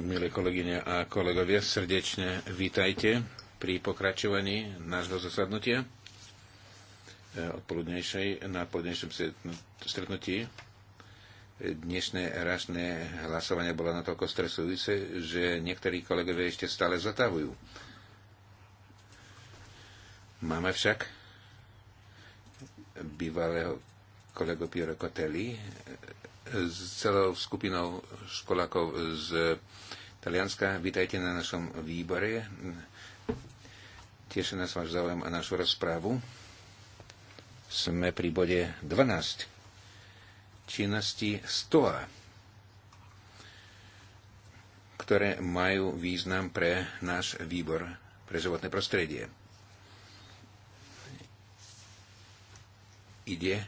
Milé kolegyne a kolegovia, srdečne vítajte pri pokračovaní nášho zasadnutia eh, odpoludnejšej, na odpoludnejšom stretnutí. Dnešné rašné hlasovanie bolo natoľko stresujúce, že niektorí kolegovia ešte stále zatavujú. Máme však bývalého kolego Piero Cotelli z e, celou skupinou školákov z Talianska. Vítajte na našom výbore. Teší nás váš záujem a našu rozprávu. Sme pri bode 12 činnosti STOA ktoré majú význam pre náš výbor pre životné prostredie. Ide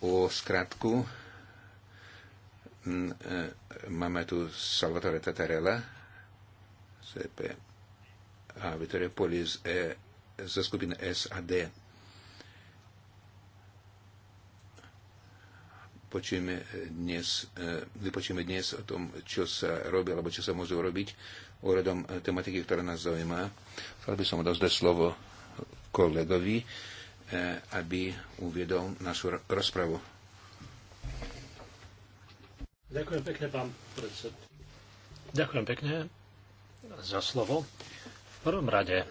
o skratku. Mm, e, máme tu Salvatore Tatarella, CP a Vittorio Poli z, e, zo skupiny SAD. Počujeme dnes, e, vypočujeme dnes o tom, čo sa robí alebo čo sa môže robiť ohľadom tematiky, ktorá nás zaujíma. Chcel by som odozdať slovo kolegovi E, aby uviedol našu rozpravu. Ďakujem pekne, pán predsed. Ďakujem pekne za slovo. V prvom rade,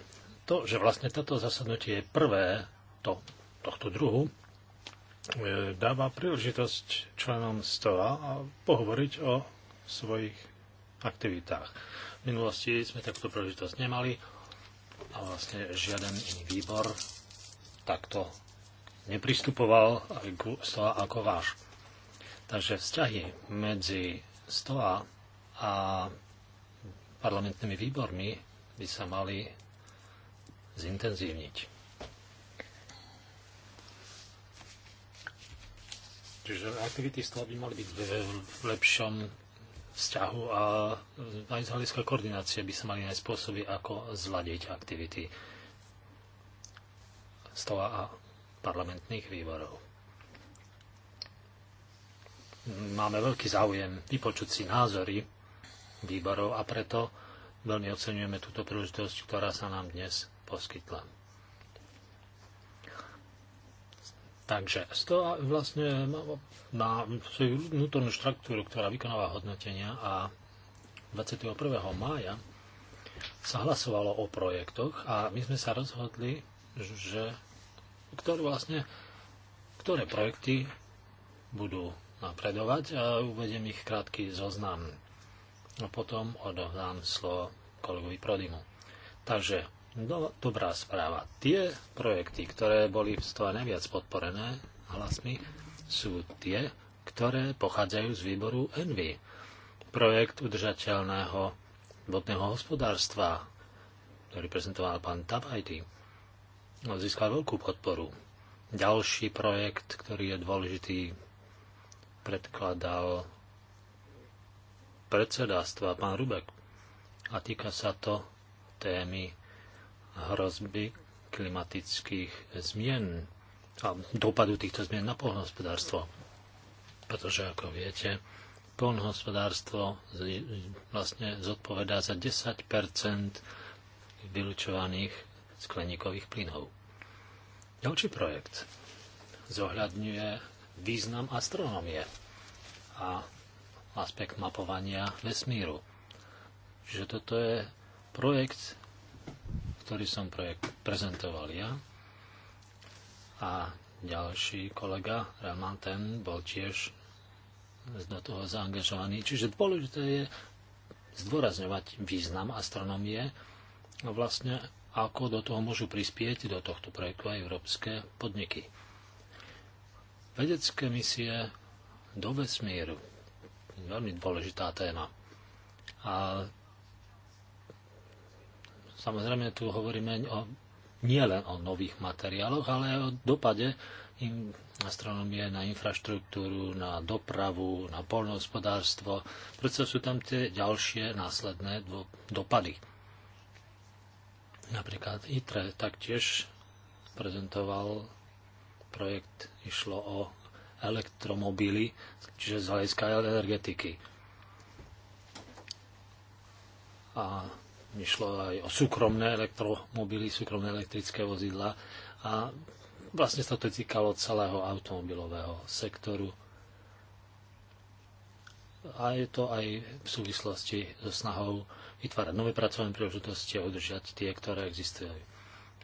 to, že vlastne toto zasadnutie je prvé to, tohto druhu, e, dáva príležitosť členom stola a pohovoriť o svojich aktivitách. V minulosti sme takúto príležitosť nemali a vlastne žiaden iný výbor takto nepristupoval aj k STOA ako váš. Takže vzťahy medzi STOA a parlamentnými výbormi by sa mali zintenzívniť. Čiže aktivity STOA by mali byť v lepšom vzťahu a aj z hľadiska koordinácie by sa mali nájsť spôsoby, ako zladiť aktivity stola a parlamentných výborov. Máme veľký záujem vypočuť si názory výborov a preto veľmi oceňujeme túto príležitosť, ktorá sa nám dnes poskytla. Takže z toho vlastne na svoju vnútornú štruktúru, ktorá vykonáva hodnotenia a 21. mája sa hlasovalo o projektoch a my sme sa rozhodli, že ktoré vlastne, ktoré projekty budú napredovať a uvediem ich krátky zoznam. A potom odovzdám slovo kolegovi Prodimu. Takže, do, dobrá správa. Tie projekty, ktoré boli z toho najviac podporené hlasmi, sú tie, ktoré pochádzajú z výboru Envy. Projekt udržateľného vodného hospodárstva, ktorý prezentoval pán Tabajty. No, získal veľkú podporu. Ďalší projekt, ktorý je dôležitý, predkladal predsedáctva pán Rubek a týka sa to témy hrozby klimatických zmien a dopadu týchto zmien na polnohospodárstvo. Pretože, ako viete, polnohospodárstvo vlastne zodpovedá za 10 vylučovaných skleníkových plynov. Ďalší projekt zohľadňuje význam astronomie, a aspekt mapovania vesmíru. Čiže toto je projekt, ktorý som projekt prezentoval ja a ďalší kolega ten, bol tiež do toho zaangažovaný. Čiže dôležité je zdôrazňovať význam astronomie a no vlastne ako do toho môžu prispieť do tohto projektu aj európske podniky. Vedecké misie do vesmíru. Veľmi dôležitá téma. A samozrejme tu hovoríme o, nie len o nových materiáloch, ale aj o dopade in, astronomie na infraštruktúru, na dopravu, na polnohospodárstvo. Prečo sú tam tie ďalšie následné do, dopady? Napríklad ITRE taktiež prezentoval projekt, išlo o elektromobily, čiže z hľadiska energetiky. A išlo aj o súkromné elektromobily, súkromné elektrické vozidla a vlastne sa to týkalo celého automobilového sektoru a je to aj v súvislosti so snahou vytvárať nové pracovné príležitosti a udržiať tie, ktoré existujú.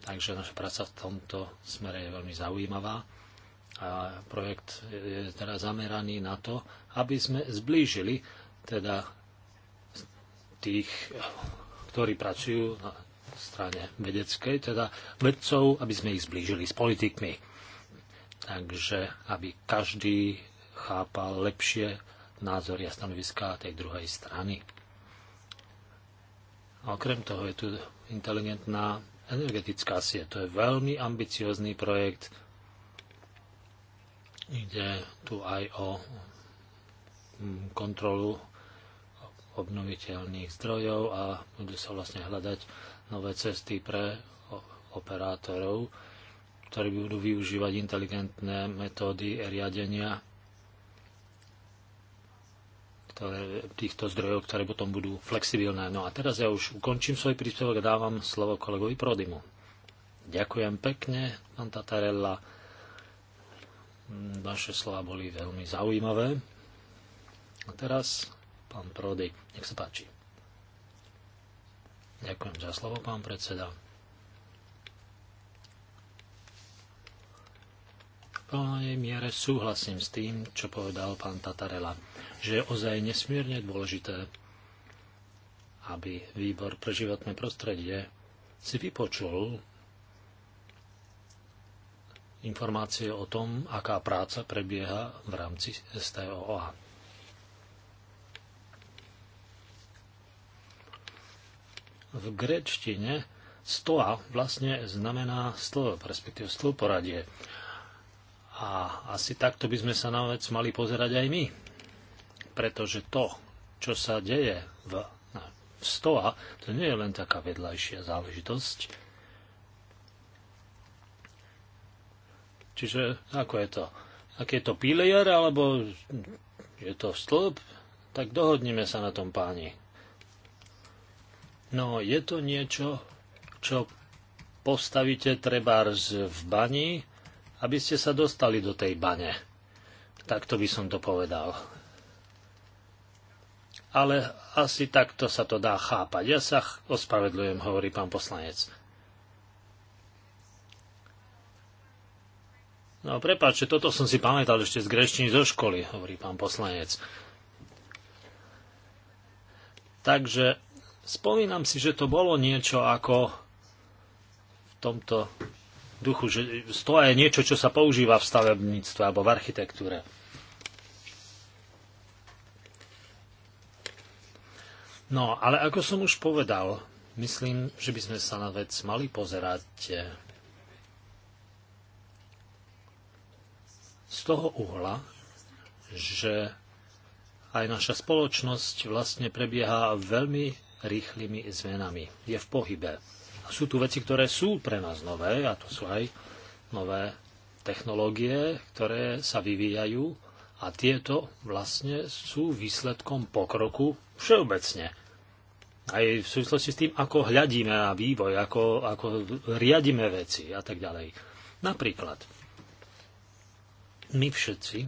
Takže naša práca v tomto smere je veľmi zaujímavá a projekt je teda zameraný na to, aby sme zblížili teda tých, ktorí pracujú na strane vedeckej, teda vedcov, aby sme ich zblížili s politikmi. Takže aby každý chápal lepšie názory a stanoviská tej druhej strany. A okrem toho je tu inteligentná energetická sieť. To je veľmi ambiciózny projekt. Ide tu aj o mm, kontrolu obnoviteľných zdrojov a budú sa vlastne hľadať nové cesty pre operátorov, ktorí budú využívať inteligentné metódy riadenia ktoré, týchto zdrojov, ktoré potom budú flexibilné. No a teraz ja už ukončím svoj príspevok a dávam slovo kolegovi Prodimu. Ďakujem pekne, pán Tatarella. Vaše slova boli veľmi zaujímavé. A teraz pán Prody, nech sa páči. Ďakujem za slovo, pán predseda. V plnej miere súhlasím s tým, čo povedal pán Tatarela že je ozaj nesmierne dôležité, aby výbor pre životné prostredie si vypočul informácie o tom, aká práca prebieha v rámci STOA. V grečtine stoa vlastne znamená stĺp, respektíve stĺp poradie. A asi takto by sme sa na vec mali pozerať aj my pretože to, čo sa deje v, v stoa, to nie je len taká vedľajšia záležitosť. Čiže ako je to? Ak je to pilier, alebo je to stĺp, tak dohodnime sa na tom páni. No, je to niečo, čo postavíte trebárs v bani, aby ste sa dostali do tej bane. Takto by som to povedal ale asi takto sa to dá chápať. Ja sa ospravedľujem, hovorí pán poslanec. No prepáčte, toto som si pamätal ešte z greštiny zo školy, hovorí pán poslanec. Takže spomínam si, že to bolo niečo ako v tomto duchu, že to je niečo, čo sa používa v stavebníctve alebo v architektúre. No, ale ako som už povedal, myslím, že by sme sa na vec mali pozerať eh, z toho uhla, že aj naša spoločnosť vlastne prebieha veľmi rýchlymi zmenami. Je v pohybe. A sú tu veci, ktoré sú pre nás nové, a to sú aj nové technológie, ktoré sa vyvíjajú a tieto vlastne sú výsledkom pokroku všeobecne aj v súvislosti s tým, ako hľadíme na vývoj, ako, ako riadíme veci a tak ďalej. Napríklad, my všetci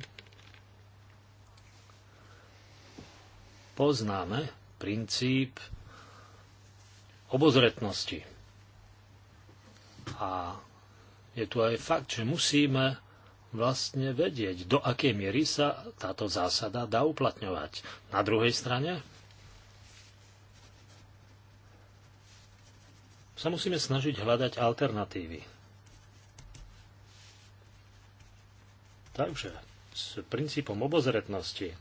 poznáme princíp obozretnosti. A je tu aj fakt, že musíme vlastne vedieť, do akej miery sa táto zásada dá uplatňovať. Na druhej strane, sa musíme snažiť hľadať alternatívy. Takže s princípom obozretnosti,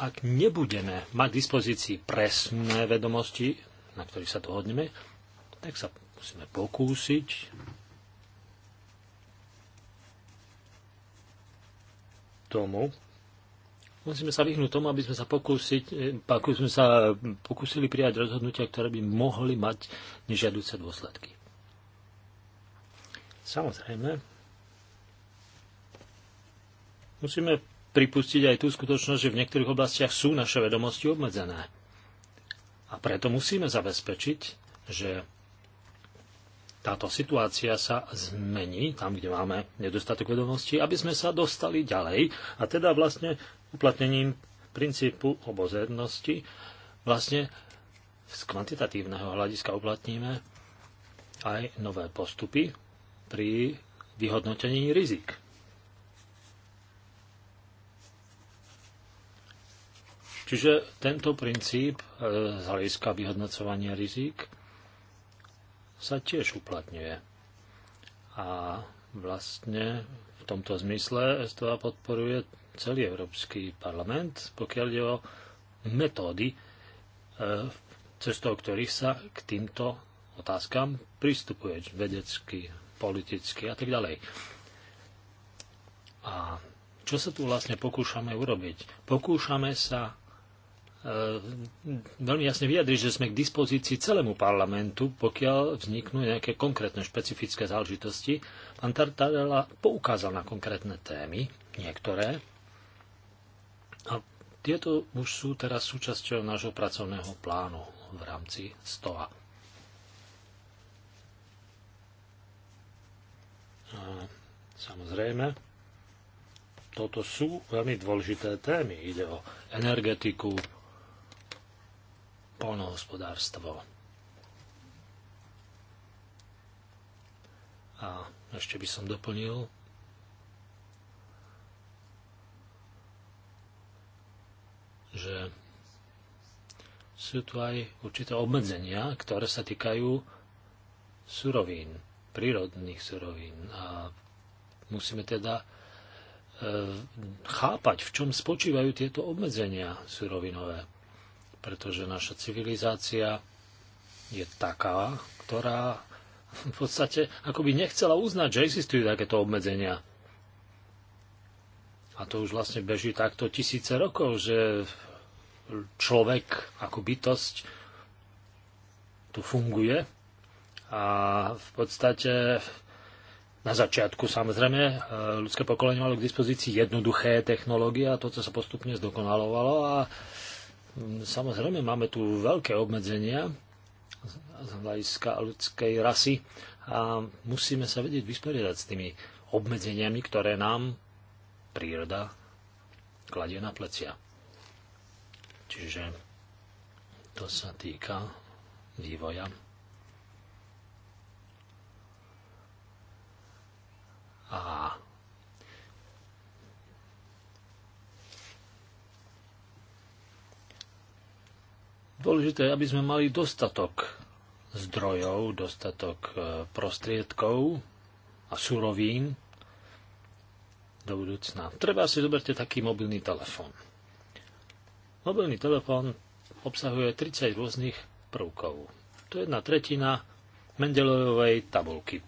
ak nebudeme mať k dispozícii presné vedomosti, na ktorých sa dohodneme, tak sa musíme pokúsiť tomu, Musíme sa vyhnúť tomu, aby sme sa, pokúsiť, aby eh, sme sa pokúsili prijať rozhodnutia, ktoré by mohli mať nežiaduce dôsledky. Samozrejme, musíme pripustiť aj tú skutočnosť, že v niektorých oblastiach sú naše vedomosti obmedzené. A preto musíme zabezpečiť, že táto situácia sa zmení, tam, kde máme nedostatok vedomostí, aby sme sa dostali ďalej a teda vlastne uplatnením princípu obozrednosti vlastne z kvantitatívneho hľadiska uplatníme aj nové postupy pri vyhodnotení rizik. Čiže tento princíp e, z hľadiska vyhodnocovania rizik sa tiež uplatňuje. A vlastne v tomto zmysle STVA podporuje celý Európsky parlament, pokiaľ je o metódy, e, cestou ktorých sa k týmto otázkam pristupuje vedecky, politicky a tak ďalej. A čo sa tu vlastne pokúšame urobiť? Pokúšame sa e, veľmi jasne vyjadriť, že sme k dispozícii celému parlamentu, pokiaľ vzniknú nejaké konkrétne špecifické záležitosti. Pán Tartarela poukázal na konkrétne témy, niektoré, a tieto už sú teraz súčasťou nášho pracovného plánu v rámci STOA. A samozrejme, toto sú veľmi dôležité témy. Ide o energetiku, polnohospodárstvo. A ešte by som doplnil, že sú tu aj určité obmedzenia, ktoré sa týkajú surovín, prírodných surovín. A musíme teda e, chápať, v čom spočívajú tieto obmedzenia surovinové. Pretože naša civilizácia je taká, ktorá v podstate ako by nechcela uznať, že existujú takéto obmedzenia. A to už vlastne beží takto tisíce rokov, že človek ako bytosť tu funguje a v podstate na začiatku samozrejme e, ľudské pokolenie malo k dispozícii jednoduché technológie a to, co sa postupne zdokonalovalo a samozrejme máme tu veľké obmedzenia z hľadiska ľudskej rasy a musíme sa vedieť vysporiadať s tými obmedzeniami, ktoré nám príroda kladie na plecia. Čiže to sa týka vývoja. A Dôležité je, aby sme mali dostatok zdrojov, dostatok e, prostriedkov a surovín do budúcna. Treba si zoberte taký mobilný telefón. Mobilný telefón obsahuje 30 rôznych prvkov. To je jedna tretina Mendelejovej tabulky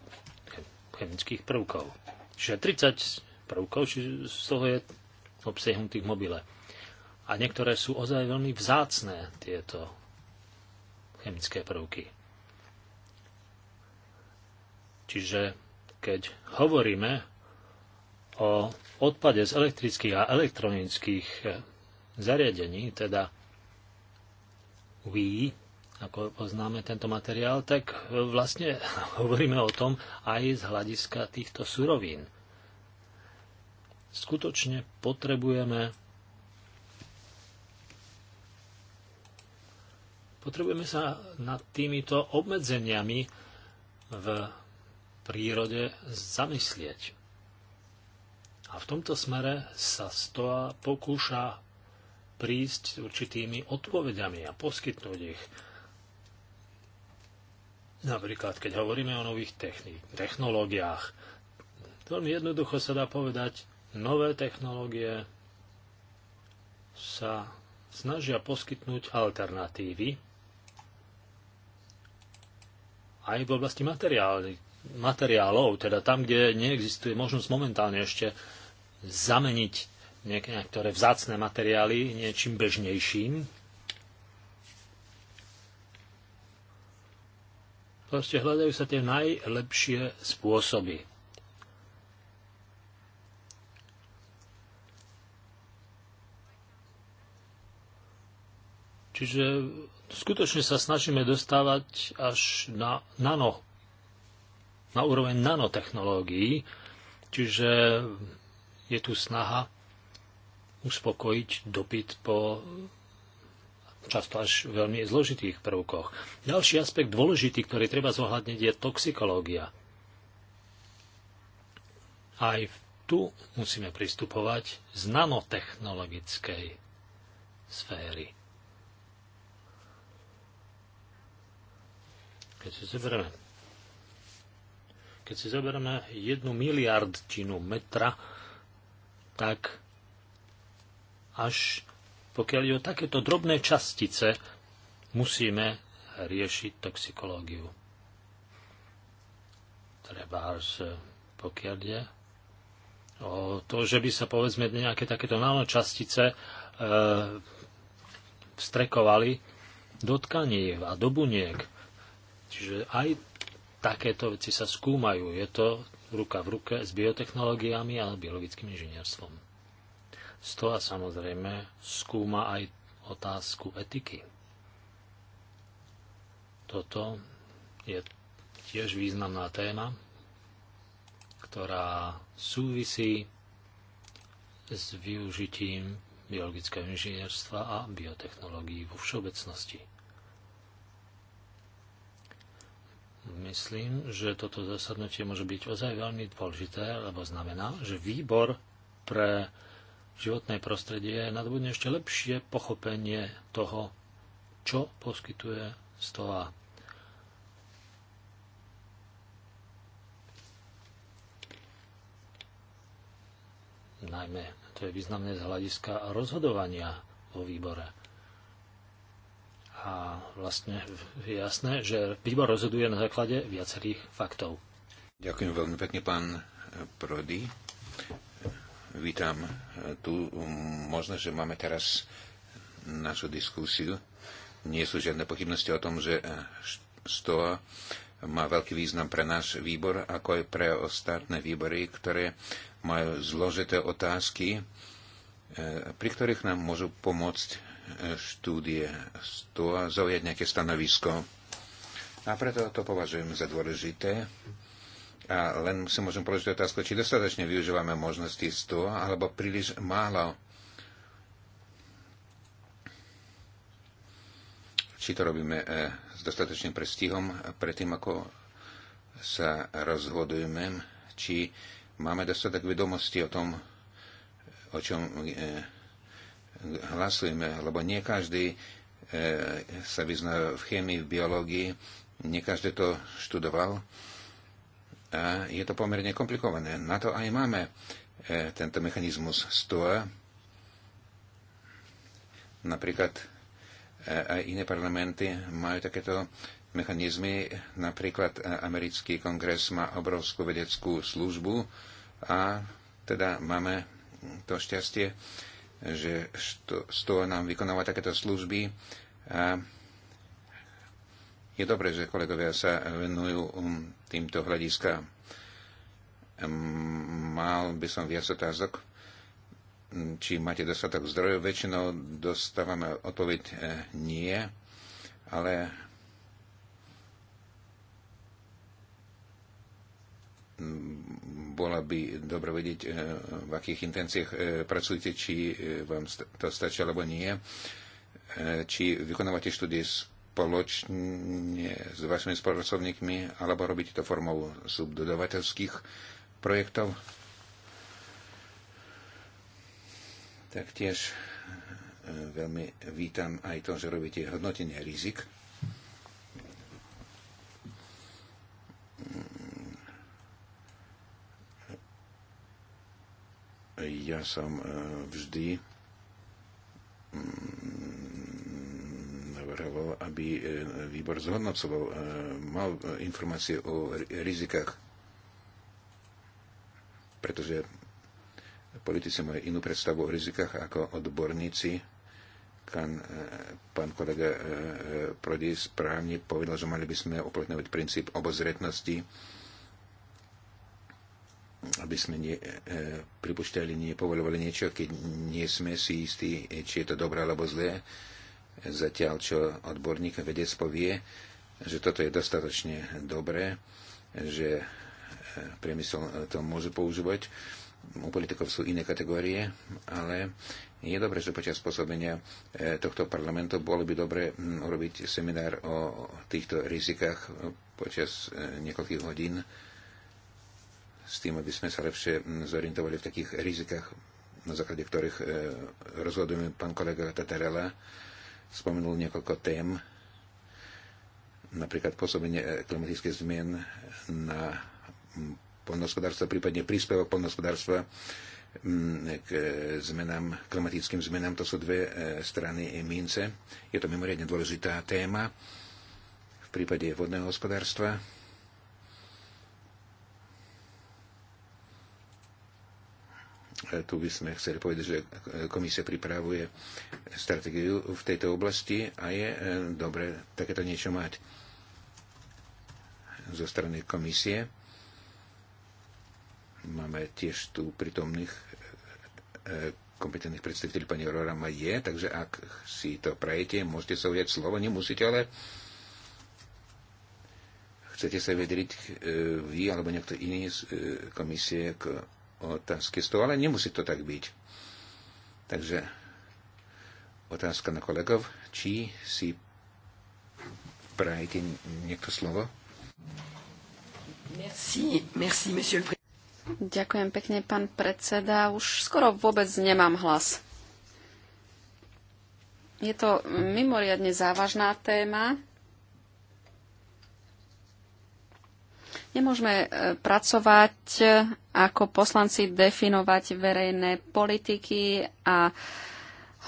chemických prvkov. Čiže 30 prvkov, z toho je obsiehnutých mobile. A niektoré sú ozaj veľmi vzácné tieto chemické prvky. Čiže keď hovoríme o odpade z elektrických a elektronických zariadení, teda Wii, ako poznáme tento materiál, tak e, vlastne hovoríme o tom aj z hľadiska týchto surovín. Skutočne potrebujeme potrebujeme sa nad týmito obmedzeniami v prírode zamyslieť. A v tomto smere sa stoa pokúša prísť s určitými odpovediami a poskytnúť ich. Napríklad, keď hovoríme o nových technik, technológiách, veľmi jednoducho sa dá povedať, nové technológie sa snažia poskytnúť alternatívy aj v oblasti materiálov, teda tam, kde neexistuje možnosť momentálne ešte zameniť niektoré vzácne materiály niečím bežnejším. Proste hľadajú sa tie najlepšie spôsoby. Čiže skutočne sa snažíme dostávať až na nano, na úroveň nanotechnológií, čiže je tu snaha uspokojiť dopyt po často až veľmi zložitých prvkoch. Ďalší aspekt dôležitý, ktorý treba zohľadniť, je toxikológia. Aj tu musíme pristupovať z nanotechnologickej sféry. Keď si zoberieme, keď si zoberieme jednu miliardčinu metra, tak až pokiaľ je o takéto drobné častice, musíme riešiť toxikológiu. Treba, e, pokiaľ je o to, že by sa povedzme nejaké takéto nano častice e, vstrekovali do tkaní a do buniek. Čiže aj takéto veci sa skúmajú. Je to ruka v ruke s biotechnológiami a biologickým inžinierstvom toho samozrejme skúma aj otázku etiky. Toto je tiež významná téma, ktorá súvisí s využitím biologického inžinierstva a biotechnológií vo všeobecnosti. Myslím, že toto zasadnutie môže byť ozaj veľmi dôležité, lebo znamená, že výbor pre životné prostredie nadobudne ešte lepšie pochopenie toho, čo poskytuje stoa. Najmä to je významné z hľadiska rozhodovania vo výbore. A vlastne je jasné, že výbor rozhoduje na základe viacerých faktov. Ďakujem veľmi pekne, pán Prody. Vítam tu um, možno, že máme teraz našu diskusiu. Nie sú žiadne pochybnosti o tom, že eh, STOA má veľký význam pre náš výbor, ako aj pre ostatné výbory, ktoré majú zložité otázky, eh, pri ktorých nám môžu pomôcť eh, štúdie STOA zaujať nejaké stanovisko. A preto to považujem za dôležité a len si môžem položiť otázku, či dostatočne využívame možnosti z toho, alebo príliš málo. Či to robíme e, s dostatočným prestihom predtým, ako sa rozhodujeme, či máme dostatok vedomosti o tom, o čom e, hlasujeme, lebo nie každý e, sa vyzná v chémii, v biológii, nie každý to študoval a je to pomerne komplikované. Na to aj máme e, tento mechanizmus STOA. Napríklad e, aj iné parlamenty majú takéto mechanizmy. Napríklad e, americký kongres má obrovskú vedeckú službu a teda máme to šťastie, že STOA nám vykonáva takéto služby a je dobré, že kolegovia sa venujú um, týmto hľadiskám. Mal by som viac otázok, hm, či máte dostatok zdrojov. Väčšinou dostávame odpoveď eh, nie, ale bola by dobre vedieť, eh, v akých intenciách eh, pracujete, či vám to stačí alebo nie, či vykonávate štúdie s spoločne s vašimi spolupracovníkmi, alebo robíte to formou subdodavateľských projektov? Taktiež e, veľmi vítam aj to, že robíte hodnotenie rizik. Ja som e, vždy mm, navrhoval, aby e, výbor zhodnocoval, e, mal e, informácie o rizikách, pretože politici majú inú predstavu o rizikách ako odborníci. Kan, pán kolega Prodi správne povedal, že mali by sme uplatňovať princíp obozretnosti, aby sme ne, e, pripušťali, nepovolovali niečo, keď nie sme si istí, či je to dobré alebo zlé. E, zatiaľ čo odborník vedec povie, že toto je dostatočne dobré, že e, priemysel to môže používať. U politikov sú iné kategórie, ale je dobré, že počas pôsobenia e, tohto parlamentu bolo by dobre urobiť seminár o týchto rizikách e, počas niekoľkých hodín s tým, aby sme sa lepšie zorientovali v takých rizikách, na základe ktorých rozhodujeme pán kolega Tatarela spomenul niekoľko tém, napríklad pôsobenie eh, klimatických zmien na mm, poľnohospodárstva, prípadne príspevok poľnohospodárstva mm, k eh, zmenám, klimatickým zmenám. To sú dve eh, strany mince. Je to mimoriadne dôležitá téma v prípade vodného hospodárstva E, tu by sme chceli povedať, že komisia pripravuje stratégiu v tejto oblasti a je e, dobre takéto niečo mať zo strany komisie. Máme tiež tu pritomných e, kompetentných predstaviteľov pani Aurora je, takže ak si to prajete, môžete sa ujať slovo, nemusíte, ale chcete sa vedriť vy alebo niekto iný z komisie k otázky z toho, ale nemusí to tak byť. Takže otázka na kolegov, či si prajete niekto slovo? Merci, merci, monsieur le Ďakujem pekne, pán predseda. Už skoro vôbec nemám hlas. Je to mimoriadne závažná téma. Nemôžeme e, pracovať e, ako poslanci, definovať verejné politiky a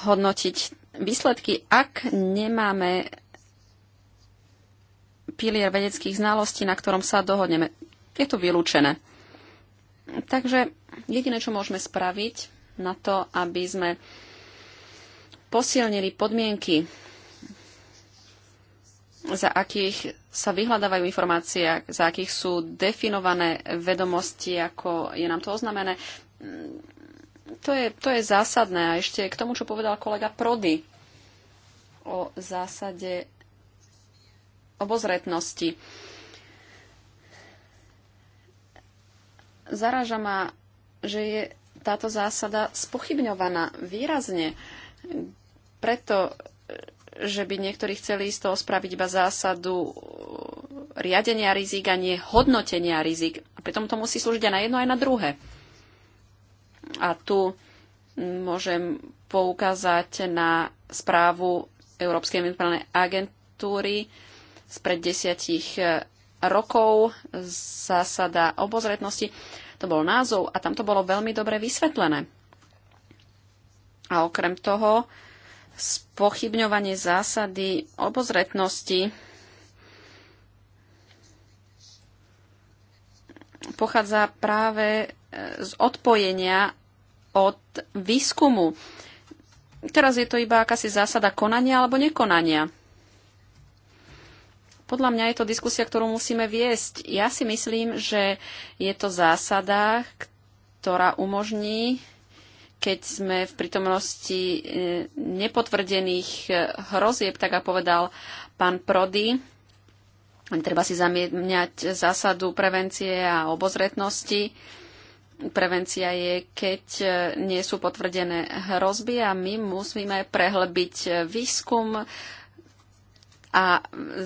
hodnotiť výsledky, ak nemáme pilier vedeckých znalostí, na ktorom sa dohodneme. Je to vylúčené. Takže jediné, čo môžeme spraviť na to, aby sme posilnili podmienky za akých sa vyhľadávajú informácie, za akých sú definované vedomosti, ako je nám to oznamené. Mm, to je, to je zásadné. A ešte k tomu, čo povedal kolega Prody o zásade obozretnosti. Zaráža ma, že je táto zásada spochybňovaná výrazne. Preto že by niektorí chceli z toho spraviť iba zásadu uh, riadenia rizik a nie hodnotenia rizik. A pritom to musí slúžiť aj na jedno, aj na druhé. A tu môžem poukázať na správu Európskej mentálnej agentúry spred desiatich uh, rokov zásada obozretnosti. To bol názov a tam to bolo veľmi dobre vysvetlené. A okrem toho, spochybňovanie zásady obozretnosti pochádza práve e, z odpojenia od výskumu. Teraz je to iba akási zásada konania alebo nekonania. Podľa mňa je to diskusia, ktorú musíme viesť. Ja si myslím, že je to zásada, ktorá umožní keď sme v prítomnosti eh, nepotvrdených eh, hrozieb, tak a povedal pán Prody, treba si zamieňať zásadu prevencie a obozretnosti. Prevencia je, keď eh, nie sú potvrdené hrozby a my musíme prehlbiť výskum a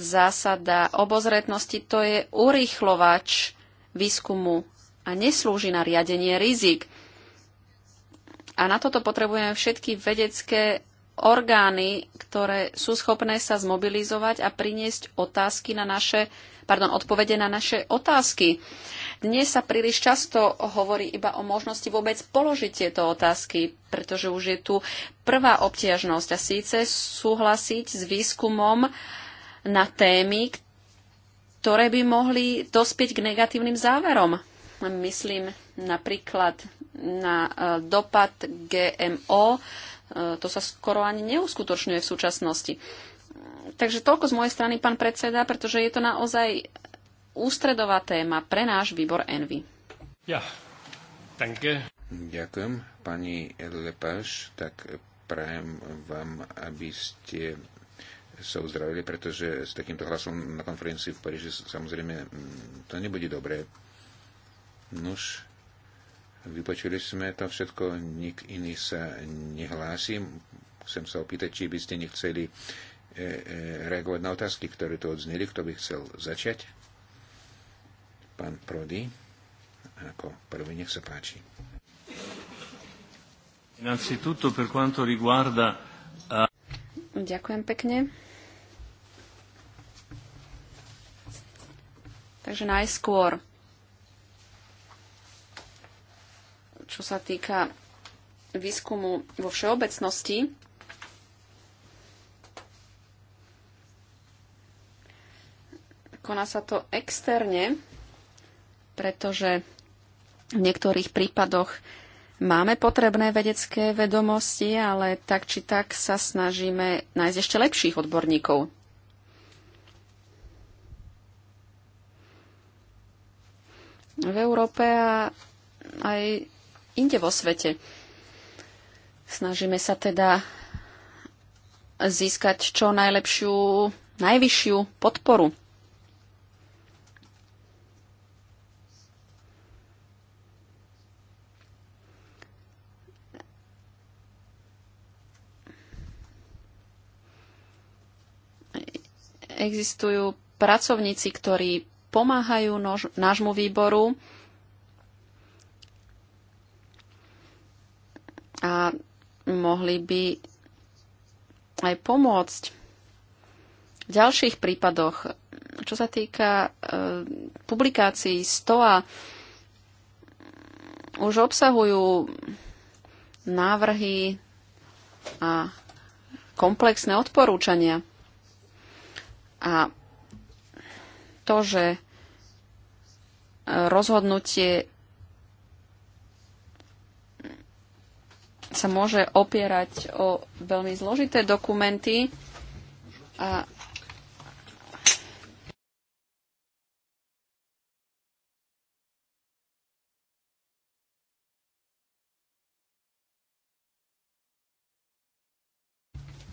zásada obozretnosti to je urýchlovač výskumu a neslúži na riadenie rizik a na toto potrebujeme všetky vedecké orgány, ktoré sú schopné sa zmobilizovať a priniesť otázky na naše, pardon, odpovede na naše otázky. Dnes sa príliš často hovorí iba o možnosti vôbec položiť tieto otázky, pretože už je tu prvá obťažnosť a síce súhlasiť s výskumom na témy, ktoré by mohli dospieť k negatívnym záverom. Myslím napríklad na e, dopad GMO. E, to sa skoro ani neuskutočňuje v súčasnosti. Takže toľko z mojej strany, pán predseda, pretože je to naozaj ústredová téma pre náš výbor Envy. Ja, danke. Ďakujem, pani Lepáš, tak prajem vám, aby ste sa uzdravili, pretože s takýmto hlasom na konferencii v Paríži samozrejme mm, to nebude dobré. Nuž, Vypočuli sme to všetko, nik iný sa nehlási. Chcem sa opýtať, či by ste nechceli e, e, reagovať na otázky, ktoré tu odzneli. Kto by chcel začať? Pán Prody, ako prvý, nech sa páči. Ďakujem pekne. Takže najskôr sa týka výskumu vo všeobecnosti, koná sa to externe, pretože v niektorých prípadoch máme potrebné vedecké vedomosti, ale tak či tak sa snažíme nájsť ešte lepších odborníkov. V Európe a aj inde vo svete. Snažíme sa teda získať čo najlepšiu, najvyššiu podporu. Existujú pracovníci, ktorí pomáhajú nášmu výboru a mohli by aj pomôcť v ďalších prípadoch. Čo sa týka e, publikácií STOA, už obsahujú návrhy a komplexné odporúčania. A to, že rozhodnutie sa môže opierať o veľmi zložité dokumenty a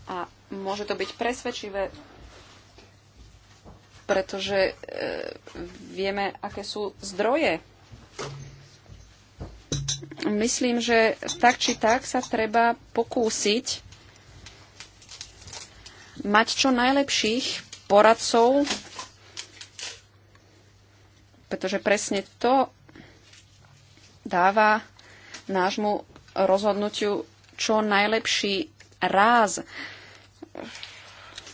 a môže to byť presvedčivé, pretože e, vieme, aké sú zdroje myslím, že tak či tak sa treba pokúsiť mať čo najlepších poradcov, pretože presne to dáva nášmu rozhodnutiu čo najlepší ráz.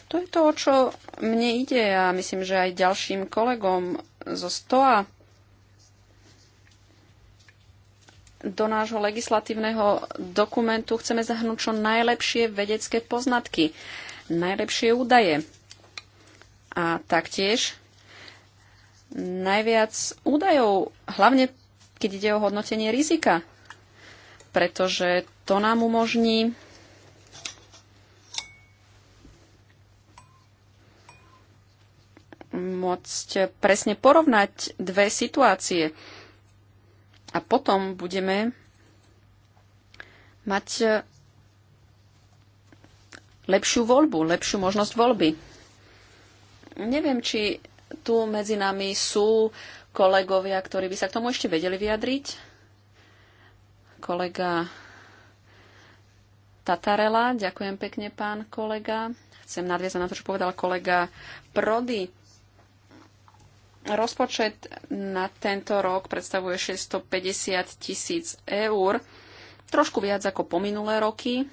To je to, o čo mne ide a myslím, že aj ďalším kolegom zo STOA do nášho legislatívneho dokumentu chceme zahrnúť čo najlepšie vedecké poznatky, najlepšie údaje a taktiež najviac údajov, hlavne keď ide o hodnotenie rizika, pretože to nám umožní môcť presne porovnať dve situácie a potom budeme mať e, lepšiu voľbu, lepšiu možnosť voľby. Neviem, či tu medzi nami sú kolegovia, ktorí by sa k tomu ešte vedeli vyjadriť. Kolega Tatarela, ďakujem pekne, pán kolega. Chcem nadviazať na to, čo povedal kolega Prody. Rozpočet na tento rok predstavuje 650 tisíc eur, trošku viac ako po minulé roky.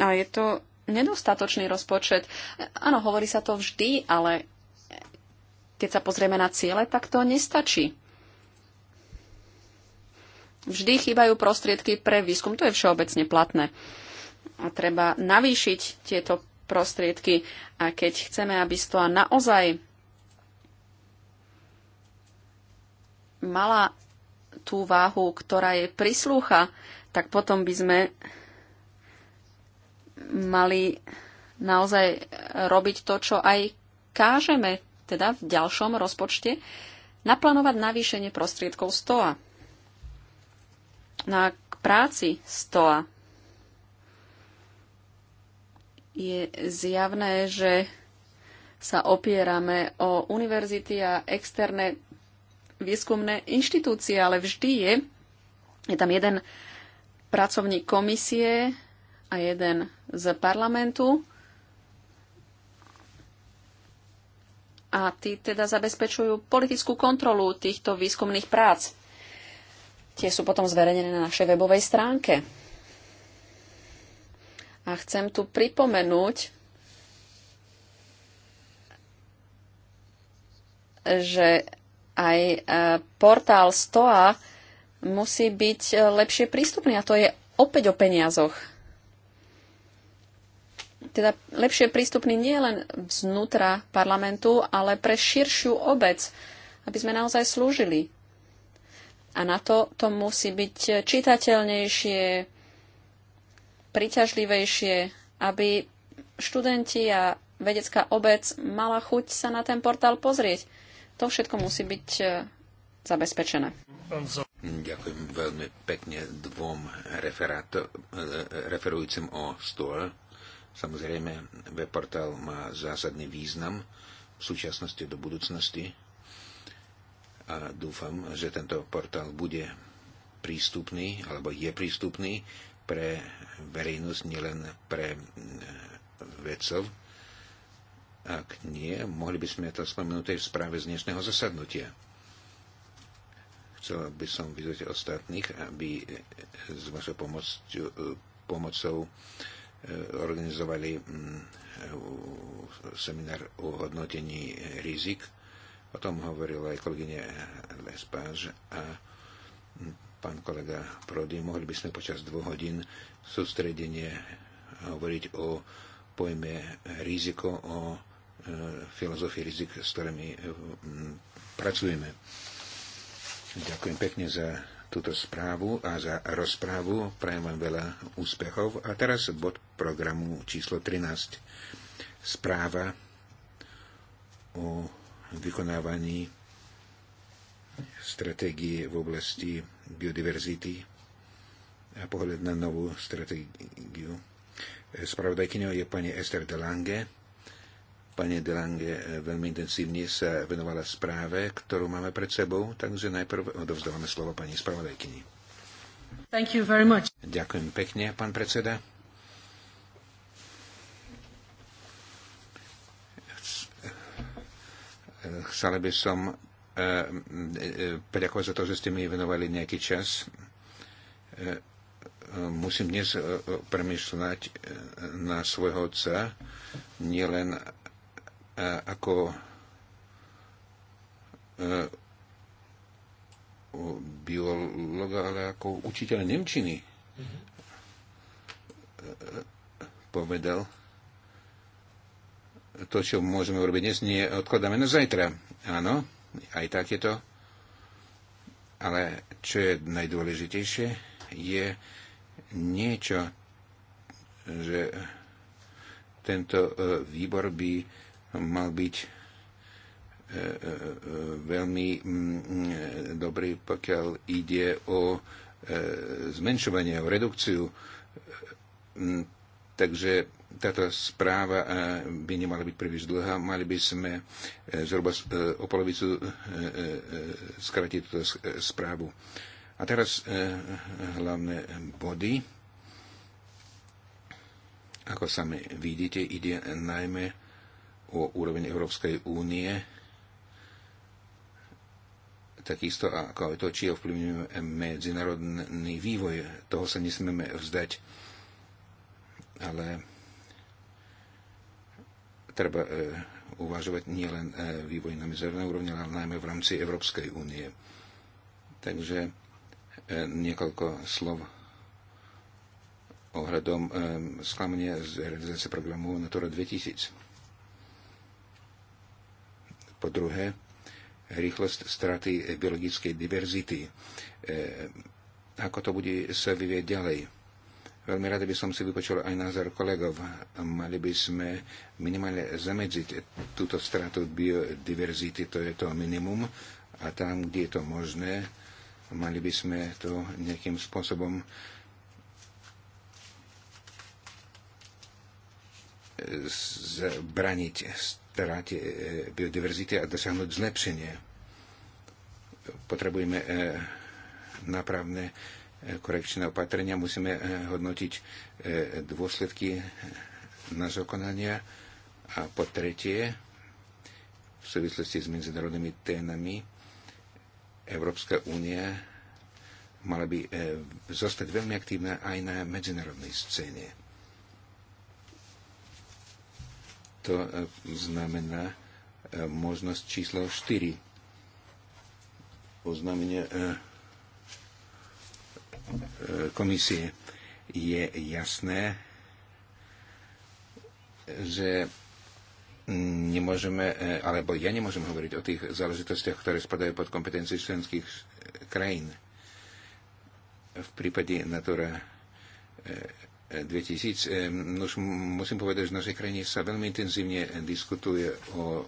A je to nedostatočný rozpočet. Áno, hovorí sa to vždy, ale keď sa pozrieme na ciele, tak to nestačí. Vždy chýbajú prostriedky pre výskum, to je všeobecne platné a treba navýšiť tieto prostriedky a keď chceme, aby stoa naozaj mala tú váhu, ktorá jej prislúcha, tak potom by sme mali naozaj robiť to, čo aj kážeme, teda v ďalšom rozpočte, naplánovať navýšenie prostriedkov stoa. Na no práci stoa je zjavné, že sa opierame o univerzity a externé výskumné inštitúcie, ale vždy je, je tam jeden pracovník komisie a jeden z parlamentu. A tí teda zabezpečujú politickú kontrolu týchto výskumných prác. Tie sú potom zverejnené na našej webovej stránke. A chcem tu pripomenúť, že aj e, portál STOA musí byť e, lepšie prístupný a to je opäť o peniazoch. Teda lepšie prístupný nie len vznútra parlamentu, ale pre širšiu obec, aby sme naozaj slúžili. A na to to musí byť čitateľnejšie, príťažlivejšie, aby študenti a vedecká obec mala chuť sa na ten portál pozrieť. To všetko musí byť e, zabezpečené. Ďakujem veľmi pekne dvom e, referujúcim o stôl. Samozrejme, web portál má zásadný význam v súčasnosti do budúcnosti a dúfam, že tento portál bude prístupný alebo je prístupný pre verejnosť, nielen pre vedcov. Ak nie, mohli by sme to spomenúť aj v správe z dnešného zasadnutia. Chcel by som vyzvať ostatných, aby e, s vašou e, pomocou, pomocou e, organizovali seminár o hodnotení rizik. O tom hovorila aj kolegyňa Lespáž a pán kolega Prody, mohli by sme počas dvoch hodín sústredenie hovoriť o pojme riziko, o e, filozofii rizik, s ktorými e, pracujeme. Ďakujem pekne za túto správu a za rozprávu. Prajem vám veľa úspechov. A teraz bod programu číslo 13. Správa o vykonávaní stratégie v oblasti biodiverzity a pohľad na novú stratégiu. Spravodajkyňou je pani Esther Delange. Pani Delange eh, veľmi intenzívne sa venovala správe, ktorú máme pred sebou, takže najprv odovzdávame slovo pani spravodajkyni. Thank you very much. Ďakujem pekne, pán predseda. Chcela by som E, e, Ďakujem za to, že ste mi venovali nejaký čas. E, musím dnes premyšľať na svojho otca, nielen ako biologa, ale ako učiteľ Nemčiny. Mm-hmm. Povedal, to, čo môžeme urobiť dnes, nie odkladáme na zajtra. Áno aj takéto. Ale čo je najdôležitejšie, je niečo, že tento e, výbor by mal byť e, e, veľmi mm, mm, dobrý, pokiaľ ide o zmenšovanie, o redukciu. Mm, takže táto správa eh, by nemala byť príliš dlhá, mali by sme eh, zhruba eh, o polovicu skratiť túto správu. A teraz hlavné body. Ako sami vidíte, ide najmä o úroveň Európskej únie, takisto ako to, či ovplyvňuje medzinárodný vývoj. Toho sa nesmieme vzdať. Ale treba e, uvažovať nielen e, vývoj na mizernej úrovni, ale najmä v rámci Európskej únie. Takže e, niekoľko slov ohľadom sklamania z realizácie programu Natura 2000. Po druhé, rýchlosť straty biologickej diverzity. Ako to bude sa vyvieť ďalej? Veľmi rada by som si vypočul aj názor kolegov. Mali by sme minimálne zamedziť túto stratu biodiverzity, to je to minimum. A tam, kde je to možné, mali by sme to nejakým spôsobom eh, zbraniť strate eh, biodiverzity a dosiahnuť zlepšenie. Potrebujeme eh, napravné korekčné opatrenia, musíme eh, hodnotiť eh, dôsledky na zokonania a po tretie, v súvislosti s medzinárodnými témami, Európska únia mala by eh, zostať veľmi aktívna aj na medzinárodnej scéne. To znamená možnosť číslo 4 oznámenie E, komisie. Je jasné, že nemôžeme, e, alebo ja nemôžem hovoriť o tých záležitostiach, ktoré spadajú pod kompetencie členských krajín. V prípade Natura 2000, e, už musím povedať, že v našej krajine sa veľmi intenzívne diskutuje o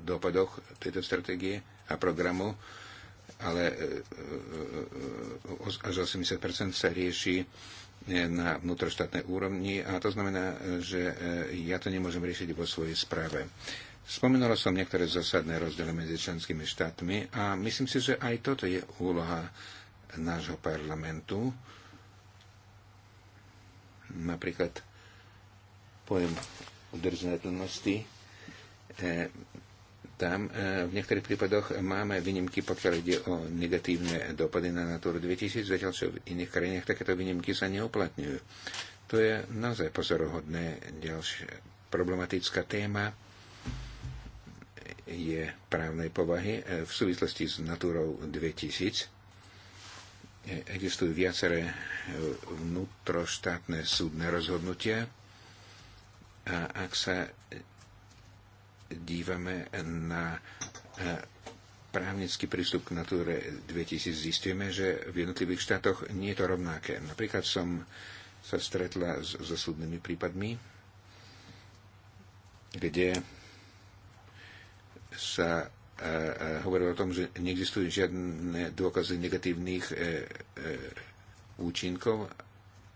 dopadoch tejto stratégie a programu ale e, e, e, až 80 sa rieši na vnútroštátnej úrovni a to znamená, že ja to nemôžem riešiť vo svojej správe. Spomenula som niektoré zásadné rozdiely medzi členskými štátmi a myslím si, že aj toto je úloha nášho parlamentu. Napríklad pojem udržateľnosti tam e, v niektorých prípadoch máme výnimky, pokiaľ ide o negatívne dopady na Natúru 2000, zatiaľ čo v iných krajinách takéto výnimky sa neuplatňujú. To je naozaj pozorohodné. Ďalšia problematická téma je právnej povahy e, v súvislosti s Natúrou 2000. E, existujú viaceré vnútroštátne súdne rozhodnutia a ak sa dívame na e, právnický prístup k Nature 2000, zistíme, že v jednotlivých štátoch nie je to rovnaké. Napríklad som sa stretla so súdnymi prípadmi, kde sa e, e, hovorilo o tom, že neexistujú žiadne dôkazy negatívnych e, e, účinkov,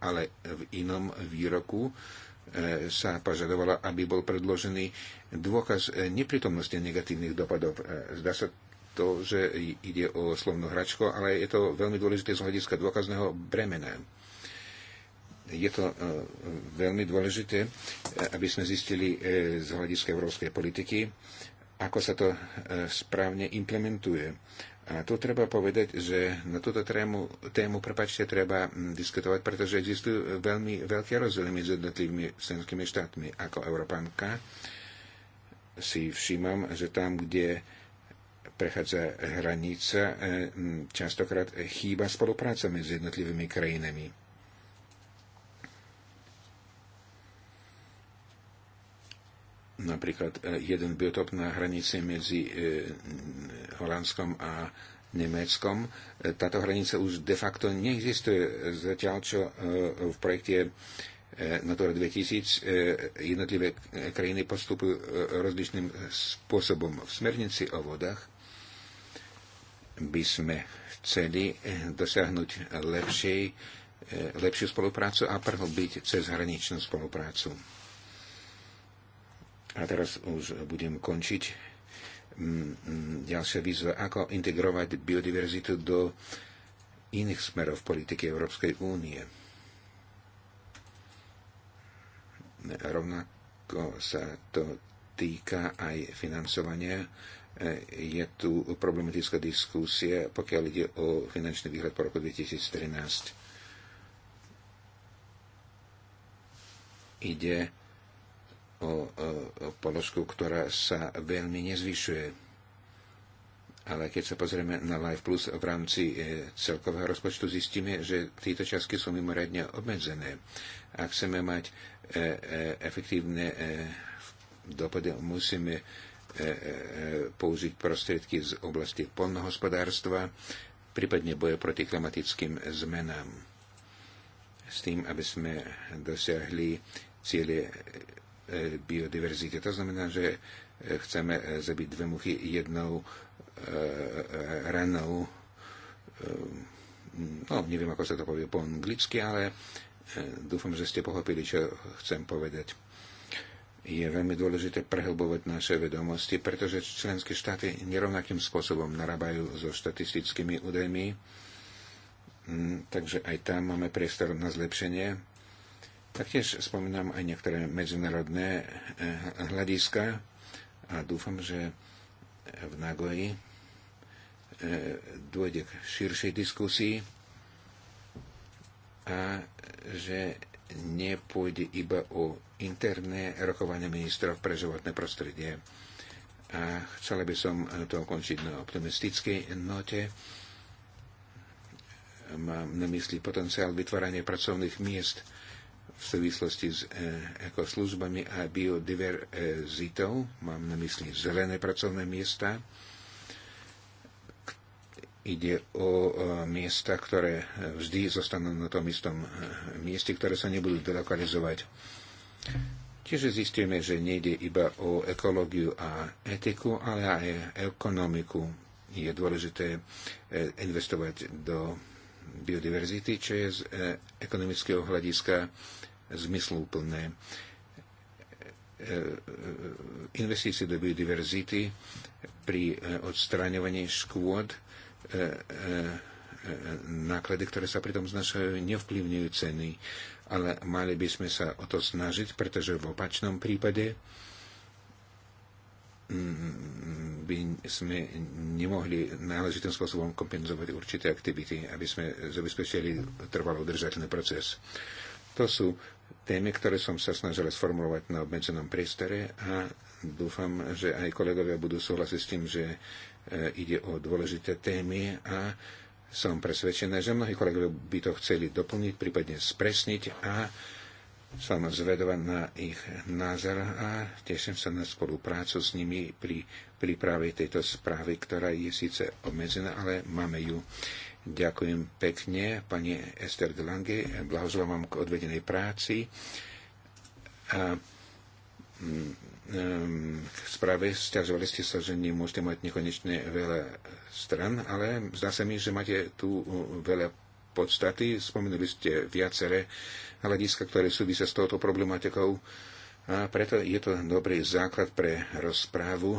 ale v inom výroku E, sa požadovalo, aby bol predložený dôkaz e, neprítomnosti negatívnych dopadov. E, zdá sa to, že ide o slovnú hračko, ale je to veľmi dôležité z hľadiska dôkazného bremena. Je to veľmi dôležité, aby sme zistili z hľadiska európskej politiky, ako sa to správne implementuje. A tu treba povedať, že na túto trému, tému prepačte, treba mm, diskutovať, pretože existujú veľmi veľké rozdiely medzi jednotlivými členskými štátmi. Ako Európanka si všímam, že tam, kde prechádza hranica, eh, častokrát chýba spolupráca medzi jednotlivými krajinami. Napríklad e, jeden biotop na hranici medzi e, Holandskom a Nemeckom. E, táto hranica už de facto neexistuje. Zatiaľ, čo v projekte Natura 2000 jednotlivé krajiny postupujú rozličným spôsobom. V smernici o vodách by sme chceli dosiahnuť lepšej, lepšiu spoluprácu a prehlbiť cezhraničnú spoluprácu. A teraz už budem končiť. Mm, mm, ďalšia výzva, ako integrovať biodiverzitu do iných smerov politiky Európskej únie. Rovnako sa to týka aj financovania. E, je tu problematická diskusia, pokiaľ ide o finančný výhľad po roku 2013. Ide o položku, ktorá sa veľmi nezvyšuje. Ale keď sa pozrieme na Life Plus v rámci e, celkového rozpočtu, zistíme, že tieto časky sú mimoriadne obmedzené. Ak chceme mať e, e, efektívne dopady, musíme použiť prostriedky z oblasti polnohospodárstva, prípadne boje proti klimatickým zmenám. S tým, aby sme dosiahli cieľe E, biodiverzite. To znamená, že e, chceme e, zabiť dve muchy jednou ranou. No, neviem, ako sa to povie po anglicky, ale dúfam, že ste pochopili, čo chcem povedať. Je veľmi dôležité prehlbovať naše vedomosti, pretože členské štáty nerovnakým spôsobom narábajú so štatistickými údajmi, mm, takže aj tam máme priestor na zlepšenie Taktiež spomínam aj niektoré medzinárodné eh, hľadiska a dúfam, že v Nagoji eh, dôjde k širšej diskusii a že nepôjde iba o interné rokovanie ministrov pre životné prostredie. A chcela by som to ukončiť na optimistickej note. Mám na mysli potenciál vytvárania pracovných miest v súvislosti s ekoslužbami a biodiverzitou, mám na mysli zelené pracovné miesta, ide o e, miesta, ktoré vždy zostanú na tom istom e, mieste, ktoré sa nebudú delokalizovať. Tiež zistíme, že nejde iba o ekológiu a etiku, ale aj ekonomiku. Je dôležité e, investovať do biodiverzity, čo je z ekonomického hľadiska zmysluplné. E, e, investície do biodiverzity pri e, odstraňovaní škôd náklady, ktoré sa pritom znašajú, nevplyvňujú ceny, ale mali by sme sa o to snažiť, pretože v opačnom prípade mm, by sme nemohli náležitým spôsobom kompenzovať určité aktivity, aby sme zabezpečili trvalo udržateľný proces. To sú témy, ktoré som sa snažil sformulovať na obmedzenom priestore a dúfam, že aj kolegovia budú súhlasiť s tým, že e, ide o dôležité témy a som presvedčený, že mnohí kolegovia by to chceli doplniť, prípadne spresniť a som zvedovať na ich názor a teším sa na spoluprácu s nimi pri príprave tejto správy, ktorá je síce obmedzená, ale máme ju. Ďakujem pekne, pani Ester de Lange, blahoželám vám k odvedenej práci. A, k mm, e, správe stiažovali ste sa, že nemôžete mať nekonečne veľa stran, ale zdá sa mi, že máte tu veľa podstaty. Spomenuli ste viaceré hľadiska, ktoré súvisia s touto problematikou a preto je to dobrý základ pre rozprávu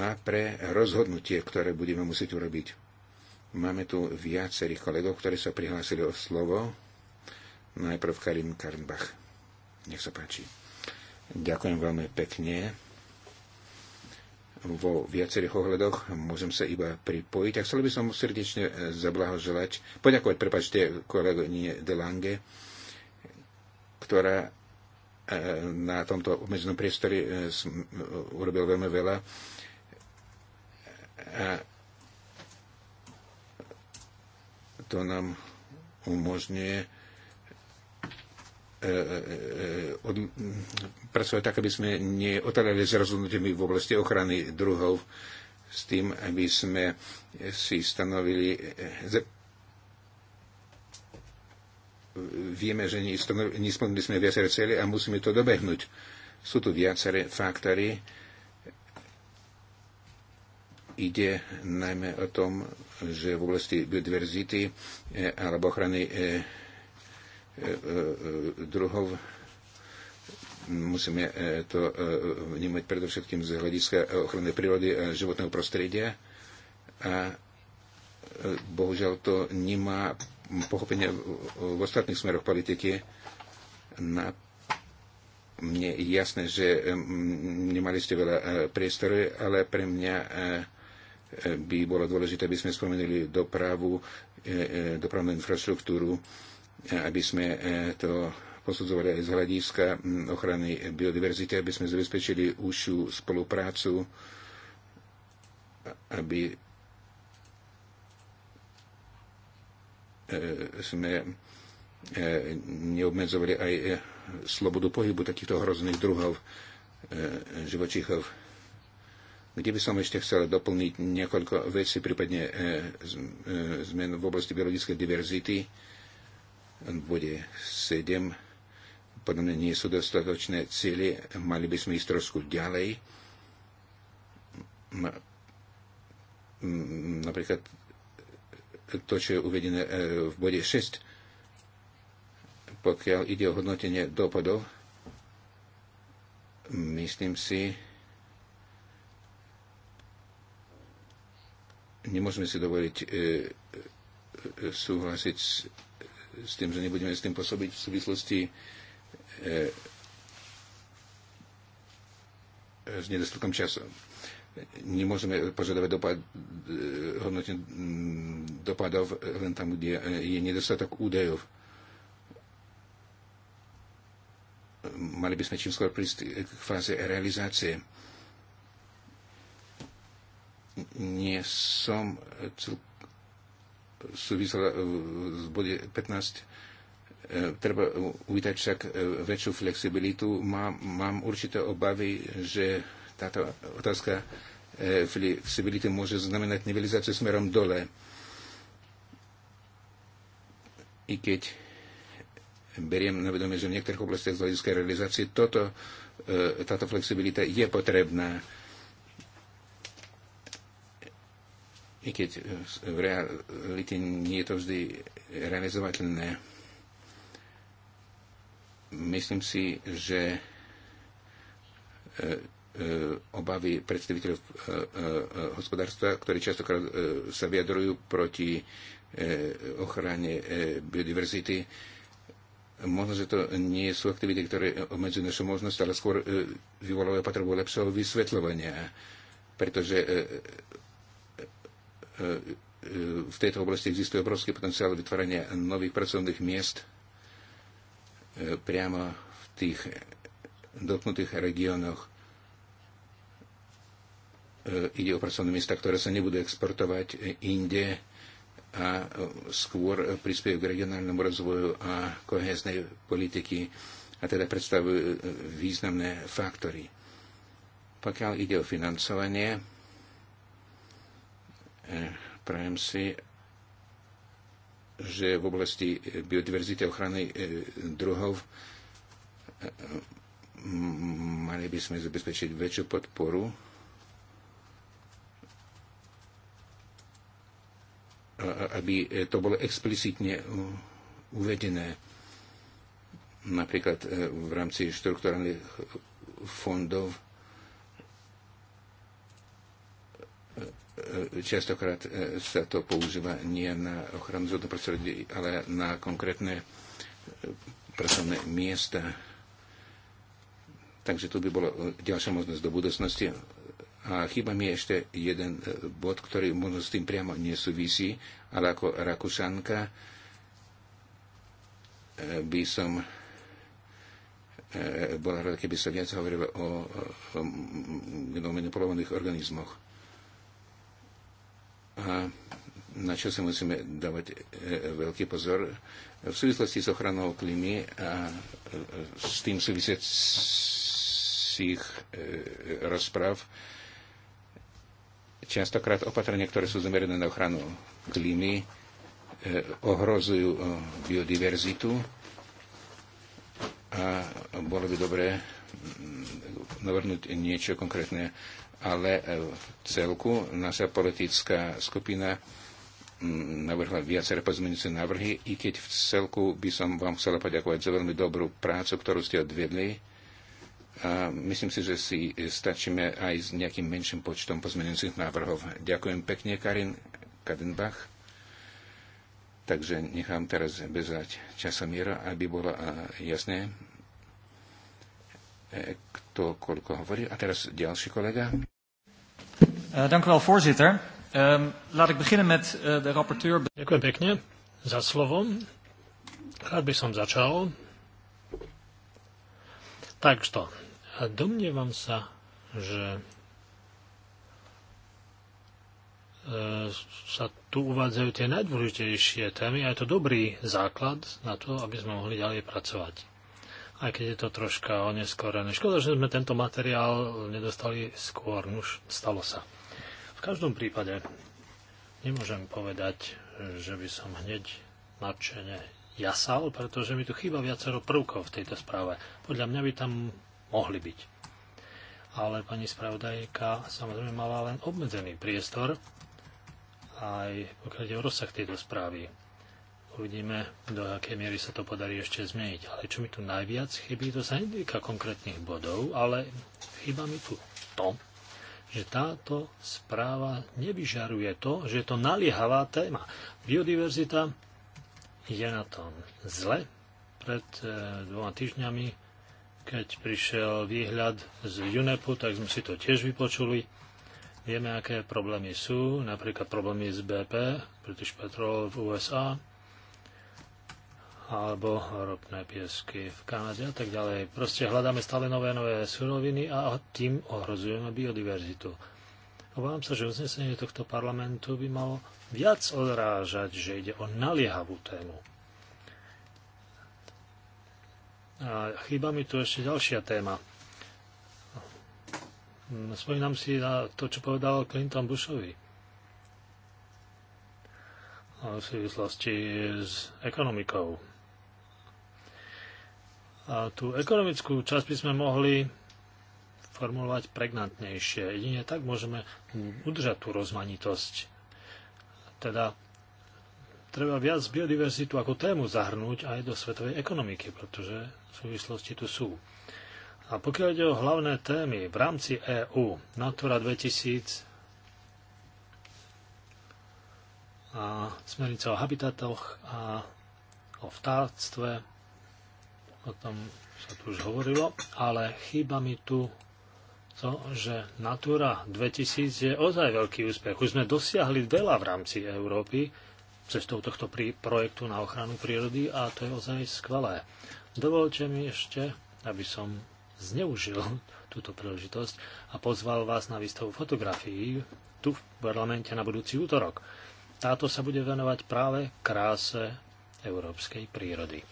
a pre rozhodnutie, ktoré budeme musieť urobiť. Máme tu viacerých kolegov, ktorí sa prihlásili o slovo. Najprv Karim Karnbach. Nech sa páči. Ďakujem veľmi pekne. Vo viacerých ohľadoch môžem sa iba pripojiť a chcel by som srdečne zablahoželať, poďakovať, prepačte, De Lange, ktorá e, na tomto obmedzenom priestore e, e, urobil veľmi veľa. A to nám umožňuje e, e, e, pracovať tak, aby sme neotarali s rozhodnutiami v oblasti ochrany druhov s tým, aby sme si stanovili vieme, že nesplnili sme viaceré cely a musíme to dobehnúť. Sú tu viaceré faktory, Ide najmä o tom, že v oblasti biodiverzity e, alebo ochrany e, e, druhov musíme to vnímať predovšetkým z hľadiska ochrany prírody a životného prostredia a bohužiaľ to nemá pochopenie v ostatných smeroch politiky. Na mne je jasné, že nemali ste veľa priestoru, ale pre mňa by bolo dôležité, aby sme spomenuli dopravu, e, e, dopravnú infraštruktúru, e, aby sme to posudzovali aj z hľadiska ochrany biodiverzity, aby sme zabezpečili užšiu spoluprácu, aby sme neobmedzovali aj slobodu pohybu takýchto hrozných druhov živočíchov kde by som ešte chcel doplniť niekoľko vecí, prípadne e, e, zmen v oblasti biologickej diverzity. Bude sedem. Podľa mňa nie sú dostatočné cieľe. Mali by sme ísť trošku ďalej. Napríklad to, čo je uvedené e, v bode 6, pokiaľ ide o hodnotenie dopadov, myslím si, nemôžeme si dovoliť e, e, súhlasiť s, s tým, že nebudeme s tým pôsobiť v súvislosti e, s nedostatkom času. Nemôžeme požadovať dopad, e, hodnotenie dopadov len tam, kde je nedostatok údajov. Mali by sme čím skôr prísť k fáze realizácie nie som eh, cel... Eh, v bode 15. Eh, treba uvítať však väčšiu flexibilitu. Mám, mám určité obavy, že táto otázka flexibility môže znamenať nivelizáciu smerom dole. I keď beriem na vedomie, že v niektorých oblastiach z hľadiska realizácie toto, táto flexibilita je potrebná i keď e, v realite nie je to vždy realizovateľné. Myslím si, že e, e, obavy predstaviteľov hospodárstva, ktorí častokrát sa vyjadrujú proti ochrane biodiverzity. Možno, že to nie sú aktivity, ktoré obmedzujú našu možnosť, ale skôr vyvolávajú potrebu lepšieho vysvetľovania, pretože E, v tejto oblasti existuje obrovský potenciál vytvorenia nových pracovných miest e, priamo v tých dotknutých regiónoch. E, ide o pracovné miesta, ktoré sa nebudú exportovať inde a skôr prispiejú k regionálnemu rozvoju a koheznej politiky a teda predstavujú významné faktory. Pokiaľ ide o financovanie, Prajem si, že v oblasti biodiverzity ochrany e, druhov e, mali by sme zabezpečiť väčšiu podporu aby e, to bolo explicitne uvedené napríklad v rámci štrukturálnych fondov častokrát sa to používa nie na ochranu životného prostredia, ale na konkrétne pracovné miesta. Takže tu by bolo ďalšia možnosť do budúcnosti. A chyba mi ešte jeden bod, ktorý možno s tým priamo nesúvisí, ale ako Rakušanka by som bola rada, keby sa viac hovorilo o genomenopolovaných organizmoch a na čo si musíme dávať e, veľký pozor v súvislosti s ochranou klímy a e, s tým súvisiacich e, rozprav častokrát opatrenia, ktoré sú zamerané na ochranu klímy, ohrozujú biodiverzitu a bolo by dobré navrhnúť niečo konkrétne ale e, v celku naša politická skupina mm, navrhla viaceré pozmeňujúce návrhy, i keď v celku by som vám chcela poďakovať za veľmi dobrú prácu, ktorú ste odvedli. A myslím si, že si stačíme aj s nejakým menším počtom pozmeňujúcich návrhov. Ďakujem pekne, Karin Kadenbach. Takže nechám teraz bezať časomiera, aby bolo e, jasné, e, kto koľko hovorí. A teraz ďalší kolega. Eh, dank u wel, voorzitter. Um, laat ik beginnen met uh, de rapporteur. Ďakujem pekne za slovo. Rád by som začal. Takže, domnievam sa, že eh, sa tu uvádzajú tie najdôležitejšie témy a je to dobrý základ na to, aby sme mohli ďalej pracovať aj keď je to troška oneskorené. Škoda, že sme tento materiál nedostali skôr, už stalo sa. V každom prípade nemôžem povedať, že by som hneď nadšene jasal, pretože mi tu chýba viacero prvkov v tejto správe. Podľa mňa by tam mohli byť. Ale pani spravodajka samozrejme mala len obmedzený priestor, aj pokiaľ ide o rozsah tejto správy uvidíme, do akej miery sa to podarí ešte zmeniť. Ale čo mi tu najviac chybí, to sa netýka konkrétnych bodov, ale chýba mi tu to, že táto správa nevyžaruje to, že je to naliehavá téma. Biodiverzita je na tom zle. Pred e, dvoma týždňami, keď prišiel výhľad z UNEPu, tak sme si to tiež vypočuli. Vieme, aké problémy sú, napríklad problémy s BP, British Petrol v USA, alebo ropné piesky v Kanade a tak ďalej. Proste hľadáme stále nové nové suroviny a tým ohrozujeme biodiverzitu. Obávam sa, že uznesenie tohto parlamentu by malo viac odrážať, že ide o naliehavú tému. A chýba mi tu ešte ďalšia téma. Spomínam si na to, čo povedal Clinton Bushovi v súvislosti s ekonomikou. A tú ekonomickú časť by sme mohli formulovať pregnantnejšie. Jedine tak môžeme udržať tú rozmanitosť. Teda treba viac biodiverzitu ako tému zahrnúť aj do svetovej ekonomiky, pretože súvislosti tu sú. A pokiaľ ide o hlavné témy v rámci EÚ, Natura 2000 a smernica o habitatoch a o vtáctve, o tom sa tu už hovorilo, ale chýba mi tu to, že Natura 2000 je ozaj veľký úspech. Už sme dosiahli veľa v rámci Európy cestou tohto projektu na ochranu prírody a to je ozaj skvelé. Dovolte mi ešte, aby som zneužil túto príležitosť a pozval vás na výstavu fotografií tu v parlamente na budúci útorok. Táto sa bude venovať práve kráse európskej prírody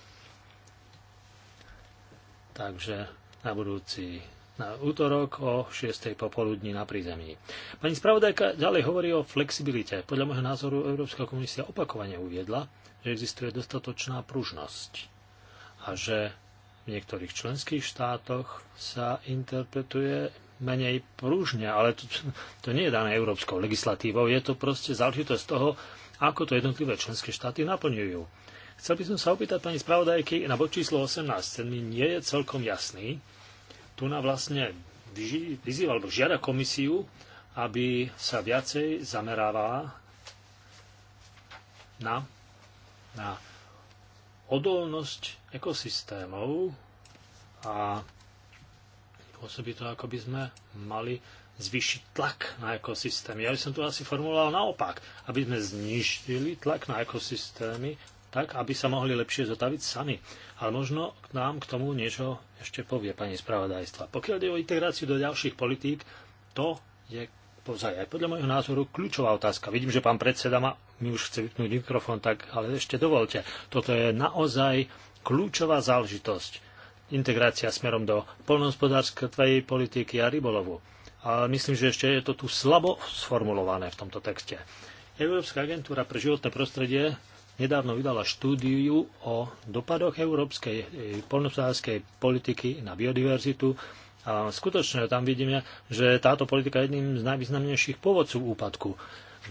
takže na budúci na útorok o 6. popoludní na prízemí. Pani spravodajka ďalej hovorí o flexibilite. Podľa môjho názoru Európska komisia opakovane uviedla, že existuje dostatočná pružnosť a že v niektorých členských štátoch sa interpretuje menej pružne, ale to, to nie je dané európskou legislatívou, je to proste záležitosť toho, ako to jednotlivé členské štáty naplňujú. Chcel by som sa opýtať pani spravodajky na bod číslo 18. Ten mi nie je celkom jasný. Tu na vlastne vyzýva alebo žiada komisiu, aby sa viacej zamerávala na, na odolnosť ekosystémov a pôsobí to, ako by sme mali zvýšiť tlak na ekosystémy. Ja by som to asi formuloval naopak, aby sme znižili tlak na ekosystémy tak aby sa mohli lepšie zotaviť sami. Ale možno k nám k tomu niečo ešte povie pani spravodajstva. Pokiaľ ide o integráciu do ďalších politík, to je pozaj aj podľa môjho názoru kľúčová otázka. Vidím, že pán predseda ma, mi už chce vypnúť mikrofón, tak ale ešte dovolte. Toto je naozaj kľúčová záležitosť. Integrácia smerom do polnohospodárskej politiky a rybolovu A myslím, že ešte je to tu slabo sformulované v tomto texte. Európska agentúra pre životné prostredie nedávno vydala štúdiu o dopadoch európskej e, poľnohospodárskej politiky na biodiverzitu a skutočne tam vidíme, že táto politika je jedným z najvýznamnejších pôvodcov úpadku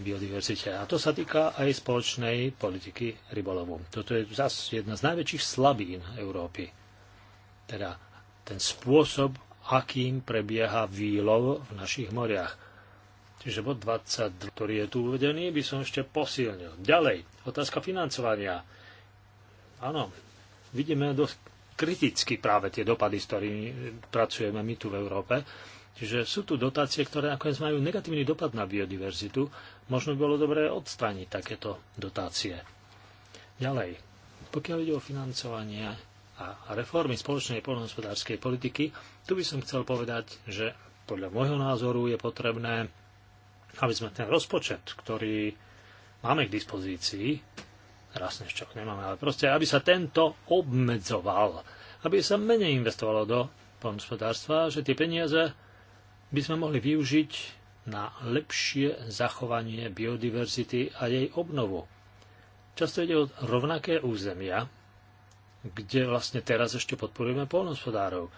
v biodiverzite. A to sa týka aj spoločnej politiky rybolovu. Toto je zase jedna z najväčších slabín Európy. Teda ten spôsob, akým prebieha výlov v našich moriach Čiže bod 22, ktorý je tu uvedený, by som ešte posilnil. Ďalej, otázka financovania. Áno, vidíme dosť kriticky práve tie dopady, s ktorými pracujeme my tu v Európe. Čiže sú tu dotácie, ktoré nakoniec majú negatívny dopad na biodiverzitu. Možno by bolo dobré odstrániť takéto dotácie. Ďalej, pokiaľ ide o financovanie a reformy spoločnej poľnohospodárskej politiky, tu by som chcel povedať, že podľa môjho názoru je potrebné aby sme ten rozpočet, ktorý máme k dispozícii, raz čok nemáme, ale proste, aby sa tento obmedzoval, aby sa menej investovalo do poľnospodárstva, že tie peniaze by sme mohli využiť na lepšie zachovanie biodiverzity a jej obnovu. Často ide o rovnaké územia, kde vlastne teraz ešte podporujeme poľnospodárov.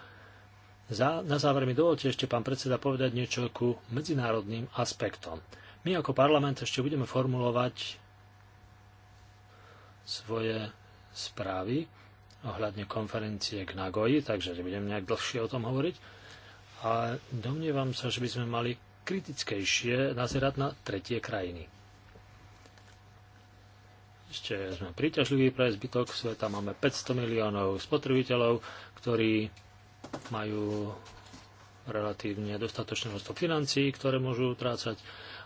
Za, na záver mi dovolte ešte, pán predseda, povedať niečo ku medzinárodným aspektom. My ako parlament ešte budeme formulovať svoje správy ohľadne konferencie k Nagoji, takže nebudem nejak dlhšie o tom hovoriť. A domnievam sa, že by sme mali kritickejšie nazerať na tretie krajiny. Ešte sme príťažliví pre zbytok sveta, máme 500 miliónov spotrebiteľov, ktorí majú relatívne dostatočné množstvo financií, ktoré môžu utrácať.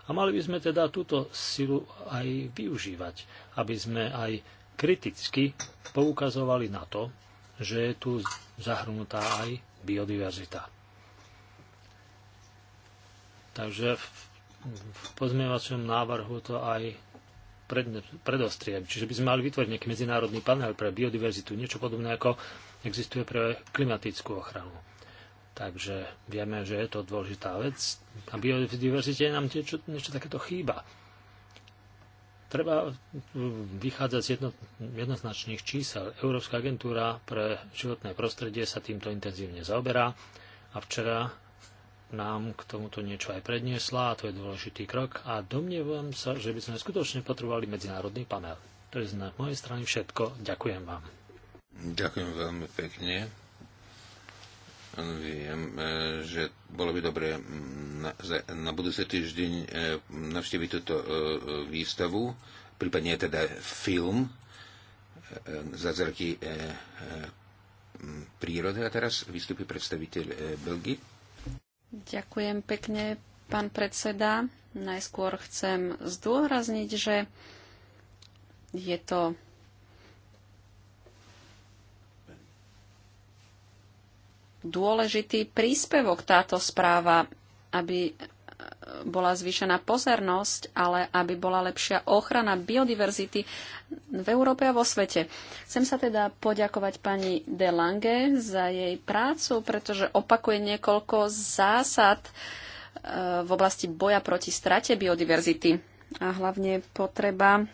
A mali by sme teda túto silu aj využívať, aby sme aj kriticky poukazovali na to, že je tu zahrnutá aj biodiverzita. Takže v, pozmievacom návrhu to aj predostrieť. Čiže by sme mali vytvoriť nejaký medzinárodný panel pre biodiverzitu, niečo podobné ako existuje pre klimatickú ochranu. Takže vieme, že je to dôležitá vec a biodiverzite nám niečo, niečo takéto chýba. Treba vychádzať z jedno, jednoznačných čísel. Európska agentúra pre životné prostredie sa týmto intenzívne zaoberá a včera nám k tomuto niečo aj predniesla a to je dôležitý krok a domnievam sa, že by sme skutočne potrebovali medzinárodný panel. To je z mojej strany všetko. Ďakujem vám. Ďakujem veľmi pekne. Viem, e, že bolo by dobré na, na budúce týždeň e, navštíviť túto e, výstavu, prípadne teda film Zázraky prírody. A teraz vystupí predstaviteľ Belgii. Ďakujem pekne, pán predseda. Najskôr chcem zdôrazniť, že je to dôležitý príspevok táto správa, aby e, bola zvýšená pozornosť, ale aby bola lepšia ochrana biodiverzity v Európe a vo svete. Chcem sa teda poďakovať pani De Lange za jej prácu, pretože opakuje niekoľko zásad e, v oblasti boja proti strate biodiverzity a hlavne potreba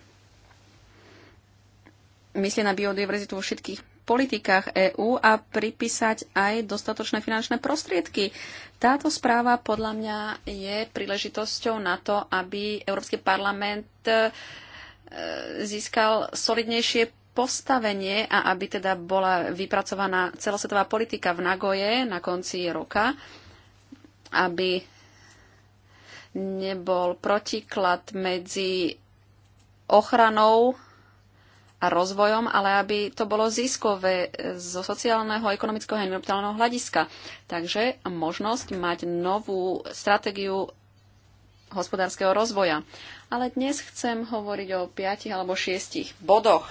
myslieť na biodiverzitu vo všetkých politikách EÚ a pripísať aj dostatočné finančné prostriedky. Táto správa podľa mňa je príležitosťou na to, aby Európsky parlament e, získal solidnejšie postavenie a aby teda bola vypracovaná celosvetová politika v Nagoje na konci roka, aby nebol protiklad medzi ochranou rozvojom, ale aby to bolo ziskové e, zo sociálneho, ekonomického a environmentálneho hľadiska. Takže možnosť mať novú stratégiu hospodárskeho rozvoja. Ale dnes chcem hovoriť o piatich alebo šiestich bodoch.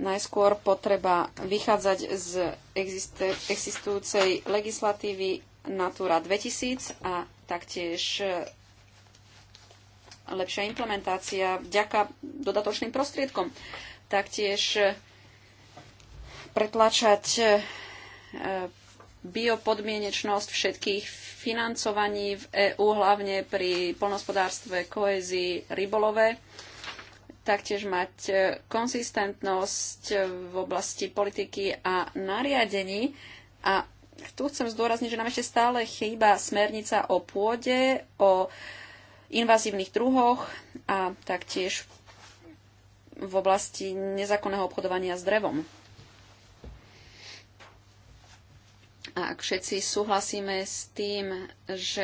Najskôr potreba vychádzať z existujúcej legislatívy Natura 2000 a taktiež e, lepšia implementácia vďaka dodatočným prostriedkom taktiež e, pretlačať e, biopodmienečnosť všetkých financovaní v EÚ, hlavne pri polnospodárstve, koézii, rybolove. Taktiež mať e, konzistentnosť v oblasti politiky a nariadení. A tu chcem zdôrazniť, že nám ešte stále chýba smernica o pôde, o invazívnych druhoch a taktiež v oblasti nezákonného obchodovania s drevom. A ak všetci súhlasíme s tým, že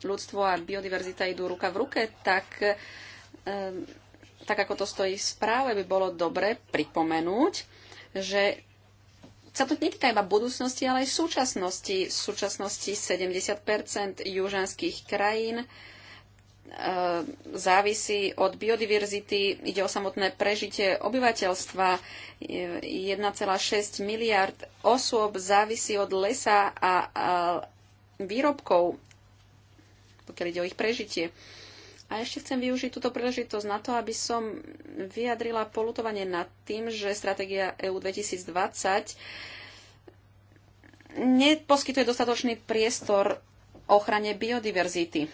ľudstvo a biodiverzita idú ruka v ruke, tak, tak ako to stojí v správe, by bolo dobre pripomenúť, že sa to netýka iba budúcnosti, ale aj súčasnosti. V súčasnosti 70 južanských krajín závisí od biodiverzity, ide o samotné prežitie obyvateľstva. 1,6 miliard osôb závisí od lesa a, výrobkov, pokiaľ ide o ich prežitie. A ešte chcem využiť túto príležitosť na to, aby som vyjadrila polutovanie nad tým, že stratégia EU 2020 neposkytuje dostatočný priestor ochrane biodiverzity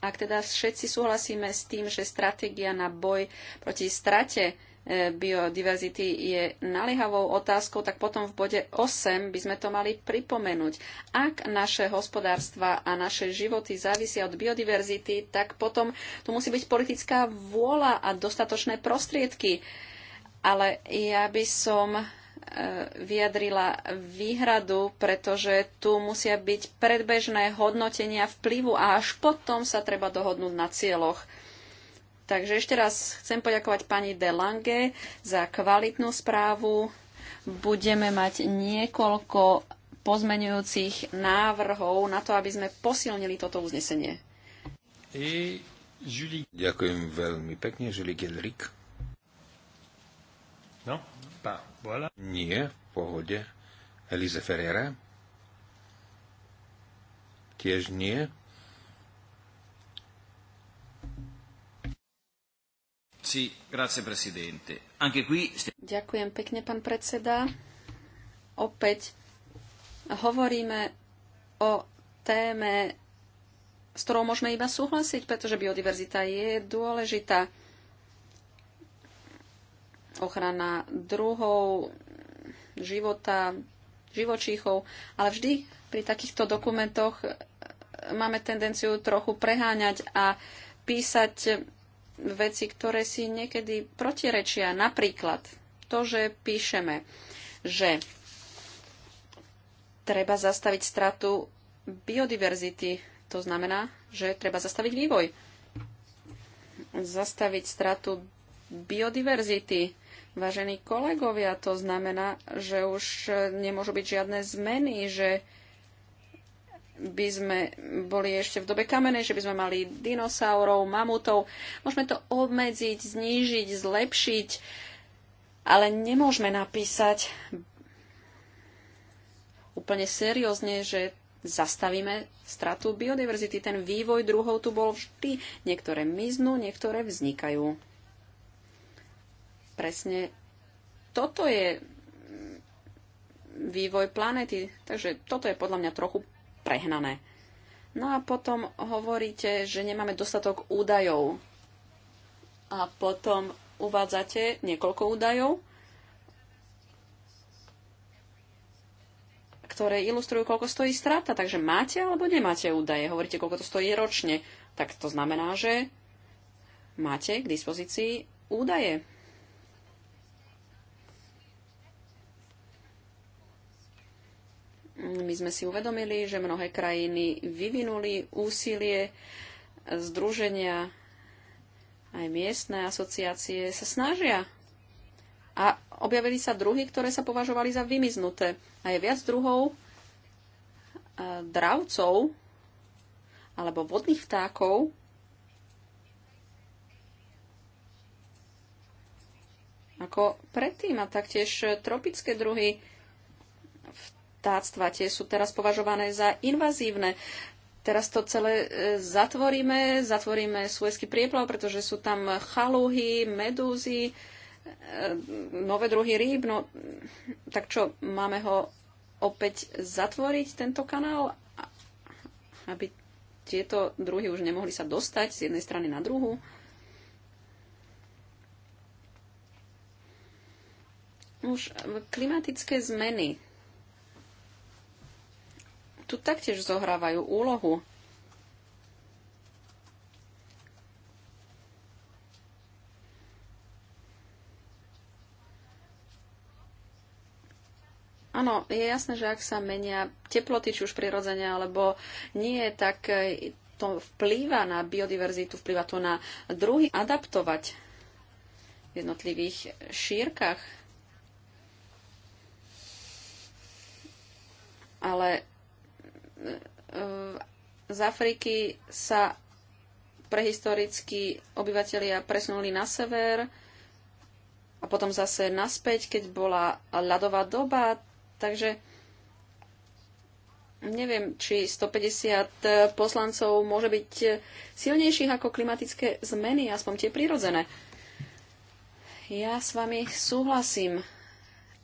ak teda všetci súhlasíme s tým, že stratégia na boj proti strate e, biodiverzity je naliehavou otázkou, tak potom v bode 8 by sme to mali pripomenúť. Ak naše hospodárstva a naše životy závisia od biodiverzity, tak potom tu musí byť politická vôľa a dostatočné prostriedky. Ale ja by som E, vyjadrila výhradu, pretože tu musia byť predbežné hodnotenia vplyvu a až potom sa treba dohodnúť na cieľoch. Takže ešte raz chcem poďakovať pani De Lange za kvalitnú správu. Budeme mať niekoľko pozmenujúcich návrhov na to, aby sme posilnili toto uznesenie. Ďakujem veľmi pekne, Žili Gelrik. Voilà. Nie, v pohode. Elize Ferreira? Tiež nie. Sí, grazie, presidente. Anche qui... Ďakujem pekne, pán predseda. Opäť hovoríme o téme, s ktorou môžeme iba súhlasiť, pretože biodiverzita je dôležitá ochrana druhov, života, živočíchov, ale vždy pri takýchto dokumentoch e, máme tendenciu trochu preháňať a písať veci, ktoré si niekedy protirečia. Napríklad to, že píšeme, že treba zastaviť stratu biodiverzity. To znamená, že treba zastaviť vývoj. Zastaviť stratu biodiverzity. Vážení kolegovia, to znamená, že už nemôžu byť žiadne zmeny, že by sme boli ešte v dobe kamenej, že by sme mali dinosaurov, mamutov. Môžeme to obmedziť, znížiť, zlepšiť, ale nemôžeme napísať úplne seriózne, že zastavíme stratu biodiverzity. Ten vývoj druhov tu bol vždy. Niektoré miznú, niektoré vznikajú presne toto je vývoj planéty. Takže toto je podľa mňa trochu prehnané. No a potom hovoríte, že nemáme dostatok údajov. A potom uvádzate niekoľko údajov, ktoré ilustrujú, koľko stojí strata. Takže máte alebo nemáte údaje. Hovoríte, koľko to stojí ročne. Tak to znamená, že máte k dispozícii údaje. My sme si uvedomili, že mnohé krajiny vyvinuli úsilie združenia aj miestne asociácie sa snažia. A objavili sa druhy, ktoré sa považovali za vymiznuté. A je viac druhov e, dravcov alebo vodných vtákov, ako predtým a taktiež tropické druhy vtáctva. Tie sú teraz považované za invazívne. Teraz to celé e, zatvoríme, zatvoríme Suezky prieplav, pretože sú tam chaluhy, medúzy, e, nové druhy rýb. No, tak čo, máme ho opäť zatvoriť, tento kanál, aby tieto druhy už nemohli sa dostať z jednej strany na druhú? Už e, klimatické zmeny tu taktiež zohrávajú úlohu. Áno, je jasné, že ak sa menia teploty, či už prirodzene, alebo nie, tak e, to vplýva na biodiverzitu, vplýva to na druhy adaptovať v jednotlivých šírkach. Ale z Afriky sa prehistoricky obyvatelia presunuli na sever a potom zase naspäť, keď bola ľadová doba. Takže neviem, či 150 poslancov môže byť silnejších ako klimatické zmeny, aspoň tie prirodzené. Ja s vami súhlasím.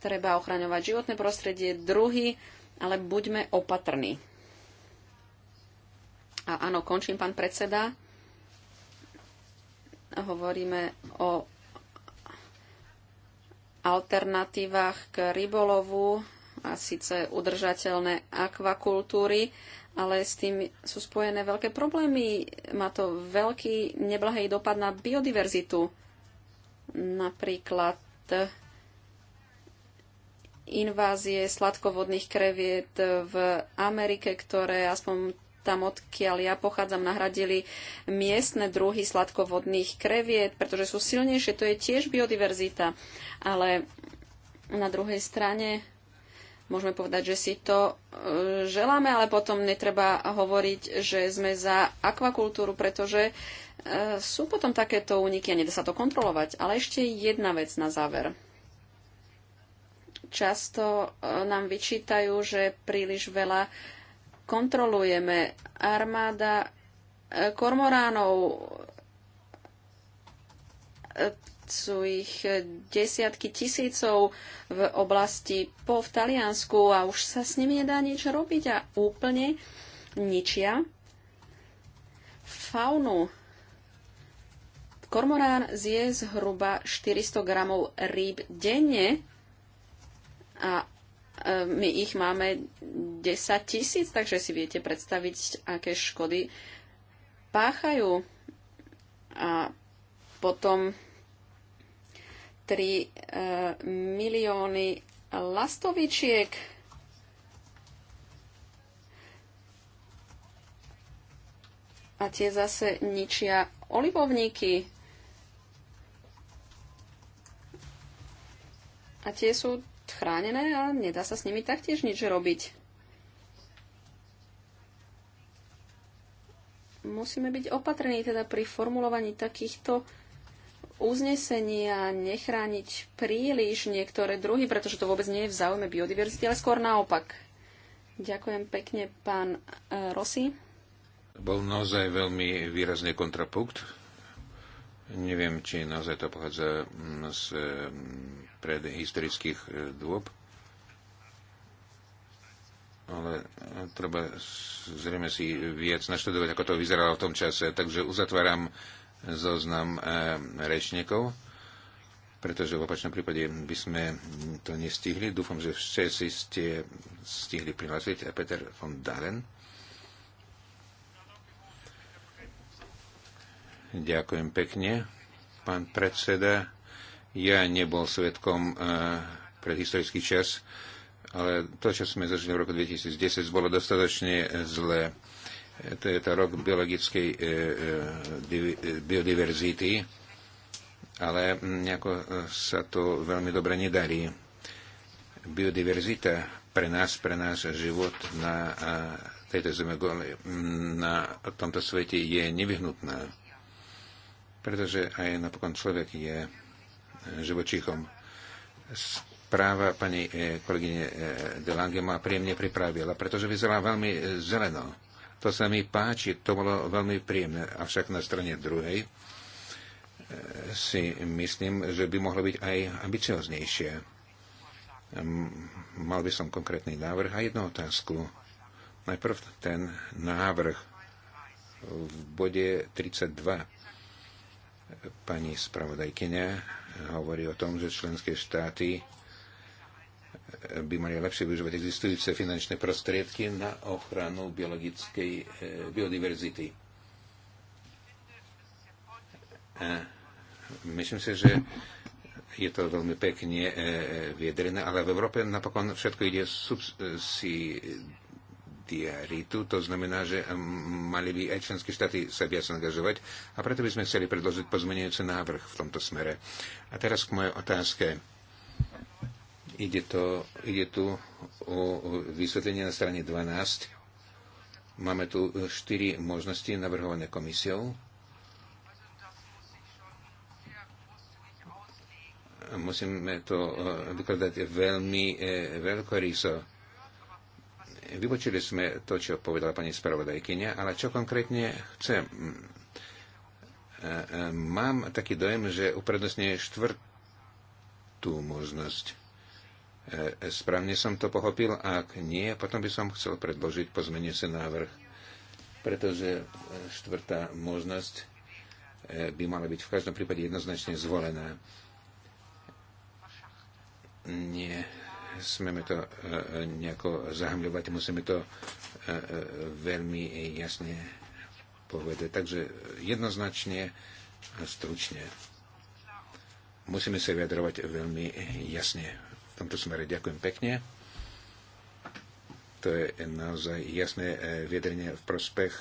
Treba ochraňovať životné prostredie, druhy, ale buďme opatrní. A áno, končím, pán predseda. Hovoríme o alternatívach k rybolovu a síce udržateľné akvakultúry, ale s tým sú spojené veľké problémy. Má to veľký neblahý dopad na biodiverzitu. Napríklad invázie sladkovodných kreviet v Amerike, ktoré aspoň tam, odkiaľ ja pochádzam, nahradili miestne druhy sladkovodných kreviet, pretože sú silnejšie. To je tiež biodiverzita. Ale na druhej strane môžeme povedať, že si to e, želáme, ale potom netreba hovoriť, že sme za akvakultúru, pretože e, sú potom takéto úniky a nedá sa to kontrolovať. Ale ešte jedna vec na záver často e, nám vyčítajú, že príliš veľa kontrolujeme. Armáda e, kormoránov sú ich desiatky tisícov v oblasti po v Taliansku a už sa s nimi nedá nič robiť a úplne ničia faunu. Kormorán zje zhruba 400 gramov rýb denne a E, my ich máme 10 tisíc, takže si viete predstaviť, aké škody páchajú. A potom 3 e, milióny lastovičiek. A tie zase ničia olivovníky. A tie sú chránené a nedá sa s nimi taktiež nič robiť. Musíme byť opatrní teda pri formulovaní takýchto uznesení a nechrániť príliš niektoré druhy, pretože to vôbec nie je v záujme biodiverzity, ale skôr naopak. Ďakujem pekne, pán eh, Rossi. Bol naozaj veľmi výrazný kontrapunkt Neviem, či naozaj to pochádza mm, z mm, predhistorických e, dôb, ale e, treba zrejme si viac naštudovať, ako to vyzeralo v tom čase. Takže uzatváram zoznam e, rečníkov, pretože v opačnom prípade by sme to nestihli. Dúfam, že všetci ste stihli prihlásiť a Peter von Dalen. Ďakujem pekne. Pán predseda, ja nebol svetkom eh, pred historický čas, ale to, čo sme zažili v roku 2010, bolo dostatočne eh, zlé. Eh, to je to rok biologickej e, e, biodiverzity, ale hm, nejako sa to veľmi dobre nedarí. Biodiverzita pre nás, pre nás život na tejto zeme, hm, na tomto svete je nevyhnutná pretože aj napokon človek je e, živočíchom. Správa pani e, kolegyne e, Lange ma príjemne pripravila, pretože vyzerá veľmi zeleno. To sa mi páči, to bolo veľmi príjemné. Avšak na strane druhej si myslím, že by mohlo byť aj ambicioznejšie. Mal by som konkrétny návrh a jednu otázku. Najprv ten návrh v bode 32 Pani spravodajkyňa hovorí o tom, že členské štáty by mali lepšie využívať existujúce finančné prostriedky na ochranu biologickej e, biodiverzity. A myslím si, že je to veľmi pekne e, viedrené, ale v Európe napokon všetko ide subs- si subsidiaritu, To znamená, že mm, mali by aj členské štáty sa viac angažovať a preto by sme chceli predložiť pozmenujúci návrh v tomto smere. A teraz k mojej otázke. Ide, to, ide tu o vysvetlenie na strane 12. Máme tu štyri možnosti navrhované komisiou. musíme to eh, vykladať veľmi eh, veľkoryso. Vypočuli sme to, čo povedala pani spravodajkynia, ale čo konkrétne chcem? E, e, mám taký dojem, že uprednostne štvrtú možnosť. E, správne som to pochopil, ak nie, potom by som chcel predložiť sa návrh, pretože štvrtá možnosť by mala byť v každom prípade jednoznačne zvolená. Nie nesmieme to e, e, nejako zahamľovať, musíme to e, veľmi jasne povedať. Takže jednoznačne a stručne musíme sa vyjadrovať veľmi jasne. V tomto smere ďakujem pekne. To je naozaj jasné vyjadrenie v prospech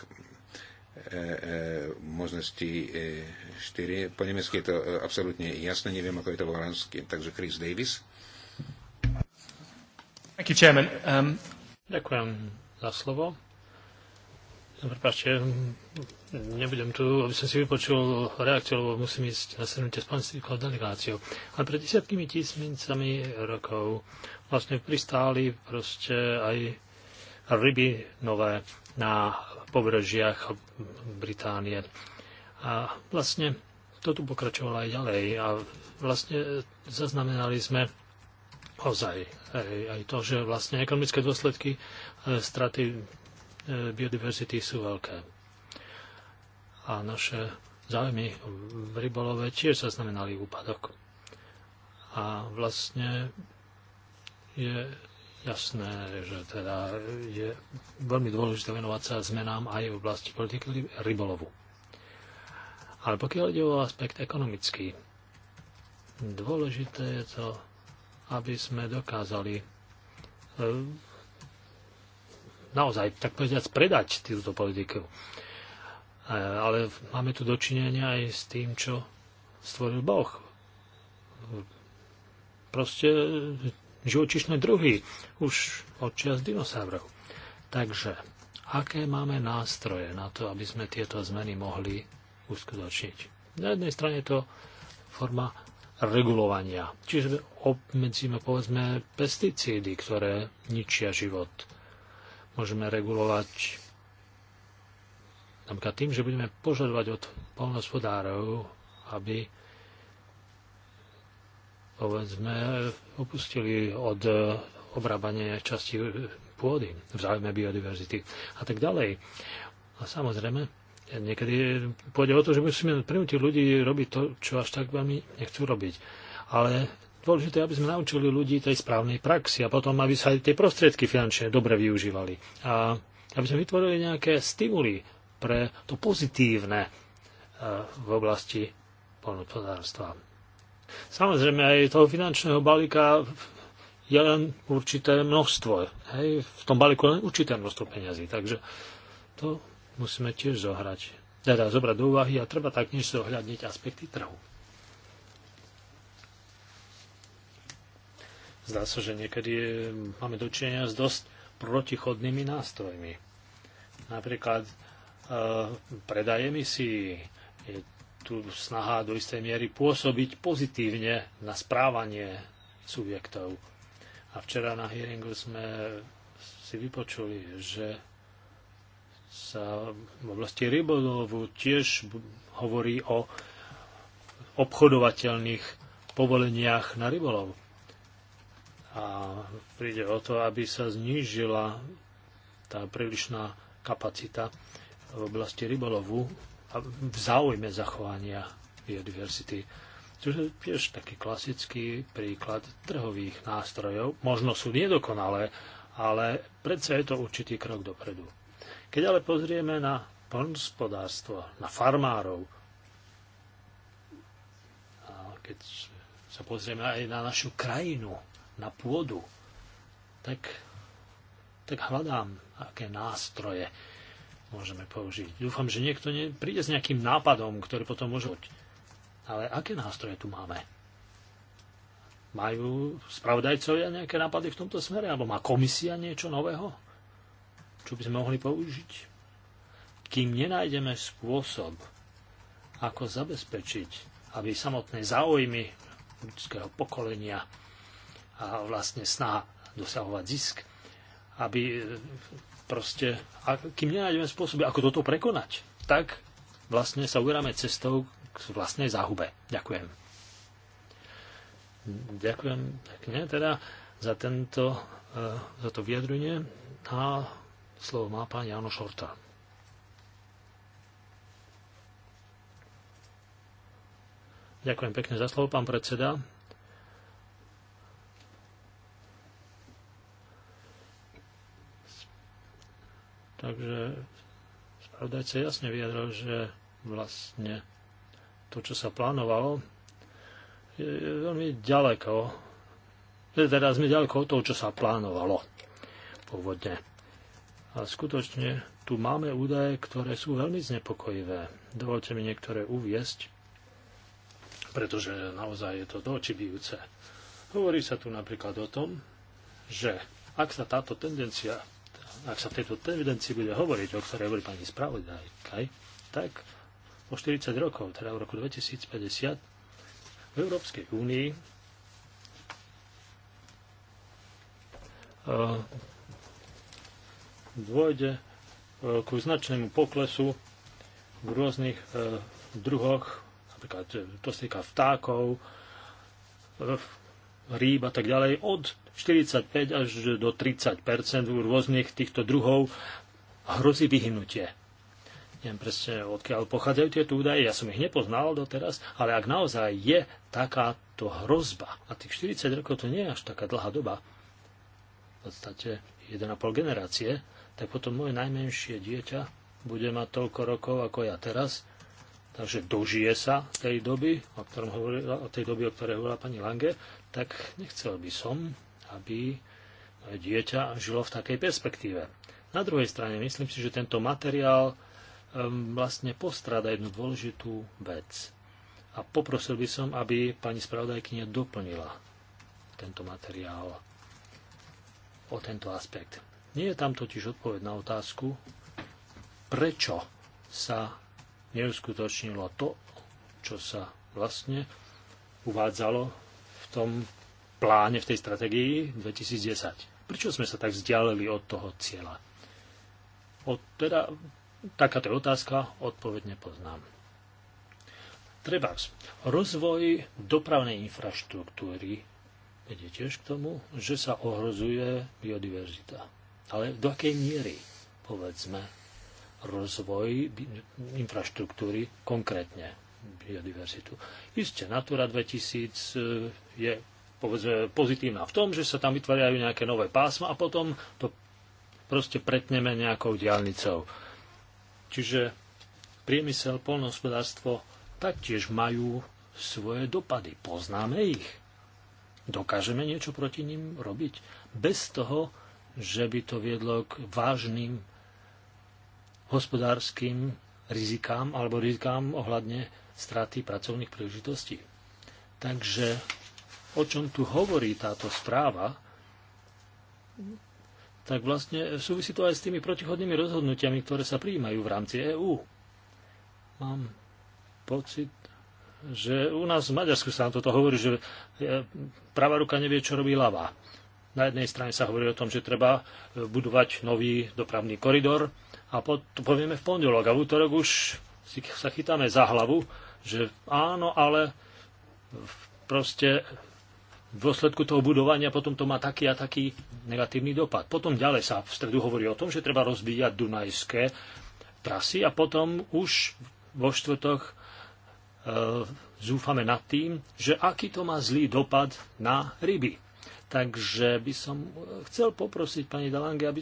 možnosti 4. Po nemecky je to absolútne jasné, neviem, ako je to v holandsky, takže Chris Davis. Thank you, Chairman. Um... Ďakujem za slovo. Prepačte, nebudem tu, aby som si vypočul reakciu, lebo musím ísť na srednutie s panstvíkou delegáciou. Ale pred desiatkými tisícmi rokov vlastne pristáli proste aj ryby nové na pobrežiach Británie. A vlastne to tu pokračovalo aj ďalej. A vlastne zaznamenali sme ozaj aj, aj to, že vlastne ekonomické dôsledky e, straty e, biodiverzity sú veľké. A naše záujmy v rybolove tiež zaznamenali úpadok. A vlastne je jasné, že teda je veľmi dôležité venovať sa zmenám aj v oblasti politiky rybolovu. Ale pokiaľ ide o aspekt ekonomický, dôležité je to aby sme dokázali e, naozaj, tak povedať, predať túto politiku. E, ale máme tu dočinenia aj s tým, čo stvoril Boh. Proste živočišné druhy už od čias dinosaurov. Takže, aké máme nástroje na to, aby sme tieto zmeny mohli uskutočniť? Na jednej strane to forma regulovania. Čiže obmedzíme povedzme pesticídy, ktoré ničia život. Môžeme regulovať napríklad tým, že budeme požadovať od polnospodárov, aby povedzme opustili od eh, obrábania časti pôdy v záujme biodiverzity a tak ďalej. A samozrejme, Niekedy pôjde o to, že musíme prinútiť ľudí robiť to, čo až tak veľmi nechcú robiť. Ale dôležité, aby sme naučili ľudí tej správnej praxi a potom, aby sa aj tie prostriedky finančne dobre využívali. A aby sme vytvorili nejaké stimuly pre to pozitívne e, v oblasti poľnohospodárstva. Samozrejme, aj toho finančného balíka je len určité množstvo. Hej? V tom balíku len určité množstvo peňazí. Takže to musíme tiež zohrať, teda zobrať do úvahy a treba taktiež zohľadniť aspekty trhu. Zdá sa, že niekedy máme dočinenia s dosť protichodnými nástrojmi. Napríklad e, predaj emisí. Je tu snaha do istej miery pôsobiť pozitívne na správanie subjektov. A včera na hearingu sme si vypočuli, že sa v oblasti rybolovu tiež hovorí o obchodovateľných povoleniach na rybolov. A príde o to, aby sa znížila tá prílišná kapacita v oblasti rybolovu a v záujme zachovania biodiverzity. Čo je tiež taký klasický príklad trhových nástrojov. Možno sú nedokonalé, ale predsa je to určitý krok dopredu. Keď ale pozrieme na plnospodárstvo, na farmárov, a keď sa pozrieme aj na našu krajinu, na pôdu, tak, tak hľadám, aké nástroje môžeme použiť. Dúfam, že niekto ne, príde s nejakým nápadom, ktorý potom môže byť. Ale aké nástroje tu máme? Majú spravodajcovia nejaké nápady v tomto smere? Alebo má komisia niečo nového? čo by sme mohli použiť, kým nenájdeme spôsob, ako zabezpečiť, aby samotné záujmy ľudského pokolenia a vlastne snaha dosahovať zisk, aby e, proste, a kým nenájdeme spôsoby, ako toto prekonať, tak vlastne sa uberáme cestou k vlastnej záhube. Ďakujem. Ďakujem pekne teda za tento, e, za to vyjadrenie a Slovo má pán Jano Šorta. Ďakujem pekne za slovo, pán predseda. Takže spravodajca jasne vyjadril, že vlastne to, čo sa plánovalo, je veľmi ďaleko. Teda sme ďaleko od toho, čo sa plánovalo pôvodne. A skutočne tu máme údaje, ktoré sú veľmi znepokojivé. Dovolte mi niektoré uviesť, pretože naozaj je to do Hovorí sa tu napríklad o tom, že ak sa táto tendencia, ak sa tejto tendencii bude hovoriť, o ktorej hovorí pani spravodajka, tak o 40 rokov, teda v roku 2050, v Európskej únii e, dôjde e, ku značnému poklesu v rôznych e, druhoch, napríklad e, to sa týka vtákov, rýb a tak ďalej, od 45 až do 30 v rôznych týchto druhov hrozí vyhnutie. Neviem presne, odkiaľ pochádzajú tieto údaje, ja som ich nepoznal doteraz, ale ak naozaj je takáto hrozba, a tých 40 rokov to nie je až taká dlhá doba, v podstate 1,5 generácie, tak potom moje najmenšie dieťa bude mať toľko rokov ako ja teraz, takže dožije sa tej doby, o, ktorom hovorila, o tej doby, o ktorej hovorila pani Lange, tak nechcel by som, aby moje dieťa žilo v takej perspektíve. Na druhej strane myslím si, že tento materiál ehm, vlastne postráda jednu dôležitú vec. A poprosil by som, aby pani spravodajkynia doplnila tento materiál o tento aspekt. Nie je tam totiž odpoveď na otázku, prečo sa neuskutočnilo to, čo sa vlastne uvádzalo v tom pláne, v tej strategii 2010. Prečo sme sa tak vzdialili od toho cieľa? Od, teda, takáto otázka, odpoveď nepoznám. Treba rozvoj dopravnej infraštruktúry vedie tiež k tomu, že sa ohrozuje biodiverzita ale do akej miery, povedzme, rozvoj infraštruktúry, konkrétne biodiverzitu. Isté, Natura 2000 e, je povedzme, pozitívna v tom, že sa tam vytvárajú nejaké nové pásma a potom to proste pretneme nejakou diálnicou. Čiže priemysel, polnohospodárstvo taktiež majú svoje dopady. Poznáme ich. Dokážeme niečo proti ním robiť. Bez toho, že by to viedlo k vážnym hospodárskym rizikám alebo rizikám ohľadne straty pracovných príležitostí. Takže o čom tu hovorí táto správa, tak vlastne súvisí to aj s tými protichodnými rozhodnutiami, ktoré sa prijímajú v rámci EÚ. Mám pocit, že u nás v Maďarsku sa nám toto hovorí, že e, pravá ruka nevie, čo robí ľavá. Na jednej strane sa hovorí o tom, že treba e, budovať nový dopravný koridor a po, to povieme v pondelok a v útorok už si, sa chytáme za hlavu, že áno, ale proste v dôsledku toho budovania potom to má taký a taký negatívny dopad. Potom ďalej sa v stredu hovorí o tom, že treba rozbíjať dunajské trasy a potom už vo štvrtok e, zúfame nad tým, že aký to má zlý dopad na ryby. Takže by som e, chcel poprosiť pani Dalange, aby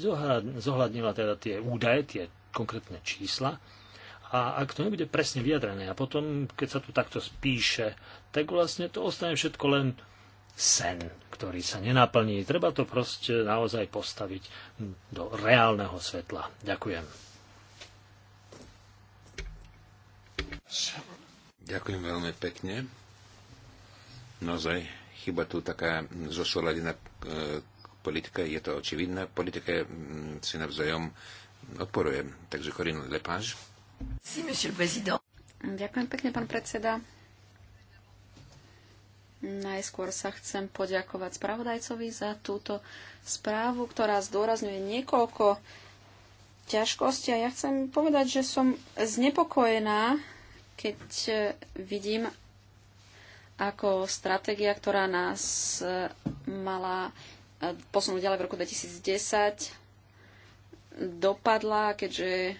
zohľadnila teda tie údaje, tie konkrétne čísla. A ak to nebude presne vyjadrené a potom, keď sa tu takto spíše, tak vlastne to ostane všetko len sen, ktorý sa nenaplní. Treba to proste naozaj postaviť do reálneho svetla. Ďakujem. Ďakujem veľmi pekne. Naozaj chyba tu taká zosúladená e, politika, je to očividná politika, mm, si navzájom odporuje. Takže Corinne Lepage. Si, monsieur le président. Ďakujem pekne, pán predseda. Najskôr sa chcem poďakovať spravodajcovi za túto správu, ktorá zdôrazňuje niekoľko ťažkostí. A ja chcem povedať, že som znepokojená, keď e, vidím, ako stratégia, ktorá nás e, mala e, posunúť ďalej v roku 2010, dopadla, keďže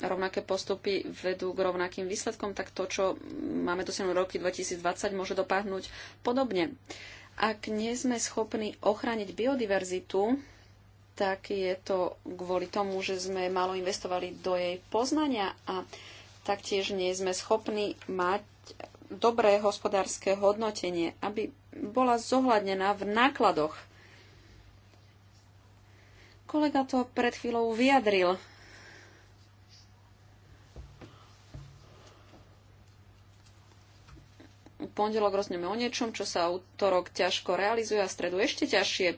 rovnaké postupy vedú k rovnakým výsledkom, tak to, čo máme dosiahnuť roky 2020, môže dopadnúť podobne. Ak nie sme schopní ochrániť biodiverzitu, tak je to kvôli tomu, že sme málo investovali do jej poznania a taktiež nie sme schopní mať dobré hospodárske hodnotenie, aby bola zohľadnená v nákladoch. Kolega to pred chvíľou vyjadril. pondelok rozneme o niečom, čo sa autorok ťažko realizuje a stredu ešte ťažšie.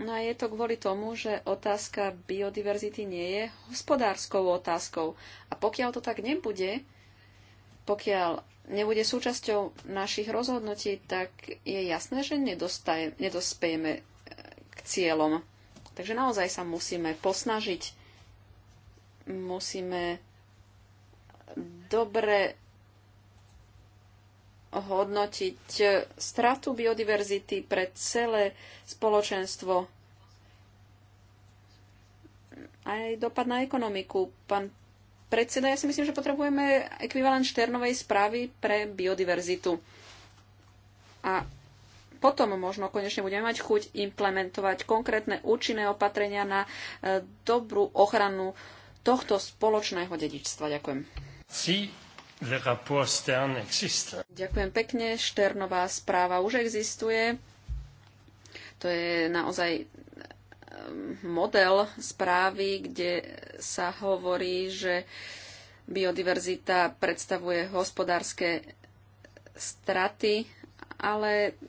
No a je to kvôli tomu, že otázka biodiverzity nie je hospodárskou otázkou. A pokiaľ to tak nebude, pokiaľ nebude súčasťou našich rozhodnutí, tak je jasné, že nedospejeme eh, k cieľom. Takže naozaj sa musíme posnažiť, musíme dobre hodnotiť stratu biodiverzity pre celé spoločenstvo. Aj dopad na ekonomiku. Pán predseda, ja si myslím, že potrebujeme ekvivalent Šternovej správy pre biodiverzitu. A potom možno konečne budeme mať chuť implementovať konkrétne účinné opatrenia na e, dobrú ochranu tohto spoločného dedičstva. Ďakujem. Ďakujem pekne. Šternová správa už existuje. To je naozaj eh, model správy, kde sa hovorí, že biodiverzita predstavuje hospodárske straty, ale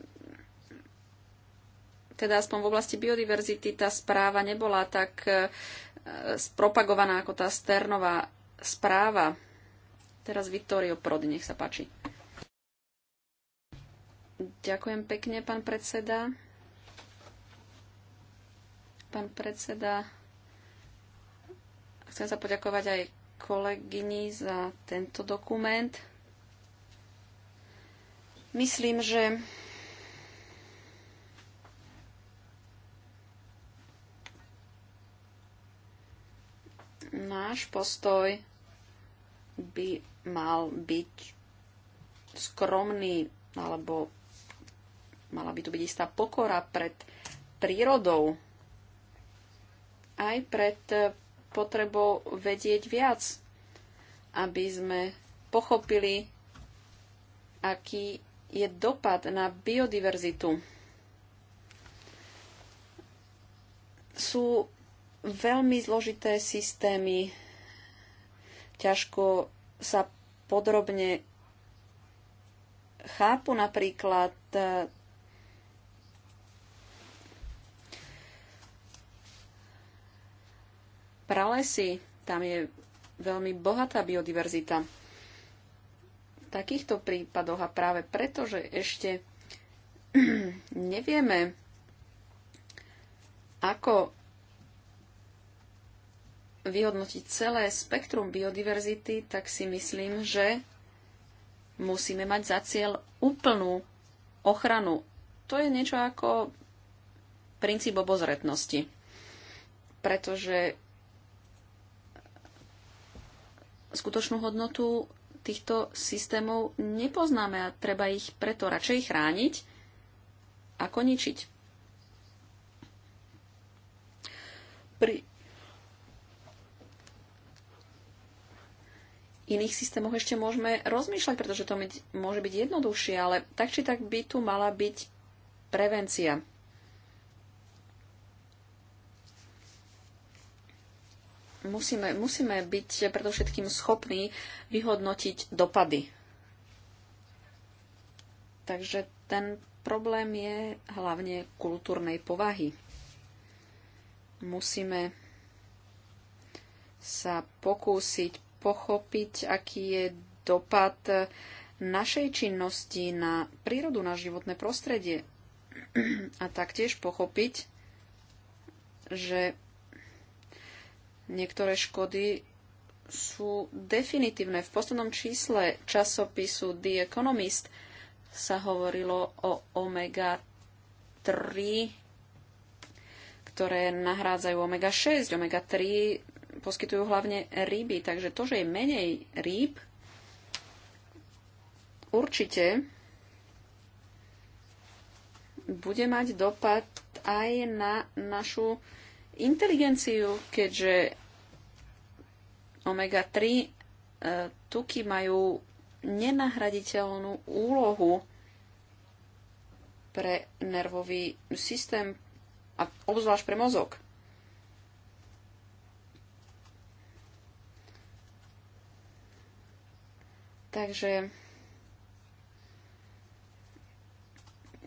teda aspoň v oblasti biodiverzity tá správa nebola tak eh, spropagovaná ako tá Sternová správa Teraz Vittorio Prodi, nech sa páči. Ďakujem pekne, pán predseda. Pán predseda, chcem sa poďakovať aj kolegyni za tento dokument. Myslím, že náš postoj by mal byť skromný, alebo mala by tu byť istá pokora pred prírodou, aj pred potrebou vedieť viac, aby sme pochopili, aký je dopad na biodiverzitu. Sú veľmi zložité systémy, ťažko sa podrobne chápu napríklad eh, pralesy, tam je veľmi bohatá biodiverzita. V takýchto prípadoch a práve preto, že ešte nevieme, ako vyhodnotiť celé spektrum biodiverzity, tak si myslím, že musíme mať za cieľ úplnú ochranu. To je niečo ako princíp obozretnosti. Pretože skutočnú hodnotu týchto systémov nepoznáme a treba ich preto radšej chrániť ako ničiť. Pri iných systémoch ešte môžeme rozmýšľať, pretože to môže byť jednoduchšie, ale tak či tak by tu mala byť prevencia. Musíme, musíme byť predovšetkým schopní vyhodnotiť dopady. Takže ten problém je hlavne kultúrnej povahy. Musíme sa pokúsiť pochopiť, aký je dopad našej činnosti na prírodu, na životné prostredie. A taktiež pochopiť, že niektoré škody sú definitívne. V poslednom čísle časopisu The Economist sa hovorilo o omega-3, ktoré nahrádzajú omega-6. Omega-3 poskytujú hlavne ryby. Takže to, že je menej rýb, určite bude mať dopad aj na našu inteligenciu, keďže omega-3 e, tuky majú nenahraditeľnú úlohu pre nervový systém a obzvlášť pre mozog. Takže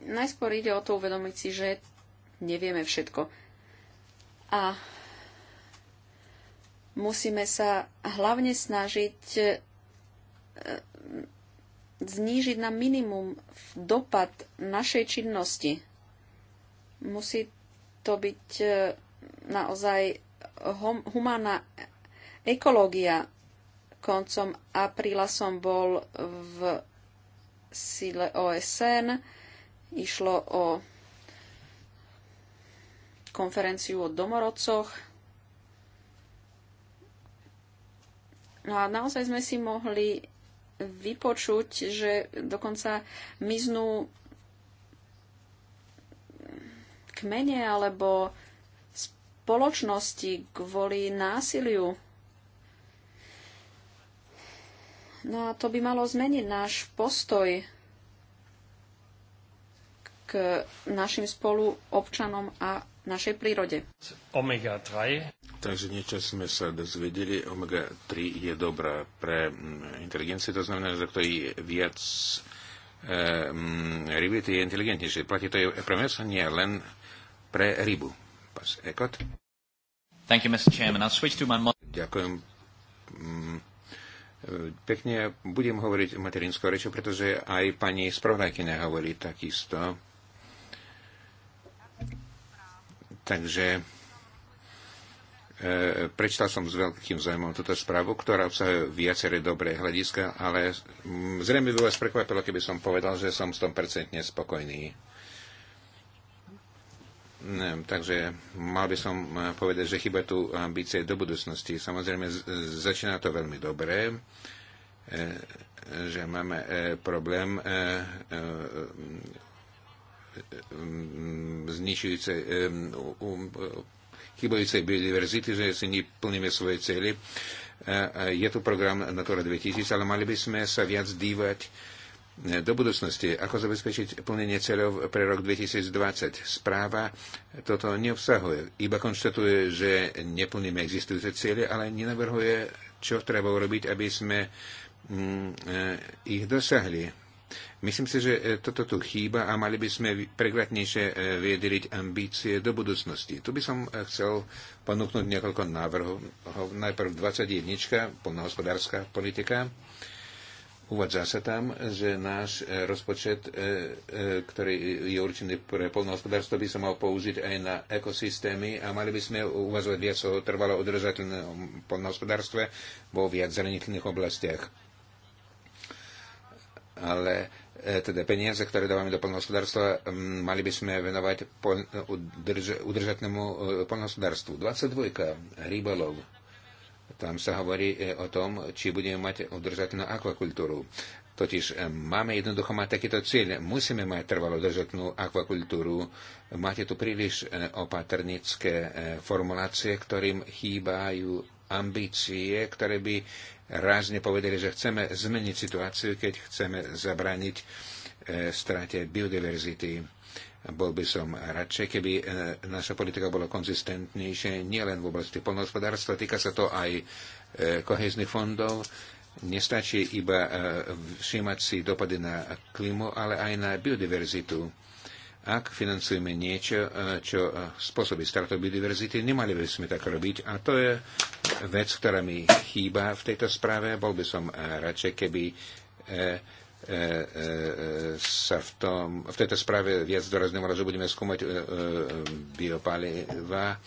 najskôr ide o to uvedomiť si, že nevieme všetko. A musíme sa hlavne snažiť e, znížiť na minimum dopad našej činnosti. Musí to byť e, naozaj humánna ekológia. Koncom apríla som bol v sile OSN. Išlo o konferenciu o domorodcoch. No a naozaj sme si mohli vypočuť, že dokonca miznú kmene alebo spoločnosti kvôli násiliu. No a to by malo zmeniť náš postoj k našim spoluobčanom a našej prírode. Omega 3. Takže niečo sme sa dozvedeli. Omega 3 je dobrá pre mm, inteligenciu, to znamená, že kto je viac um, ryby, je inteligentnejší. Platí to je pre meso, nie len pre rybu. Pas Ekot. Thank you, Mr. Chairman. I'll switch to my... Ďakujem mm, E, pekne budem hovoriť materinskou rečou, pretože aj pani spravodajkyňa hovorí takisto. Takže e, prečítal som s veľkým zájmom túto správu, ktorá obsahuje viaceré dobré hľadiska, ale zrejme by vás prekvapilo, keby som povedal, že som 100% spokojný Ehm, takže mal by som eh, povedať, že chyba tu ambície do budúcnosti. Samozrejme, začína to veľmi dobre, eh, že máme eh, problém mm, mm, zničujúce ehm, chybujúcej biodiverzity, že si neplníme svoje cely. Je tu program Natura 2000, ale mali by sme sa viac dívať do budúcnosti, ako zabezpečiť plnenie cieľov pre rok 2020. Správa toto neobsahuje, iba konštatuje, že neplníme existujúce cieľe, ale nenavrhuje, čo treba urobiť, aby sme mm, e, ich dosahli. Myslím si, že e, toto tu chýba a mali by sme prekratnejšie e, viedeliť ambície do budúcnosti. Tu by som chcel ponúknuť niekoľko návrhov. Najprv 21. polnohospodárska politika. Uvádza sa tam, že náš e, rozpočet, e, e, ktorý je určený pre polnohospodárstvo, by sa mal použiť aj na ekosystémy a mali by sme uvažovať viac o trvalo udržateľnom polnohospodárstve vo viac zraniteľných oblastiach. Ale teda peniaze, ktoré dávame do polnohospodárstva, mali by sme venovať udržateľnému polnohospodárstvu. 22. rybolov. Tam sa hovorí e, o tom, či budeme mať udržateľnú akvakultúru. Totiž e, máme jednoducho mať takýto cieľ. Musíme mať trvalo udržateľnú akvakultúru. Máte tu príliš e, opatrnické formulácie, ktorým chýbajú ambície, ktoré by rázne povedali, že chceme zmeniť situáciu, keď chceme zabraniť strate biodiverzity bol by som radšej, keby e, naša politika bola konzistentnejšia nielen v oblasti polnohospodárstva, týka sa to aj e, kohezných fondov. Nestačí iba e, všímať si dopady na klimu, ale aj na biodiverzitu ak financujeme niečo, čo spôsobí stratu biodiverzity, nemali by sme tak robiť. A to je vec, ktorá mi chýba v tejto správe. Bol by som radšej, keby E, e, e, sa v, tom, v tejto správe viac doraznému že budeme skúmať biopaliva.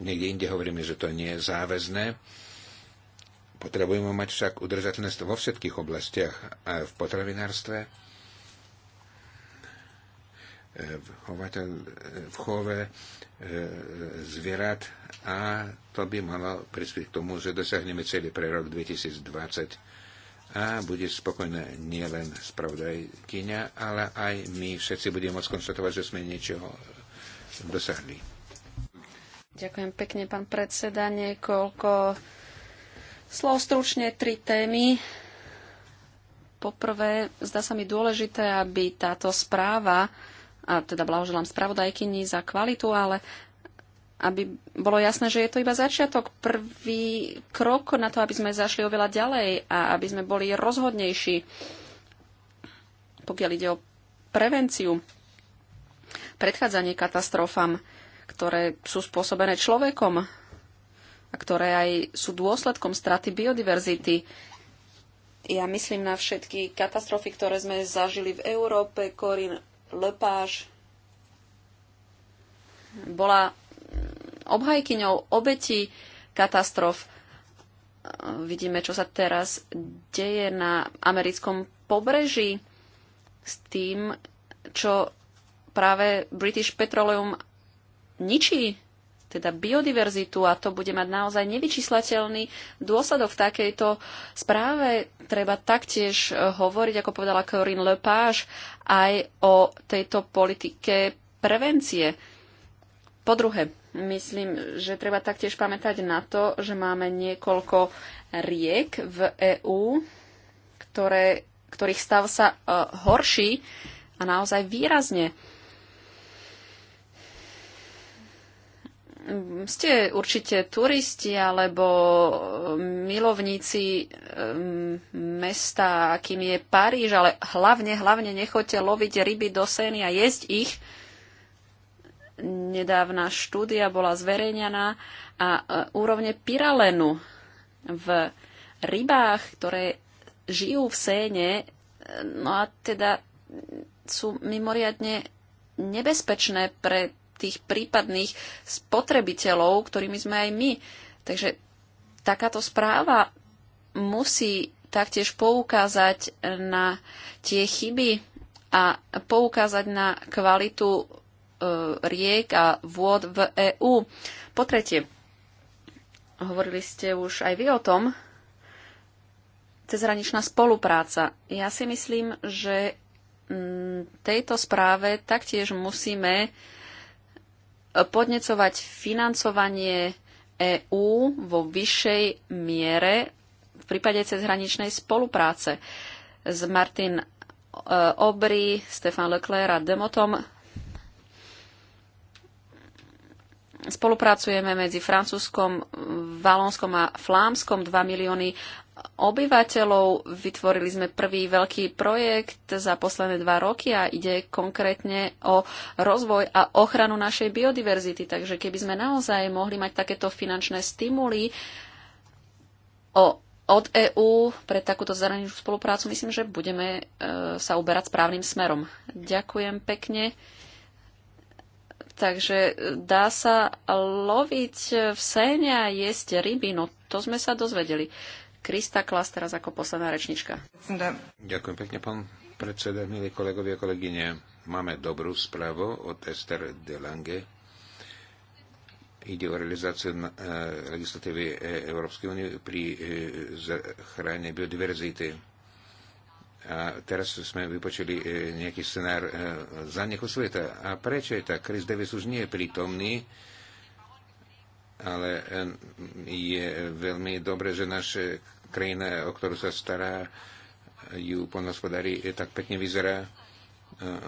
Niekde inde hovoríme, že to nie je záväzné. Potrebujeme mať však udržateľnosť vo všetkých oblastiach, a v potravinárstve, v, chovateľ, v chove e, zvierat a to by malo prispieť k tomu, že dosiahneme celý pre rok 2020 a bude spokojná nielen spravodajkyňa, ale aj my všetci budeme môcť konštatovať, že sme niečoho dosahli. Ďakujem pekne, pán predseda. Niekoľko slov stručne, tri témy. Poprvé, zdá sa mi dôležité, aby táto správa, a teda blahoželám spravodajkyni za kvalitu, ale aby bolo jasné, že je to iba začiatok, prvý krok na to, aby sme zašli oveľa ďalej a aby sme boli rozhodnejší, pokiaľ ide o prevenciu, predchádzanie katastrofám, ktoré sú spôsobené človekom a ktoré aj sú dôsledkom straty biodiverzity. Ja myslím na všetky katastrofy, ktoré sme zažili v Európe, Korin, Lepáš. Bola obhajkyňou obetí katastrof. Vidíme, čo sa teraz deje na americkom pobreží s tým, čo práve British Petroleum ničí teda biodiverzitu a to bude mať naozaj nevyčíslateľný dôsledok v takejto správe. Treba taktiež eh, hovoriť, ako povedala Corinne Lepage, aj o tejto politike prevencie. Po druhé, Myslím, že treba taktiež pamätať na to, že máme niekoľko riek v EÚ, ktoré, ktorých stav sa uh, horší a naozaj výrazne. Ste určite turisti alebo milovníci um, mesta, akým je Paríž, ale hlavne, hlavne nechoďte loviť ryby do seny a jesť ich, nedávna štúdia bola zverejnená a e, úrovne pyralenu v rybách, ktoré žijú v séne, e, no a teda sú mimoriadne nebezpečné pre tých prípadných spotrebiteľov, ktorými sme aj my. Takže takáto správa musí taktiež poukázať na tie chyby a poukázať na kvalitu E, riek a vôd v EÚ. Po tretie, hovorili ste už aj vy o tom, cezhraničná spolupráca. Ja si myslím, že tejto správe taktiež musíme e, podnecovať financovanie EÚ vo vyššej miere v prípade cezhraničnej spolupráce. S Martin Obry, e, Stefan Leclerc a Demotom Spolupracujeme medzi Francúzskom, Valonskom a Flámskom 2 milióny obyvateľov. Vytvorili sme prvý veľký projekt za posledné dva roky a ide konkrétne o rozvoj a ochranu našej biodiverzity. Takže keby sme naozaj mohli mať takéto finančné stimuly o, od EÚ pre takúto zahraničnú spoluprácu, myslím, že budeme e, sa uberať správnym smerom. Ďakujem pekne. Takže e, dá sa loviť v séne a jesť ryby, no to sme sa dozvedeli. Krista Klas teraz ako posledná rečnička. Ďakujem pekne, pán predseda, milí kolegovia kolegyne. Máme dobrú správu od Ester de Lange. Ide o realizáciu e, legislatívy e, Európskej únie pri e, zachrane biodiverzity a teraz sme vypočuli e, nejaký scenár e, za neho sveta. A prečo je tak? Chris Davis už nie je prítomný, ale e, je veľmi dobré, že naša krajina, o ktorú sa stará, ju ponospodári, tak pekne vyzerá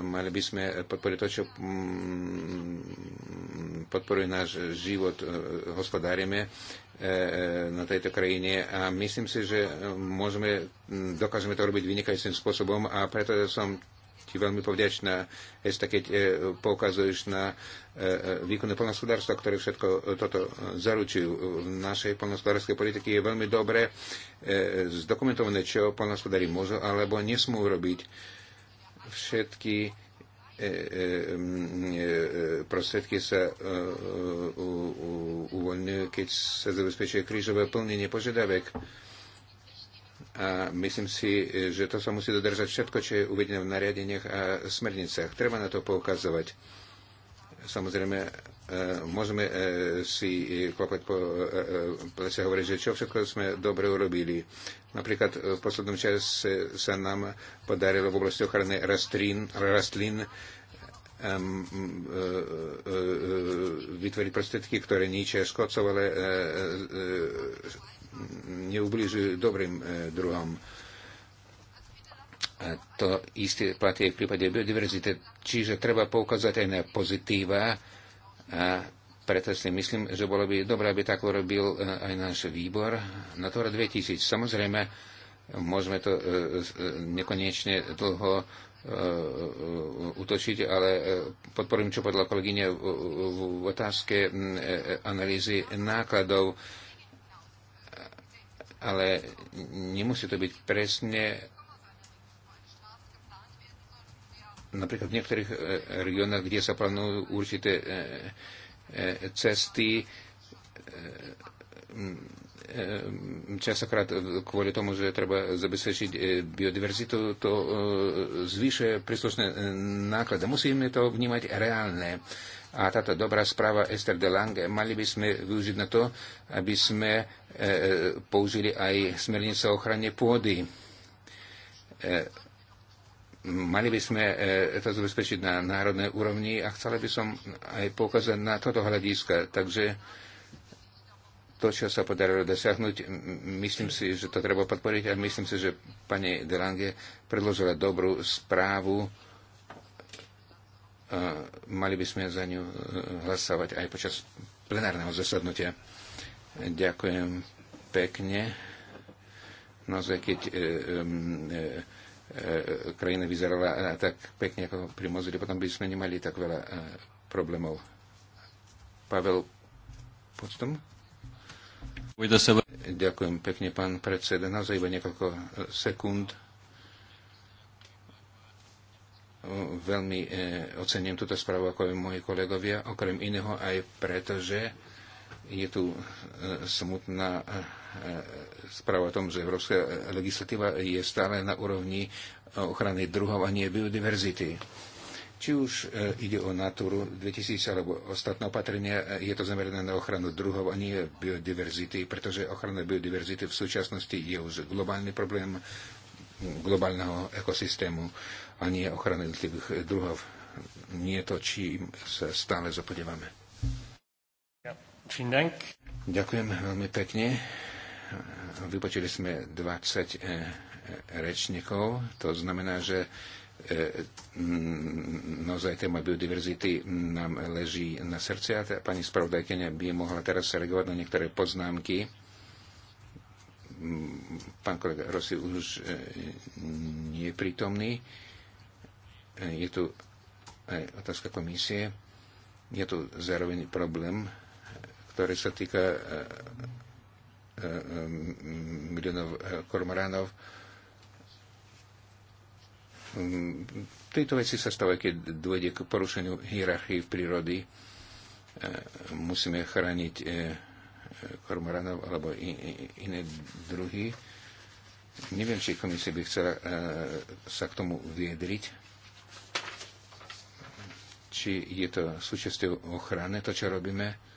mali by sme podporiť to, čo mm, podporuje náš život, e, hospodárime e, e, na tejto krajine a myslím si, že môžeme, dokážeme to robiť vynikajúcim spôsobom a preto som ti veľmi povďačná, ešte keď poukazuješ na výkonné polnospodárstva, ktoré všetko toto zaručujú. V našej polnospodárskej politike je veľmi dobre zdokumentované, čo polnospodári môžu alebo nesmú robiť všetky e, e, e, prostriedky sa uvoľňujú, keď sa zabezpečuje krížové plnenie požiadavek. A myslím si, že to sa musí dodržať všetko, čo je uvedené v nariadeniach a smernicách. Treba na to poukazovať. Samozrejme, E, môžeme e, si e, klopať po plese hovoriť, že čo všetko sme dobre urobili. Napríklad v poslednom čase sa nám podarilo v oblasti ochrany rastlín, rastlín vytvoriť prostriedky, ktoré ničia škodcov, ale neubližujú dobrým druhom. to isté platí aj v prípade biodiverzity. Čiže treba poukázať aj na pozitíva, a preto si myslím, že bolo by dobré, aby tak urobil e, aj náš výbor. na to 2000. Samozrejme, môžeme to e, e, nekonečne dlho utočiť, ale podporím, čo povedala kolegyne v otázke analýzy nákladov, ale nemusí to byť presne Napríklad v niektorých e, regiónach, kde sa plánujú určité e, e, cesty, Časokrát kvôli tomu, že treba zabezpečiť biodiverzitu, to zvyšuje príslušné náklady. Musíme to vnímať reálne. A táto dobrá správa Esther de Lange mali by sme využiť na to, aby sme použili aj smernice o ochrane pôdy mali by sme e, to zabezpečiť na národnej úrovni a chcela by som aj poukázať na toto hľadiska. Takže to, čo sa podarilo dosiahnuť, myslím si, že to treba podporiť a myslím si, že pani Delange predložila dobrú správu. E, mali by sme za ňu e, hlasovať aj počas plenárneho zasadnutia. Ďakujem pekne. Naozaj, keď e, e, e, krajina vyzerala e, tak pekne ako pri Mozuli, potom by sme nemali tak veľa e, problémov. Pavel Postom? Ďakujem pekne, pán predseda. Naozaj iba niekoľko e, sekúnd. Veľmi e, ocením túto správu ako aj moji kolegovia, okrem iného aj preto, že je tu e, smutná e, e, správa o tom, že európska legislatíva je stále na úrovni ochrany druhov a nie biodiverzity. Či už ide o Naturu 2000 alebo ostatné opatrenia, je to zamerané na ochranu druhov a nie biodiverzity, pretože ochrana biodiverzity v súčasnosti je už globálny problém globálneho ekosystému a nie ochrany jednotlivých druhov. Nie to, čím sa stále zapodievame. Yep. Ďakujem veľmi pekne. Vypočuli sme 20 e, e, rečníkov. To znamená, že e, naozaj téma biodiverzity nám leží na srdci a pani spravodajkenia by mohla teraz reagovať na niektoré poznámky. Pán kolega Rossi už nie je prítomný. Je tu aj otázka komisie. Je tu zároveň problém ktoré sa týka miliónov e, e, e, kormoránov. Mm, tieto veci sa stávajú, keď dôjde k porušeniu hierarchii v prírody. Musíme chrániť kormoránov alebo iné druhy. Neviem, či komisia by chcela sa k tomu viedriť či je to súčasťou ochrany, to, čo robíme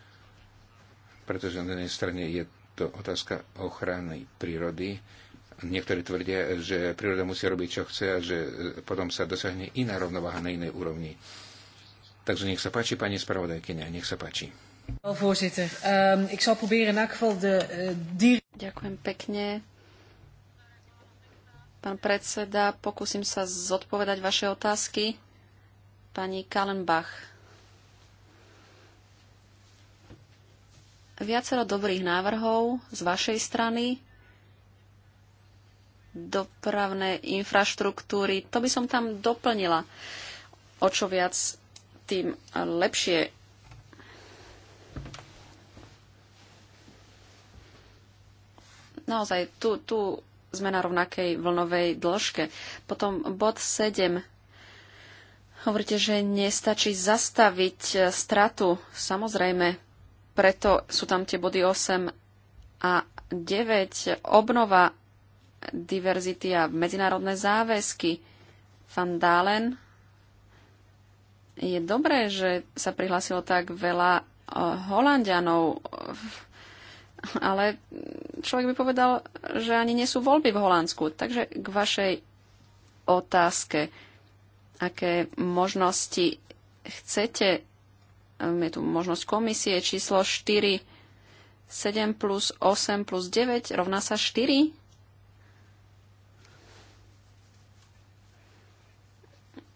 pretože na jednej strane je to otázka ochrany prírody. Niektorí tvrdia, že príroda musí robiť, čo chce a že e, potom sa dosiahne iná rovnováha na inej úrovni. Takže nech sa páči, pani spravodajkynia, nech sa páči. Ehm, eh, Ďakujem pekne. Pán predseda, pokúsim sa zodpovedať vaše otázky. Pani Kalenbach. viacero dobrých návrhov z vašej strany, dopravné infraštruktúry. To by som tam doplnila. O čo viac, tým lepšie. Naozaj, tu, tu sme na rovnakej vlnovej dĺžke. Potom bod 7. Hovoríte, že nestačí zastaviť stratu. Samozrejme, preto sú tam tie body 8 a 9. Obnova diverzity a medzinárodné záväzky. Van Dalen. Je dobré, že sa prihlásilo tak veľa eh, Holandianov, ale človek by povedal, že ani nie sú voľby v Holandsku. Takže k vašej otázke, aké možnosti chcete Ehm, je tu možnosť komisie číslo 4. 7 plus 8 plus 9 rovná sa 4.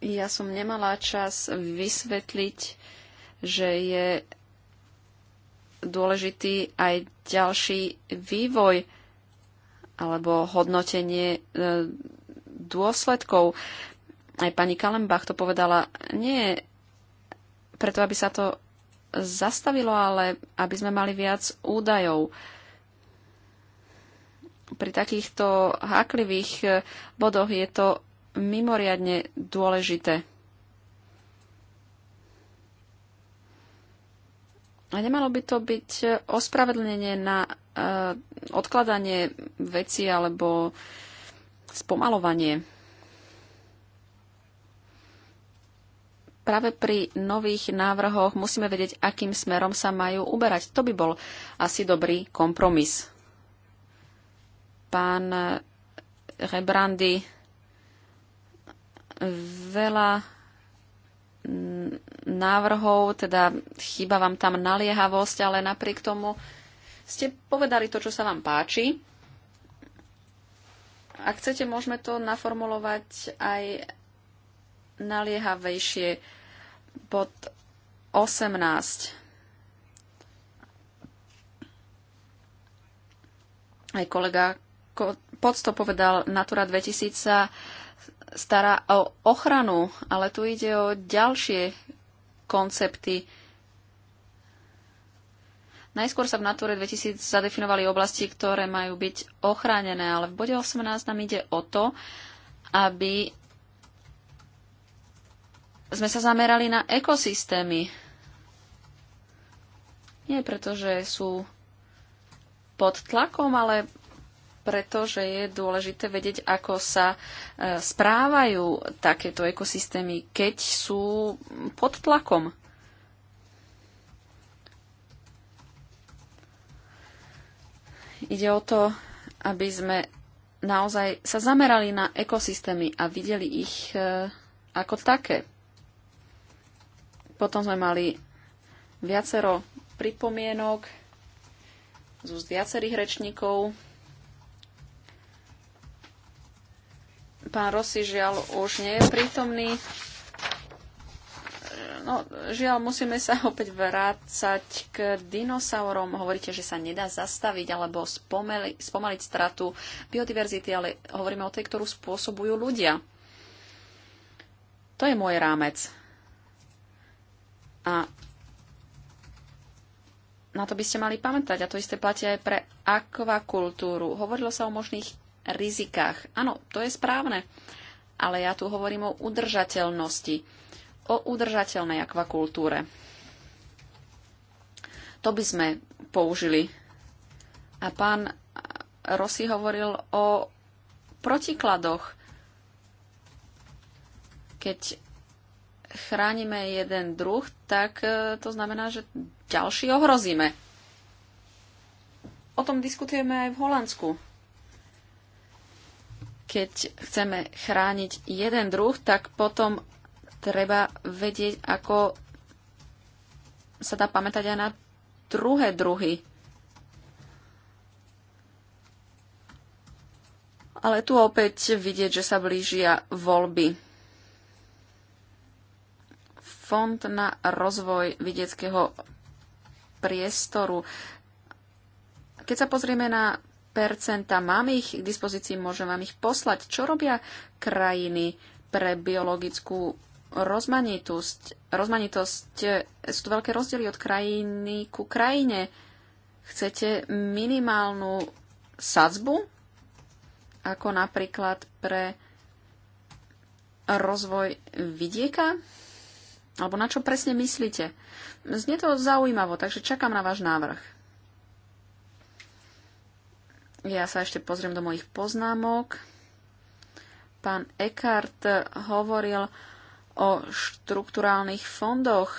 Ja som nemala čas vysvetliť, že je dôležitý aj ďalší vývoj alebo hodnotenie e, dôsledkov. Aj pani Kalembach to povedala, nie je preto, aby sa to zastavilo, ale aby sme mali viac údajov. Pri takýchto háklivých eh, bodoch je to mimoriadne dôležité. A nemalo by to byť eh, ospravedlnenie na eh, odkladanie veci alebo spomalovanie práve pri nových návrhoch musíme vedieť, akým smerom sa majú uberať. To by bol asi dobrý kompromis. Pán Rebrandy, veľa návrhov, teda chýba vám tam naliehavosť, ale napriek tomu ste povedali to, čo sa vám páči. Ak chcete, môžeme to naformulovať aj naliehavejšie Bod 18. Aj kolega Podsto povedal, Natura 2000 sa stará o ochranu, ale tu ide o ďalšie koncepty. Najskôr sa v Nature 2000 zadefinovali oblasti, ktoré majú byť ochránené, ale v bode 18 nám ide o to, aby sme sa zamerali na ekosystémy. Nie preto, že sú pod tlakom, ale preto, že je dôležité vedieť, ako sa e, správajú takéto ekosystémy, keď sú pod tlakom. Ide o to, aby sme naozaj sa zamerali na ekosystémy a videli ich e, ako také. Potom sme mali viacero pripomienok z viacerých rečníkov. Pán Rossi žiaľ už nie je prítomný. No, žiaľ, musíme sa opäť vrácať k dinosaurom. Hovoríte, že sa nedá zastaviť alebo spomali, spomaliť stratu biodiverzity, ale hovoríme o tej, ktorú spôsobujú ľudia. To je môj rámec. A na to by ste mali pamätať. A to isté platí aj pre akvakultúru. Hovorilo sa o možných rizikách. Áno, to je správne. Ale ja tu hovorím o udržateľnosti. O udržateľnej akvakultúre. To by sme použili. A pán Rossi hovoril o protikladoch. Keď chránime jeden druh, tak e, to znamená, že ďalší ohrozíme. O tom diskutujeme aj v Holandsku. Keď chceme chrániť jeden druh, tak potom treba vedieť, ako sa dá pamätať aj na druhé druhy. Ale tu opäť vidieť, že sa blížia voľby. Fond na rozvoj vidieckého priestoru. Keď sa pozrieme na percenta, mám ich k dispozícii, môžem vám ich poslať. Čo robia krajiny pre biologickú rozmanitosť? rozmanitosť e, sú tu veľké rozdiely od krajiny ku krajine. Chcete minimálnu sadzbu, ako napríklad pre rozvoj vidieka? Alebo na čo presne myslíte? Znie to zaujímavo, takže čakám na váš návrh. Ja sa ešte pozriem do mojich poznámok. Pán Eckhart hovoril o štruktúrálnych fondoch.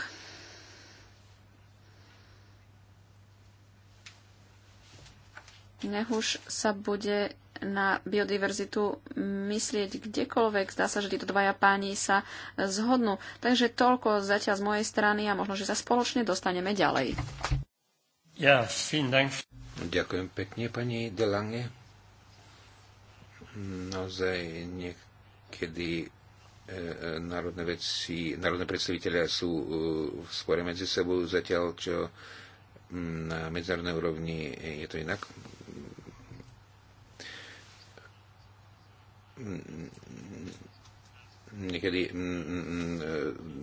Nech už sa bude na biodiverzitu myslieť kdekoľvek. Zdá sa, že títo dvaja páni sa zhodnú. Takže toľko zatiaľ z mojej strany a možno, že sa spoločne dostaneme ďalej. Ja, Ďakujem pekne, pani Delange. Naozaj niekedy e, e, národné veci, národné predstaviteľia sú e, v spore medzi sebou, zatiaľ čo na medzinárodnej úrovni je to inak. niekedy mm, mm, mm,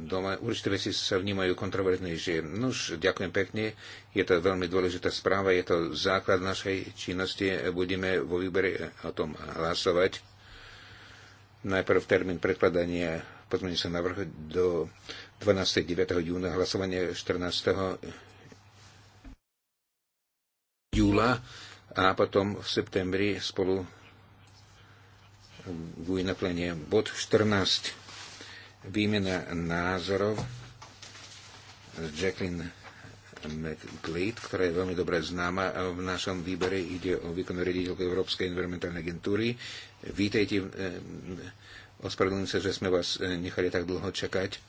doma určité veci sa vnímajú kontroverznejšie. Nuž, ďakujem pekne, je to veľmi dôležitá správa, je to základ našej činnosti, budeme vo výbere o tom hlasovať. Najprv termín predkladania pozmení sa navrhu do 12. 9. júna, hlasovanie 14. júla a potom v septembri spolu vynaplnenie. Bod 14. Výmena názorov s Jacqueline McGlade, ktorá je veľmi dobre známa a v našom výbere ide o výkonu riaditeľku Európskej environmentálnej agentúry. Vítejte, eh, ospravedlňujem sa, že sme vás eh, nechali tak dlho čakať eh,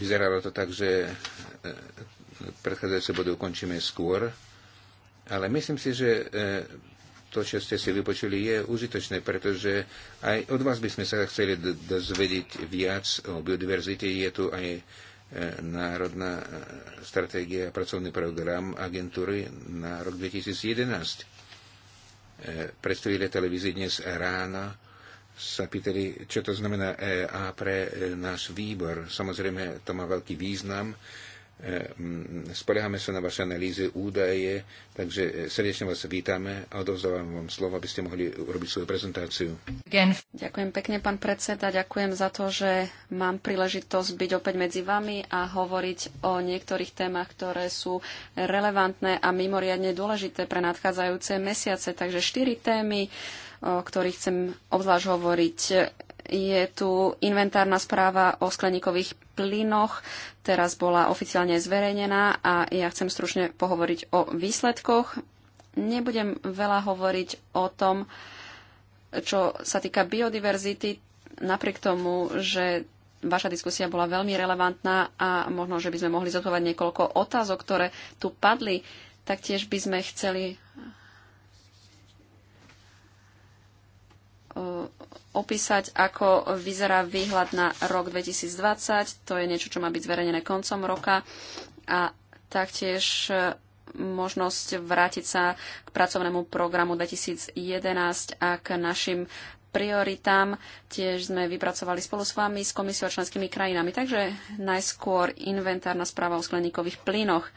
vyzeralo to tak, že predchádzajúce body ukončíme skôr, ale myslím si, že to, čo ste si vypočuli, je užitočné, pretože aj od vás by sme sa chceli dozvedieť viac o biodiverzite. Je tu aj e, národná e, stratégia a pracovný program agentúry na rok 2011. E, Predstavili televízii dnes ráno sa pýtali, čo to znamená EA pre náš výbor. Samozrejme, to má veľký význam. Ehm, spoliehame sa na vaše analýzy, údaje, takže e, srdečne vás vítame a odovzdávam vám slovo, aby ste mohli urobiť svoju prezentáciu. Ďakujem pekne, pán predseda. Ďakujem za to, že mám príležitosť byť opäť medzi vami a hovoriť o niektorých témach, ktoré sú relevantné a mimoriadne dôležité pre nadchádzajúce mesiace. Takže štyri témy, o ktorých chcem obzvlášť hovoriť je tu inventárna správa o skleníkových plynoch, teraz bola oficiálne zverejnená a ja chcem stručne pohovoriť o výsledkoch. Nebudem veľa hovoriť o tom, čo sa týka biodiverzity, napriek tomu, že vaša diskusia bola veľmi relevantná a možno, že by sme mohli zodpovedať niekoľko otázok, ktoré tu padli, tak tiež by sme chceli Eh, opísať, ako vyzerá výhľad na rok 2020. To je niečo, čo má byť zverejnené koncom roka. A taktiež eh, možnosť vrátiť sa k pracovnému programu 2011 a k našim prioritám. Tiež sme vypracovali spolu s vami, s komisiou a členskými krajinami. Takže najskôr inventárna správa o skleníkových plynoch.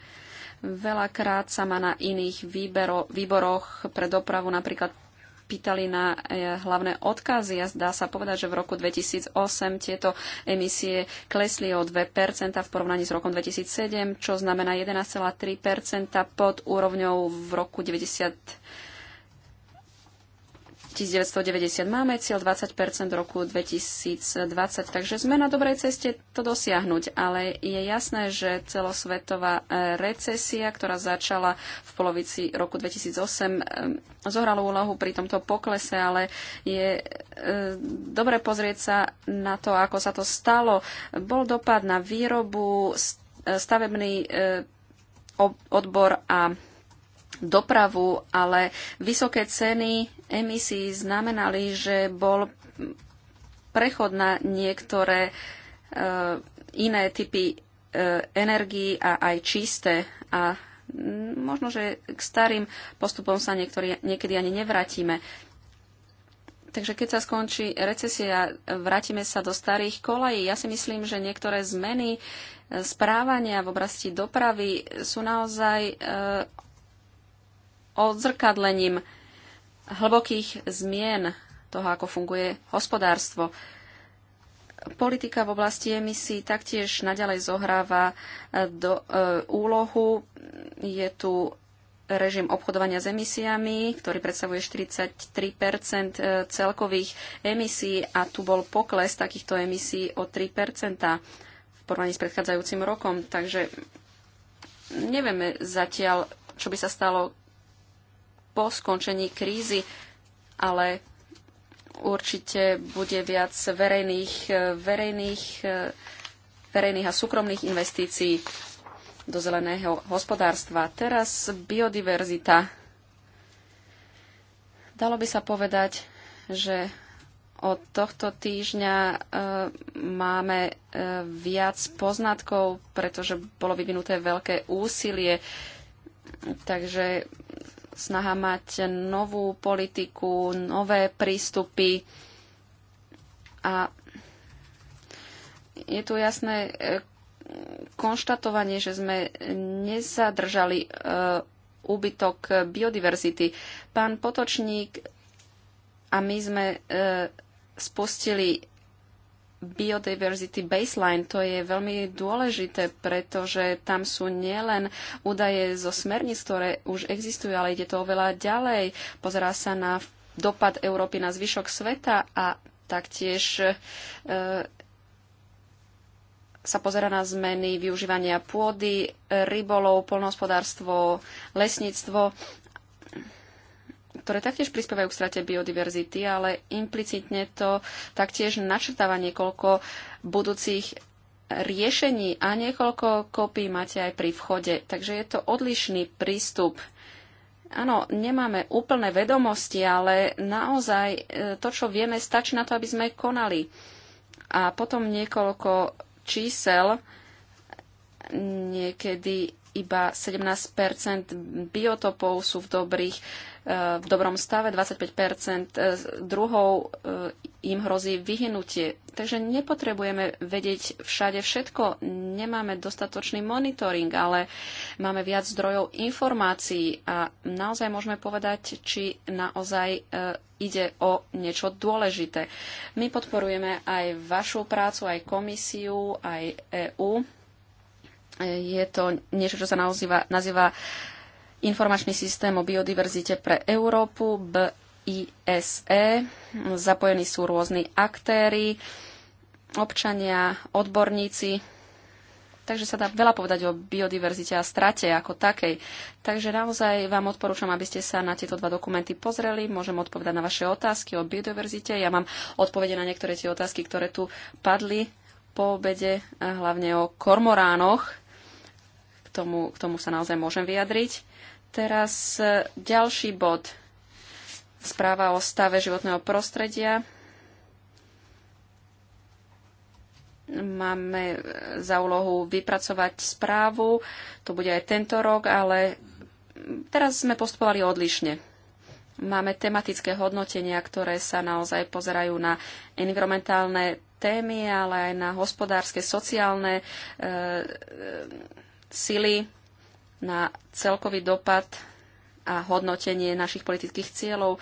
Veľakrát sa má na iných výbero, výboroch pre dopravu napríklad pýtali na eh, hlavné odkazy a dá sa povedať, že v roku 2008 tieto emisie klesli o 2% v porovnaní s rokom 2007, čo znamená 11,3% pod úrovňou v roku 90 1990. Máme cieľ 20 roku 2020, takže sme na dobrej ceste to dosiahnuť, ale je jasné, že celosvetová e, recesia, ktorá začala v polovici roku 2008, e, zohrala úlohu pri tomto poklese, ale je e, dobre pozrieť sa na to, ako sa to stalo. Bol dopad na výrobu, stavebný odbor a dopravu, ale vysoké ceny emisí znamenali, že bol prechod na niektoré e, iné typy e, energií a aj čisté. A možno, že k starým postupom sa niektorí, niekedy ani nevrátime. Takže keď sa skončí recesia, vrátime sa do starých kolejí. Ja si myslím, že niektoré zmeny e, správania v oblasti dopravy sú naozaj odzrkadlením hlbokých zmien toho, ako funguje hospodárstvo. Politika v oblasti emisí taktiež naďalej zohráva e, do, e, úlohu. Je tu režim obchodovania s emisiami, ktorý predstavuje 43 e, celkových emisí a tu bol pokles takýchto emisí o 3 v porovnaní s predchádzajúcim rokom. Takže nevieme zatiaľ, čo by sa stalo, po skončení krízy, ale určite bude viac verejných, e, verejných, e, verejných a súkromných investícií do zeleného hospodárstva. Teraz biodiverzita. Dalo by sa povedať, že od tohto týždňa e, máme e, viac poznatkov, pretože bolo vyvinuté veľké úsilie. Takže snaha mať novú politiku, nové prístupy a je tu jasné e, konštatovanie, že sme nezadržali e, úbytok biodiverzity. Pán Potočník a my sme e, spustili Biodiversity Baseline, to je veľmi dôležité, pretože tam sú nielen údaje zo smerníc, ktoré už existujú, ale ide to oveľa ďalej. Pozerá sa na dopad Európy na zvyšok sveta a taktiež e, sa pozera na zmeny využívania pôdy, rybolov, polnohospodárstvo, lesníctvo ktoré taktiež prispievajú k strate biodiverzity, ale implicitne to taktiež načrtáva niekoľko budúcich riešení a niekoľko kopí máte aj pri vchode. Takže je to odlišný prístup. Áno, nemáme úplné vedomosti, ale naozaj e, to, čo vieme, stačí na to, aby sme konali. A potom niekoľko čísel, niekedy iba 17 biotopov sú v dobrých v dobrom stave, 25 e, druhov e, im hrozí vyhnutie. Takže nepotrebujeme vedieť všade všetko. Nemáme dostatočný monitoring, ale máme viac zdrojov informácií a naozaj môžeme povedať, či naozaj e, ide o niečo dôležité. My podporujeme aj vašu prácu, aj komisiu, aj EÚ. Je to niečo, čo sa nazýva, nazýva uh, informačný systém o biodiverzite pre Európu, BISE. Zapojení sú rôzni aktéry, občania, odborníci. Takže sa dá veľa povedať o biodiverzite a strate ako takej. Takže naozaj vám odporúčam, aby ste sa na tieto dva dokumenty pozreli. Môžem odpovedať na vaše otázky o biodiverzite. Ja mám odpovede na niektoré tie otázky, ktoré tu padli po obede, hlavne o kormoránoch, tomu, k tomu sa naozaj môžem vyjadriť. Teraz e, ďalší bod. Správa o stave životného prostredia. Máme e, za úlohu vypracovať správu. To bude aj tento rok, ale teraz sme postupovali odlišne. Máme tematické hodnotenia, ktoré sa naozaj pozerajú na environmentálne témy, ale aj na hospodárske, sociálne e, e, sily na celkový dopad a hodnotenie našich politických cieľov, e,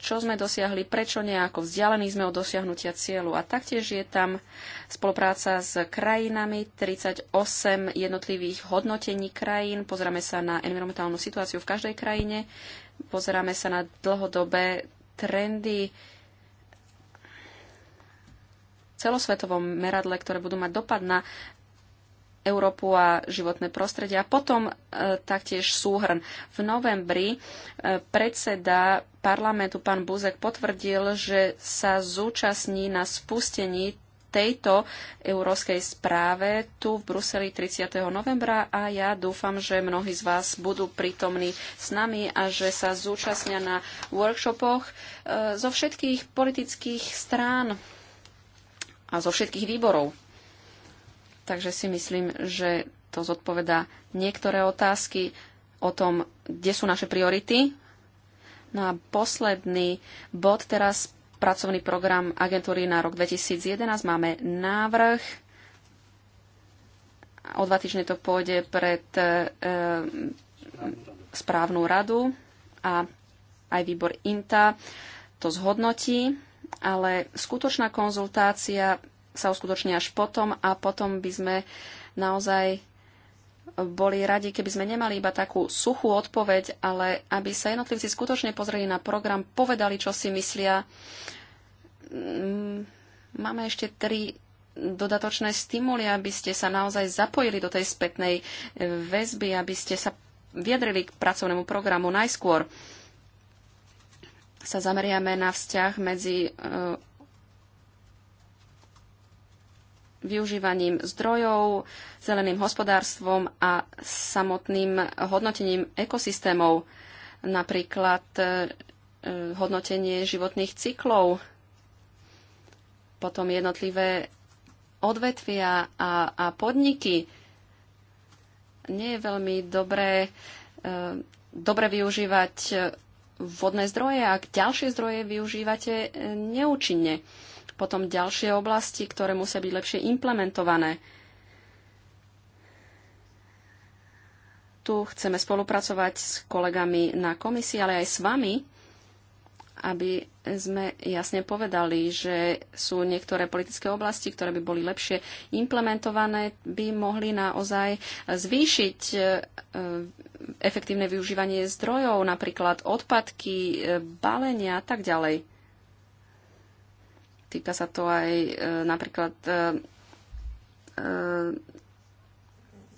čo sme dosiahli, prečo nejako vzdialení sme od dosiahnutia cieľu. A taktiež je tam spolupráca s krajinami, 38 jednotlivých hodnotení krajín. Pozeráme sa na environmentálnu situáciu v každej krajine, pozeráme sa na dlhodobé trendy v celosvetovom meradle, ktoré budú mať dopad na Európu a životné prostredie. A potom e, taktiež súhrn. V novembri e, predseda parlamentu pán Buzek potvrdil, že sa zúčastní na spustení tejto európskej správe tu v Bruseli 30. novembra a ja dúfam, že mnohí z vás budú prítomní s nami a že sa zúčastnia na workshopoch e, zo všetkých politických strán a zo všetkých výborov. Takže si myslím, že to zodpovedá niektoré otázky o tom, kde sú naše priority. No a posledný bod teraz pracovný program agentúry na rok 2011. Máme návrh. O dva týždne to pôjde pred e, správnu radu a aj výbor INTA to zhodnotí, ale skutočná konzultácia sa uskutoční až potom a potom by sme naozaj boli radi, keby sme nemali iba takú suchú odpoveď, ale aby sa jednotlivci skutočne pozreli na program, povedali, čo si myslia. Mm, máme ešte tri dodatočné stimuly, aby ste sa naozaj zapojili do tej spätnej e, väzby, aby ste sa vyjadrili k pracovnému programu najskôr. Sa zameriame na vzťah medzi e, využívaním zdrojov, zeleným hospodárstvom a samotným hodnotením ekosystémov, napríklad e, hodnotenie životných cyklov, potom jednotlivé odvetvia a, a podniky. Nie je veľmi dobré, e, dobre využívať e, vodné zdroje, ak ďalšie zdroje využívate neúčinne potom ďalšie oblasti, ktoré musia byť lepšie implementované. Tu chceme spolupracovať s kolegami na komisii, ale aj s vami, aby sme jasne povedali, že sú niektoré politické oblasti, ktoré by boli lepšie implementované, by mohli naozaj zvýšiť e, efektívne využívanie zdrojov, napríklad odpadky, e, balenia a tak ďalej. Týka sa to aj e, napríklad e, e,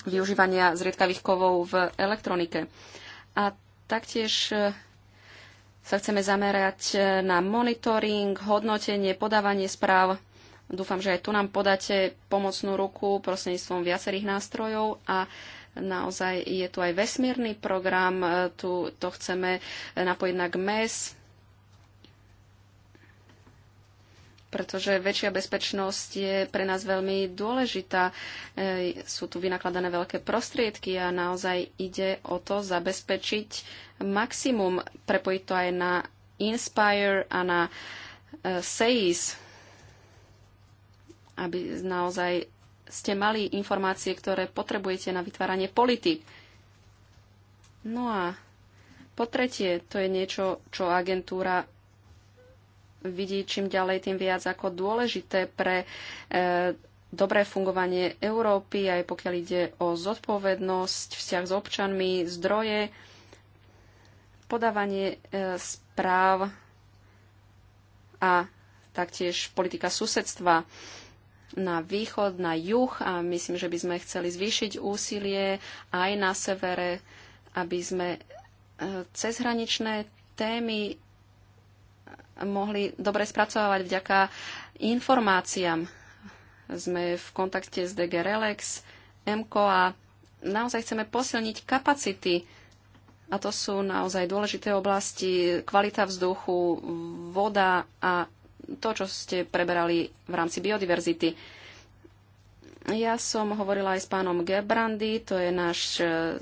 využívania zriedkavých kovov v elektronike. A taktiež e, sa chceme zamerať e, na monitoring, hodnotenie, podávanie správ. Dúfam, že aj tu nám podáte pomocnú ruku prostredníctvom viacerých nástrojov a naozaj je tu aj vesmírny program. E, tu to chceme napojiť na GMES, pretože väčšia bezpečnosť je pre nás veľmi dôležitá. E, sú tu vynakladané veľké prostriedky a naozaj ide o to zabezpečiť maximum, prepojiť to aj na Inspire a na e, SEIS, aby naozaj ste mali informácie, ktoré potrebujete na vytváranie politik. No a po tretie, to je niečo, čo agentúra vidí čím ďalej, tým viac ako dôležité pre e, dobré fungovanie Európy, aj pokiaľ ide o zodpovednosť, vzťah s občanmi, zdroje, podávanie e, správ a taktiež politika susedstva na východ, na juh a myslím, že by sme chceli zvýšiť úsilie aj na severe, aby sme e, cezhraničné témy mohli dobre spracovávať vďaka informáciám. Sme v kontakte s DG Relax, MKO a naozaj chceme posilniť kapacity a to sú naozaj dôležité oblasti, kvalita vzduchu, voda a to, čo ste preberali v rámci biodiverzity. Ja som hovorila aj s pánom Gebrandy, to je náš eh,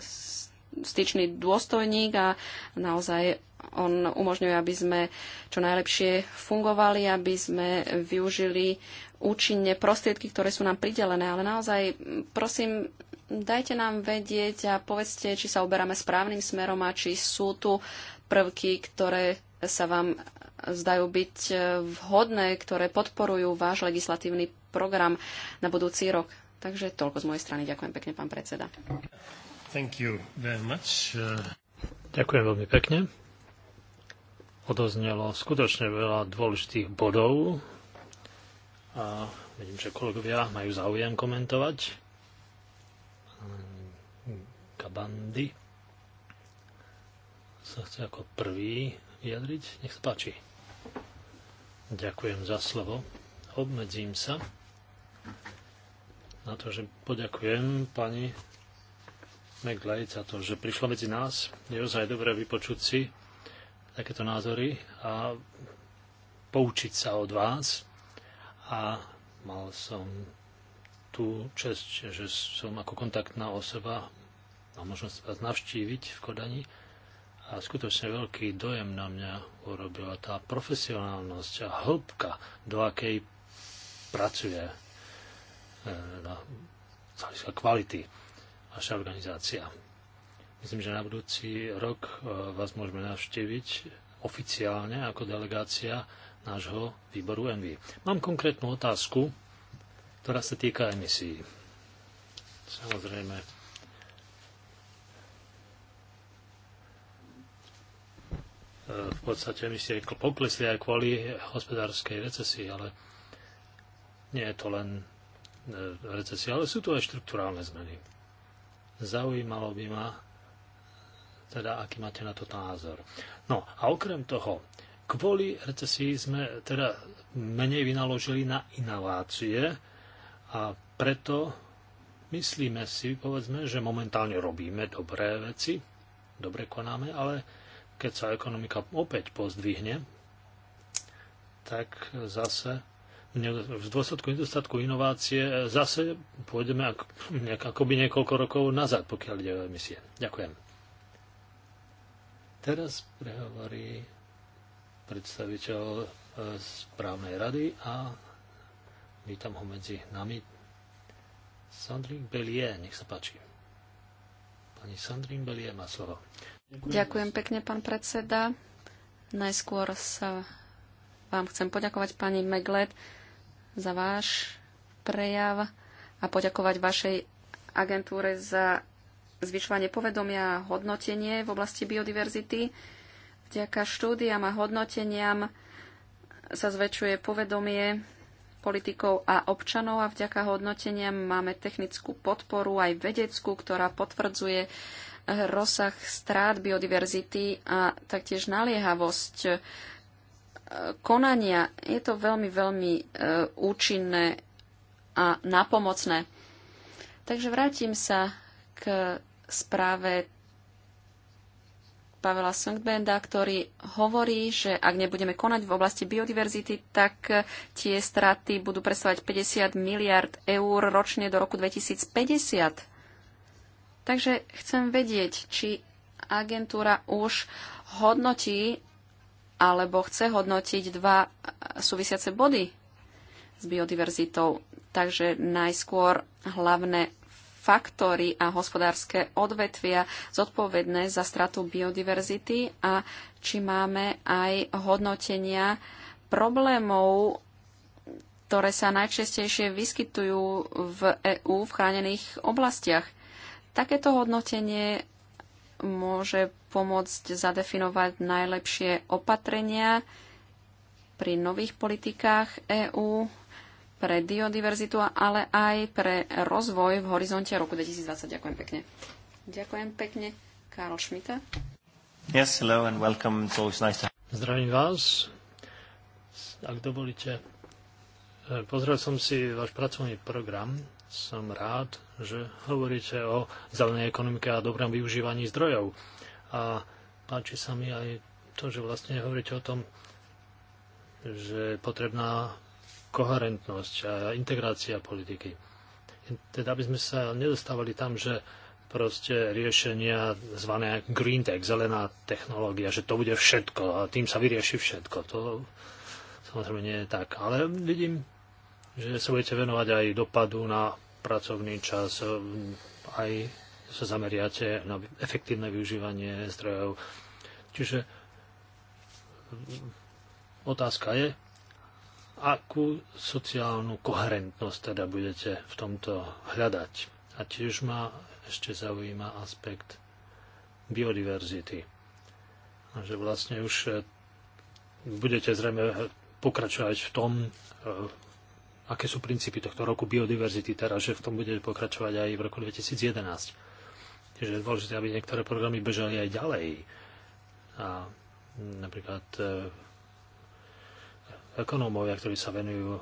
styčný dôstojník a naozaj on umožňuje, aby sme čo najlepšie fungovali, aby sme využili účinne prostriedky, ktoré sú nám pridelené. Ale naozaj, prosím, dajte nám vedieť a povedzte, či sa uberáme správnym smerom a či sú tu prvky, ktoré sa vám zdajú byť vhodné, ktoré podporujú váš legislatívny program na budúci rok. Takže toľko z mojej strany. Ďakujem pekne, pán predseda. Thank you very much. Ďakujem veľmi pekne odoznelo skutočne veľa dôležitých bodov a vidím, že kolegovia majú záujem komentovať. Kabandy hm, sa chce ako prvý vyjadriť. Nech sa páči. Ďakujem za slovo. Obmedzím sa na to, že poďakujem pani McLeod za to, že prišla medzi nás. Je ozaj dobré vypočuť si takéto názory a poučiť sa od vás. A mal som tú čest, že som ako kontaktná osoba a no možnosť vás navštíviť v Kodani a skutočne veľký dojem na mňa urobila tá profesionálnosť a hĺbka, do akej pracuje eh, na no, kvality vaša organizácia. Myslím, že na budúci rok e, vás môžeme navštíviť oficiálne ako delegácia nášho výboru Envy. Mám konkrétnu otázku, ktorá sa týka emisí. Samozrejme. E, v podstate emisie poklesli aj kvôli hospodárskej recesii, ale nie je to len e, recesia, ale sú tu aj štruktúrálne zmeny. Zaujímalo by ma, teda aký máte na to názor. No a okrem toho, kvôli recesii sme teda menej vynaložili na inovácie a preto myslíme si, povedzme, že momentálne robíme dobré veci, dobre konáme, ale keď sa ekonomika opäť pozdvihne, tak zase v dôsledku nedostatku inovácie zase pôjdeme ak, nejak, akoby niekoľko rokov nazad, pokiaľ ide o emisie. Ďakujem. Teraz prehovorí predstaviteľ e, správnej rady a vítam ho medzi nami. Sandrine Belie, nech sa páči. Pani Sandrine Belie má slovo. Ďakujem, Ďakujem pekne, pán predseda. Najskôr sa vám chcem poďakovať, pani Meglet, za váš prejav a poďakovať vašej agentúre za zvyšovanie povedomia a hodnotenie v oblasti biodiverzity. Vďaka štúdiám a hodnoteniam sa zväčšuje povedomie politikov a občanov a vďaka hodnoteniam máme technickú podporu aj vedeckú, ktorá potvrdzuje rozsah strát biodiverzity a taktiež naliehavosť e, konania. Je to veľmi, veľmi e, účinné a napomocné. Takže vrátim sa k správe Pavela Sundbenda, ktorý hovorí, že ak nebudeme konať v oblasti biodiverzity, tak tie straty budú presovať 50 miliard eur ročne do roku 2050. Takže chcem vedieť, či agentúra už hodnotí alebo chce hodnotiť dva súvisiace body s biodiverzitou. Takže najskôr hlavné faktory a hospodárske odvetvia zodpovedné za stratu biodiverzity a či máme aj hodnotenia problémov, ktoré sa najčastejšie vyskytujú v EÚ v chránených oblastiach. Takéto hodnotenie môže pomôcť zadefinovať najlepšie opatrenia pri nových politikách EÚ pre biodiverzitu, ale aj pre rozvoj v horizonte roku 2020. Ďakujem pekne. Ďakujem pekne. Karol Šmita. Yes, hello and welcome. It's always nice to... Zdravím vás. Ak dovolíte, eh, pozrel som si váš pracovný program. Som rád, že hovoríte o zelenej ekonomike a dobrom využívaní zdrojov. A páči sa mi aj to, že vlastne hovoríte o tom, že je potrebná koherentnosť a integrácia politiky. Teda, aby sme sa nedostávali tam, že proste riešenia zvané green tech, zelená technológia, že to bude všetko a tým sa vyrieši všetko. To samozrejme nie je tak. Ale vidím, že sa budete venovať aj dopadu na pracovný čas, aj sa zameriate na efektívne využívanie zdrojov. Čiže otázka je, akú sociálnu koherentnosť teda budete v tomto hľadať. A tiež ma ešte zaujíma aspekt biodiverzity. A že vlastne už eh, budete zrejme pokračovať v tom, eh, aké sú princípy tohto roku biodiverzity teraz, že v tom budete pokračovať aj v roku 2011. Čiže je dôležité, aby niektoré programy bežali aj ďalej. A napríklad eh, Ekonómovia, ktorí sa venujú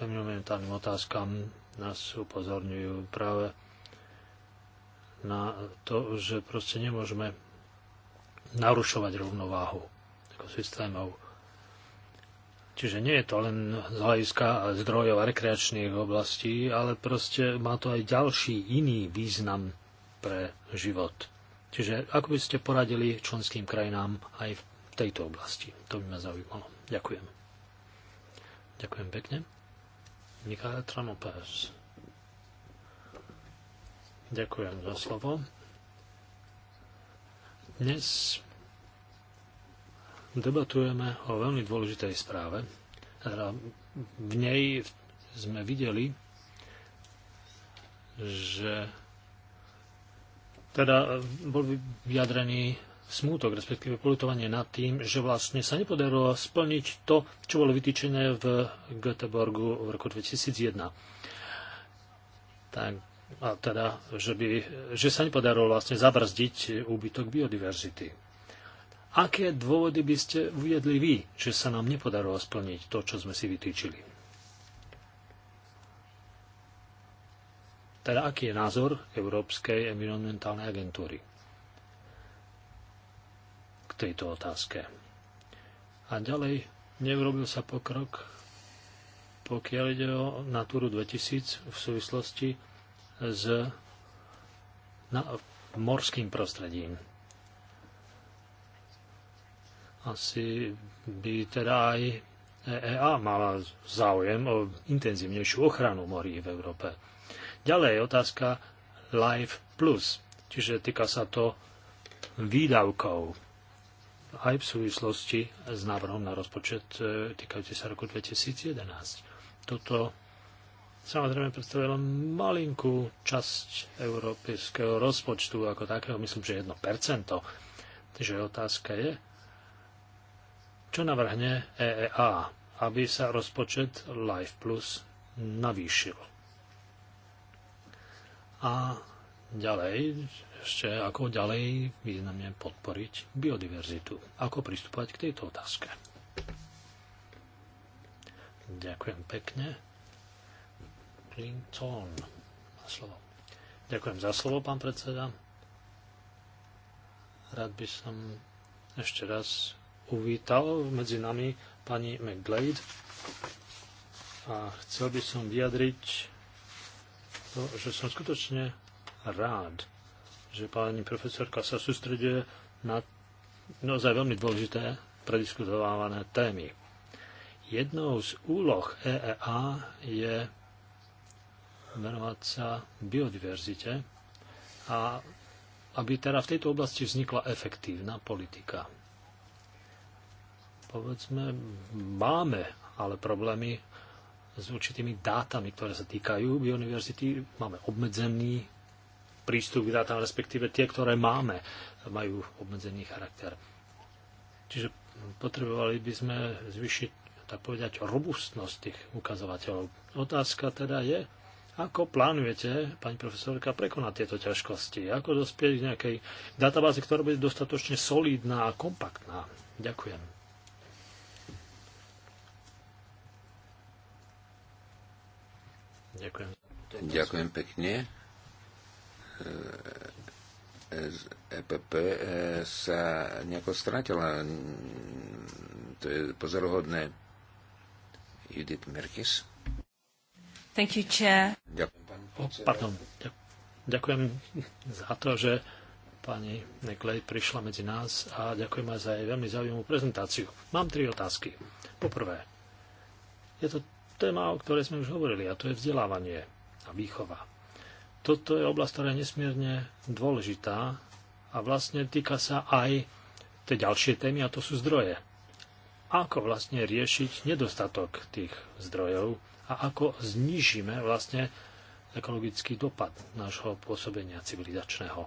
environmentálnym otázkam, nás upozorňujú práve na to, že proste nemôžeme narušovať rovnováhu ekosystémov. Čiže nie je to len z hľadiska zdrojov a rekreačných oblastí, ale proste má to aj ďalší iný význam pre život. Čiže ako by ste poradili členským krajinám aj v tejto oblasti? To by ma zaujímalo. Ďakujem. Ďakujem pekne. Mikála Tranopás. Ďakujem za slovo. Dnes debatujeme o veľmi dôležitej správe. Teda v nej sme videli, že teda bol vyjadrený smútok, respektíve politovanie nad tým, že vlastne sa nepodarilo splniť to, čo bolo vytýčené v Göteborgu v roku 2001. Tak, a teda, že, by, že sa nepodarilo vlastne zabrzdiť úbytok biodiverzity. Aké dôvody by ste uviedli vy, že sa nám nepodarilo splniť to, čo sme si vytýčili? Teda aký je názor Európskej environmentálnej agentúry? k tejto otázke. A ďalej neurobil sa pokrok, pokiaľ ide o Natúru 2000 v súvislosti s na, morským prostredím. Asi by teda aj EEA mala záujem o intenzívnejšiu ochranu morí v Európe. Ďalej otázka Life Plus, čiže týka sa to výdavkov aj v súvislosti s návrhom na rozpočet e, týkajúci sa roku 2011. Toto samozrejme predstavuje len malinkú časť európskeho rozpočtu ako takého, myslím, že 1%. Takže otázka je, čo navrhne EEA, aby sa rozpočet Life Plus navýšil. A ďalej, ešte ako ďalej významne podporiť biodiverzitu. Ako pristúpať k tejto otázke? Ďakujem pekne. Clinton. Slovo. Ďakujem za slovo, pán predseda. Rád by som ešte raz uvítal medzi nami pani McGlade a chcel by som vyjadriť to, že som skutočne rád, že pani profesorka sa sústreduje na naozaj veľmi dôležité prediskutovávané témy. Jednou z úloh EEA je venovať sa biodiverzite a aby teda v tejto oblasti vznikla efektívna politika. Povedzme, máme ale problémy s určitými dátami, ktoré sa týkajú biodiverzity. Máme obmedzený prístup k dátam, respektíve tie, ktoré máme, majú obmedzený charakter. Čiže potrebovali by sme zvyšiť, tak povedať, robustnosť tých ukazovateľov. Otázka teda je, ako plánujete, pani profesorka, prekonať tieto ťažkosti? Ako dospieť k nejakej databáze, ktorá bude dostatočne solidná a kompaktná? Ďakujem. Ďakujem. Ďakujem pekne. EPP e e, sa nejako stratila. To je pozoruhodné. Judith Merkis. Thank you, Chair. Ďakujem, pán Pardon. Ďakujem za to, že pani Neklej prišla medzi nás a ďakujem aj za jej veľmi zaujímavú prezentáciu. Mám tri otázky. Poprvé, je to téma, o ktorej sme už hovorili, a to je vzdelávanie a výchova. Toto je oblasť, ktorá je nesmierne dôležitá a vlastne týka sa aj tej ďalšie témy, a to sú zdroje. Ako vlastne riešiť nedostatok tých zdrojov a ako znížime vlastne ekologický dopad nášho pôsobenia civilizačného.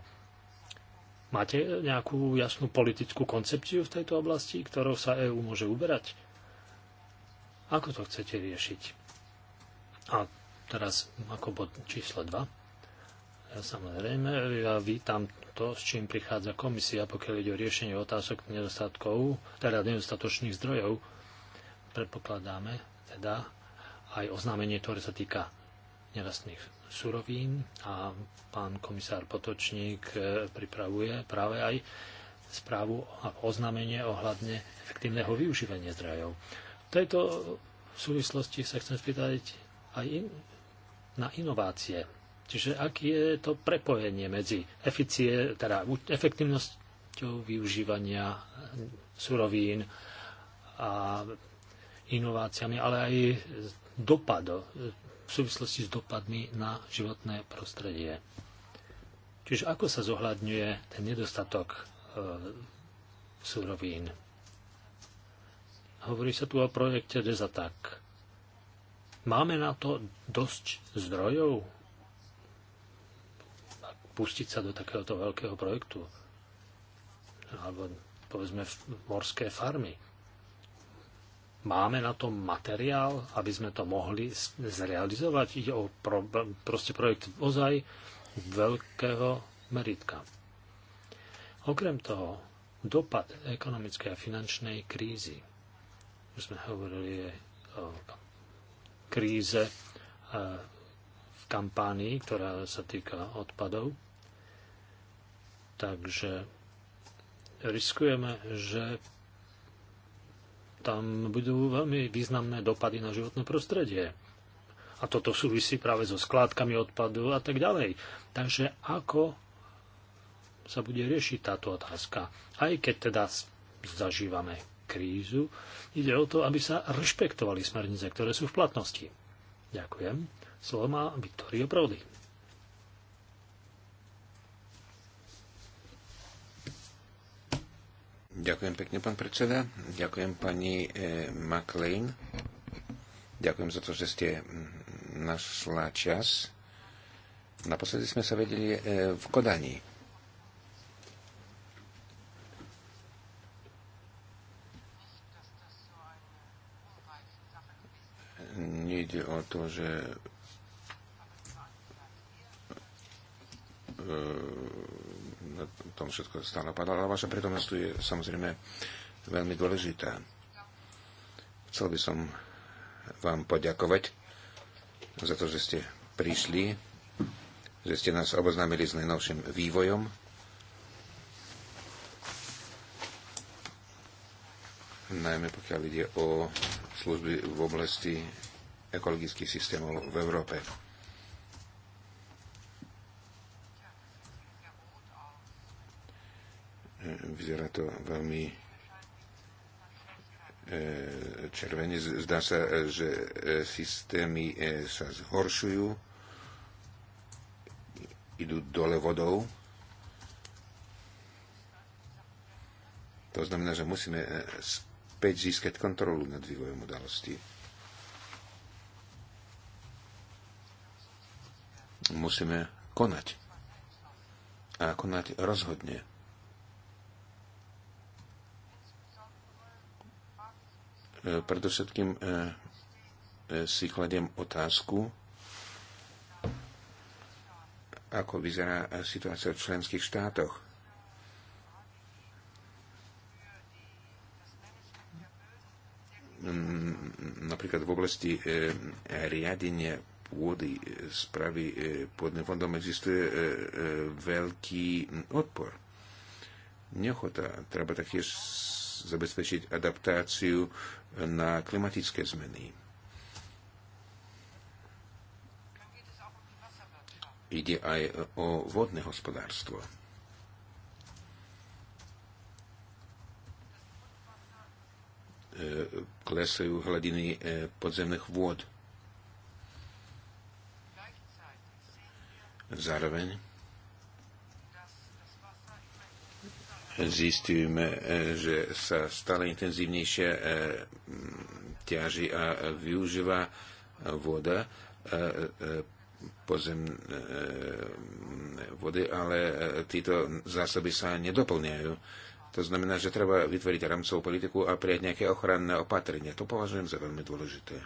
Máte nejakú jasnú politickú koncepciu v tejto oblasti, ktorou sa EÚ môže uberať? Ako to chcete riešiť? A teraz ako bod číslo 2. Samozrejme, ja vítam to, s čím prichádza komisia, pokiaľ ide o riešenie otázok nedostatkov, teda nedostatočných zdrojov. Predpokladáme teda aj oznámenie, ktoré sa týka nerastných surovín a pán komisár Potočník e, pripravuje práve aj správu a oznámenie ohľadne efektívneho využívania zdrojov. V tejto súvislosti sa chcem spýtať aj in, na inovácie Čiže aké je to prepojenie medzi eficie, teda efektivnosťou využívania surovín a inováciami, ale aj dopad, v súvislosti s dopadmi na životné prostredie. Čiže ako sa zohľadňuje ten nedostatok e, surovín? Hovorí sa tu o projekte Dezatak. Máme na to dosť zdrojov? pustiť sa do takéhoto veľkého projektu. Alebo povedzme morské farmy. Máme na to materiál, aby sme to mohli zrealizovať. Ide o pro, proste projekt ozaj veľkého meritka. Okrem toho, dopad ekonomickej a finančnej krízy. Už sme hovorili eh, o kríze eh, v kampánii, ktorá sa týka odpadov. Takže riskujeme, že tam budú veľmi významné dopady na životné prostredie. A toto súvisí práve so skládkami odpadu a tak ďalej. Takže ako sa bude riešiť táto otázka? Aj keď teda zažívame krízu, ide o to, aby sa rešpektovali smernice, ktoré sú v platnosti. Ďakujem. Slovo má Viktorio Prody. Ďakujem pekne, pán predseda. Ďakujem pani e, McLean. Ďakujem za to, že ste mm, našla čas. Naposledy sme sa vedeli e, v Kodani. Nejde o to, že e, tom všetko stále padalo, ale vaša prítomnosť tu je samozrejme veľmi dôležitá. Chcel by som vám poďakovať za to, že ste prišli, že ste nás oboznámili s najnovším vývojom. najmä pokiaľ ide o služby v oblasti ekologických systémov v Európe. Vyzerá to veľmi e, červene. Zdá sa, e, že e, systémy sa zhoršujú, idú dole vodou. To znamená, že musíme späť získať kontrolu nad vývojom udalostí. Musíme konať. A konať rozhodne. E, predovšetkým e, e, si kladiem otázku, ako vyzerá situácia v členských štátoch. Mm, napríklad v oblasti riadenia pôdy spravy pôdne fondom existuje veľký odpor. Nechota. Treba taktiež zabezpečiť adaptáciu na klimatické zmeny. Ide aj o vodné hospodárstvo. E, klesajú hladiny e, podzemných vôd. Zároveň zistujeme, e, že sa stále intenzívnejšie e, ťaží a využíva voda e, pozem vody, ale títo zásoby sa nedoplňajú. To znamená, že treba vytvoriť rámcovú politiku a prijať nejaké ochranné opatrenia. To považujem za veľmi dôležité.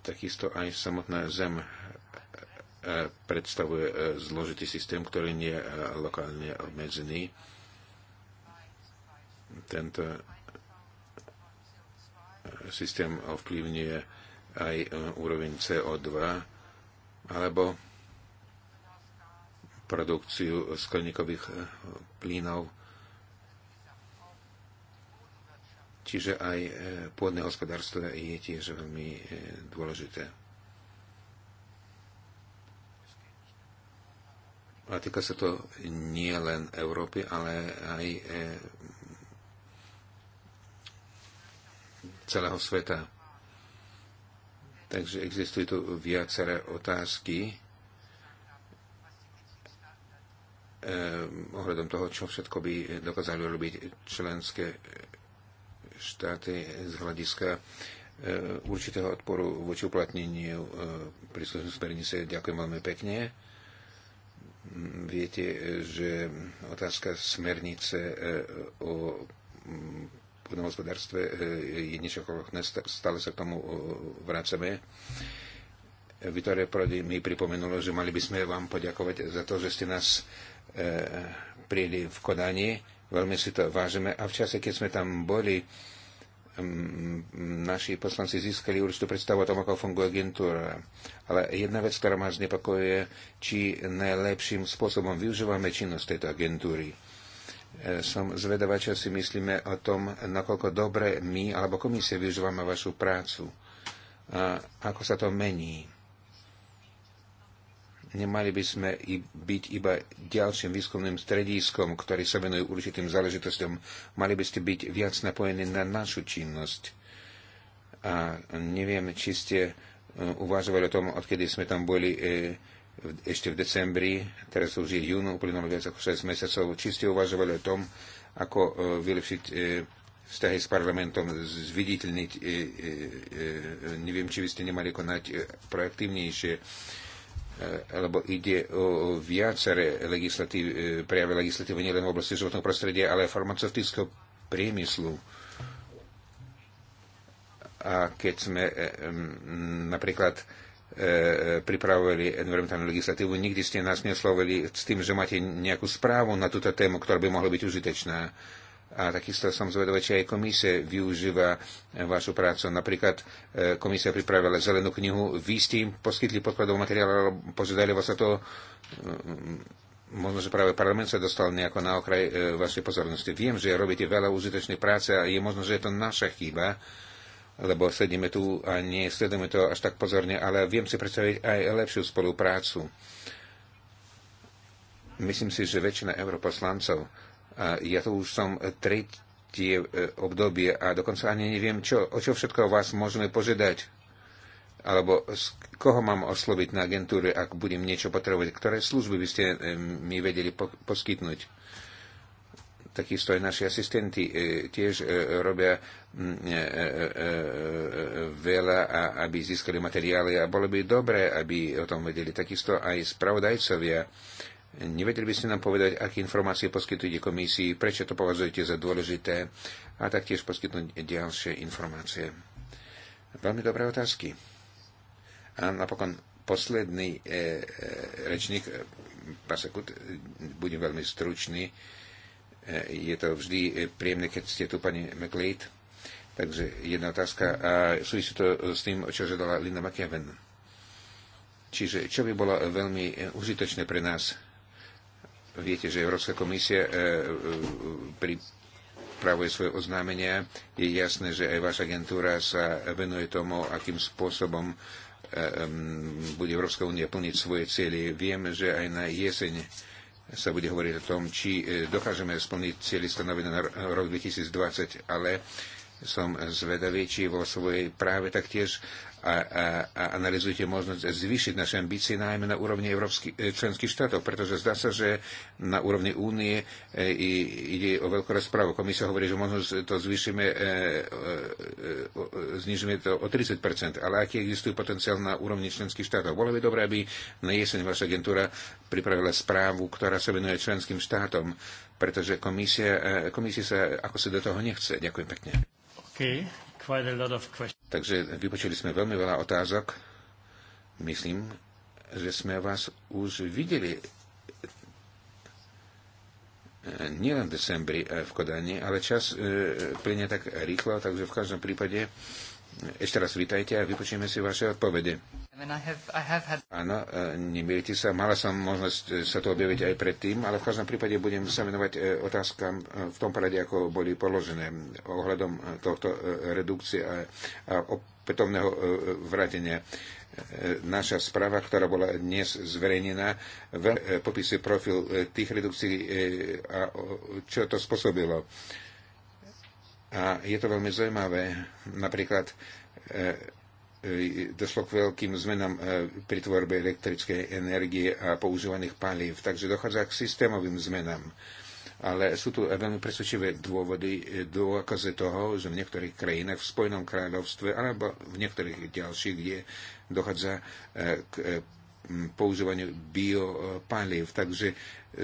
takisto aj samotná zem e, predstavuje e, zložitý systém, ktorý nie je e, lokálne obmedzený. Tento systém ovplyvňuje aj úroveň CO2 alebo produkciu skleníkových plynov Čiže aj e, pôdne hospodárstvo je tiež veľmi e, dôležité. A týka sa to nie len Európy, ale aj e, celého sveta. Takže existujú tu viaceré otázky ohľadom toho, čo všetko by dokázali robiť členské štáty z hľadiska e, určitého odporu voči uplatneniu e, príslušnej smernice. Ďakujem veľmi pekne. Viete, že otázka smernice e, o mm, poľnohospodárstve je niečo ako Stále sa k tomu vracame. Vitoria Prodi mi pripomenulo, že mali by sme vám poďakovať za to, že ste nás prijeli v Kodani Veľmi si to vážime. A v čase, keď sme tam boli, naši poslanci získali určitú predstavu o tom, ako funguje agentúra. Ale jedna vec, ktorá ma znepokojuje, či najlepším spôsobom využívame činnosť tejto agentúry. E, som zvedavá, čo si myslíme o tom, nakoľko dobre my alebo komisie využívame vašu prácu. A ako sa to mení Nemali by sme i byť iba ďalším výskumným strediskom, ktorý sa venuje určitým záležitostiam. Mali by ste byť viac napojení na našu činnosť. A neviem, či ste e, uvažovali o tom, odkedy sme tam boli e, ešte v decembri, teraz už je júnu, uplynulo viac ako 6 mesiacov. Či ste uvažovali o tom, ako e, vylepšiť vzťahy s parlamentom, zviditeľniť, neviem, či by ste nemali konať proaktívnejšie lebo ide o viaceré legislatívy, e, prejavy legislatívy nielen v oblasti životného prostredia, ale aj farmaceutického priemyslu. A keď sme e, napríklad e, pripravovali environmentálnu legislatívu, nikdy ste nás neslovili s tým, že máte nejakú správu na túto tému, ktorá by mohla byť užitečná. A takisto som zvedavý, či aj komisia využíva e, vašu prácu. Napríklad e, komisia pripravila zelenú knihu, vy ste im poskytli podkladov materiál, ale požiadali vás o to, mm, mm, možno, že práve parlament sa dostal nejako na okraj e, vašej pozornosti. Viem, že robíte veľa užitočnej práce a je možno, že je to naša chyba, lebo sedíme tu a nesledujeme to až tak pozorne, ale viem si predstaviť aj lepšiu spoluprácu. Myslím si, že väčšina europoslancov ja to už som tretie e, obdobie a dokonca ani neviem, čo, o čo všetko vás môžeme požiadať. Alebo z koho mám osloviť na agentúre, ak budem niečo potrebovať? Ktoré služby by ste e, mi vedeli poskytnúť? takisto aj naši asistenti e, tiež robia veľa, aby získali materiály a bolo by dobré, aby o tom vedeli. Takisto aj spravodajcovia Nevedeli by ste nám povedať, aké informácie poskytujete komisii, prečo to považujete za dôležité a taktiež poskytnúť ďalšie informácie. Veľmi dobré otázky. A napokon posledný e, e, rečník, e, Pasekut, e, budem veľmi stručný. E, je to vždy e, príjemné, keď ste tu, pani McLeod. Takže jedna otázka a súvisí to s tým, čo žiadala Linda McKeven. Čiže čo by bolo veľmi užitočné pre nás Viete, že Európska komisia e, e, pripravuje svoje oznámenia. Je jasné, že aj vaša agentúra sa venuje tomu, akým spôsobom e, bude Európska únia plniť svoje cieľe. Viem, že aj na jeseň sa bude hovoriť o tom, či dokážeme splniť cieľe stanovené na rok 2020, ale som zvedavý, či vo svojej práve taktiež a, a, a analizujte možnosť zvýšiť naše ambície najmä na úrovni e, členských štátov, pretože zdá sa, že na úrovni únie e, ide o veľkú rozprávu. Komisia hovorí, že možno to zvýšime, e, e, e, znižíme to o 30 ale aký existuje potenciál na úrovni členských štátov? Bolo by dobré, aby na jeseň vaša agentúra pripravila správu, ktorá sa venuje členským štátom, pretože komisia, e, komisia sa ako sa do toho nechce. Ďakujem pekne. Okay. Takže vypočuli sme veľmi veľa otázok. Myslím, že sme vás už videli nielen v decembri e, v Kodani, ale čas e, plyne tak rýchlo, takže v každom prípade e, ešte raz vítajte a vypočujeme si vaše odpovede. Áno, nemýlite sa, mala som možnosť sa to objaviť aj predtým, ale v každom prípade budem sa venovať otázkam v tom parade, ako boli položené ohľadom tohto redukcie a opätovného vrátenia naša správa, ktorá bola dnes zverejnená, e, popisuje profil e, tých redukcií e, a čo to spôsobilo. A je to veľmi zaujímavé. Napríklad došlo k veľkým zmenám pri tvorbe elektrickej energie a používaných palív, takže dochádza k systémovým zmenám ale sú tu veľmi presvedčivé dôvody, dôkazy toho, že v niektorých krajinách, v Spojenom kráľovstve alebo v niektorých ďalších, kde dochádza eh, k eh, používaniu biopaliv. Takže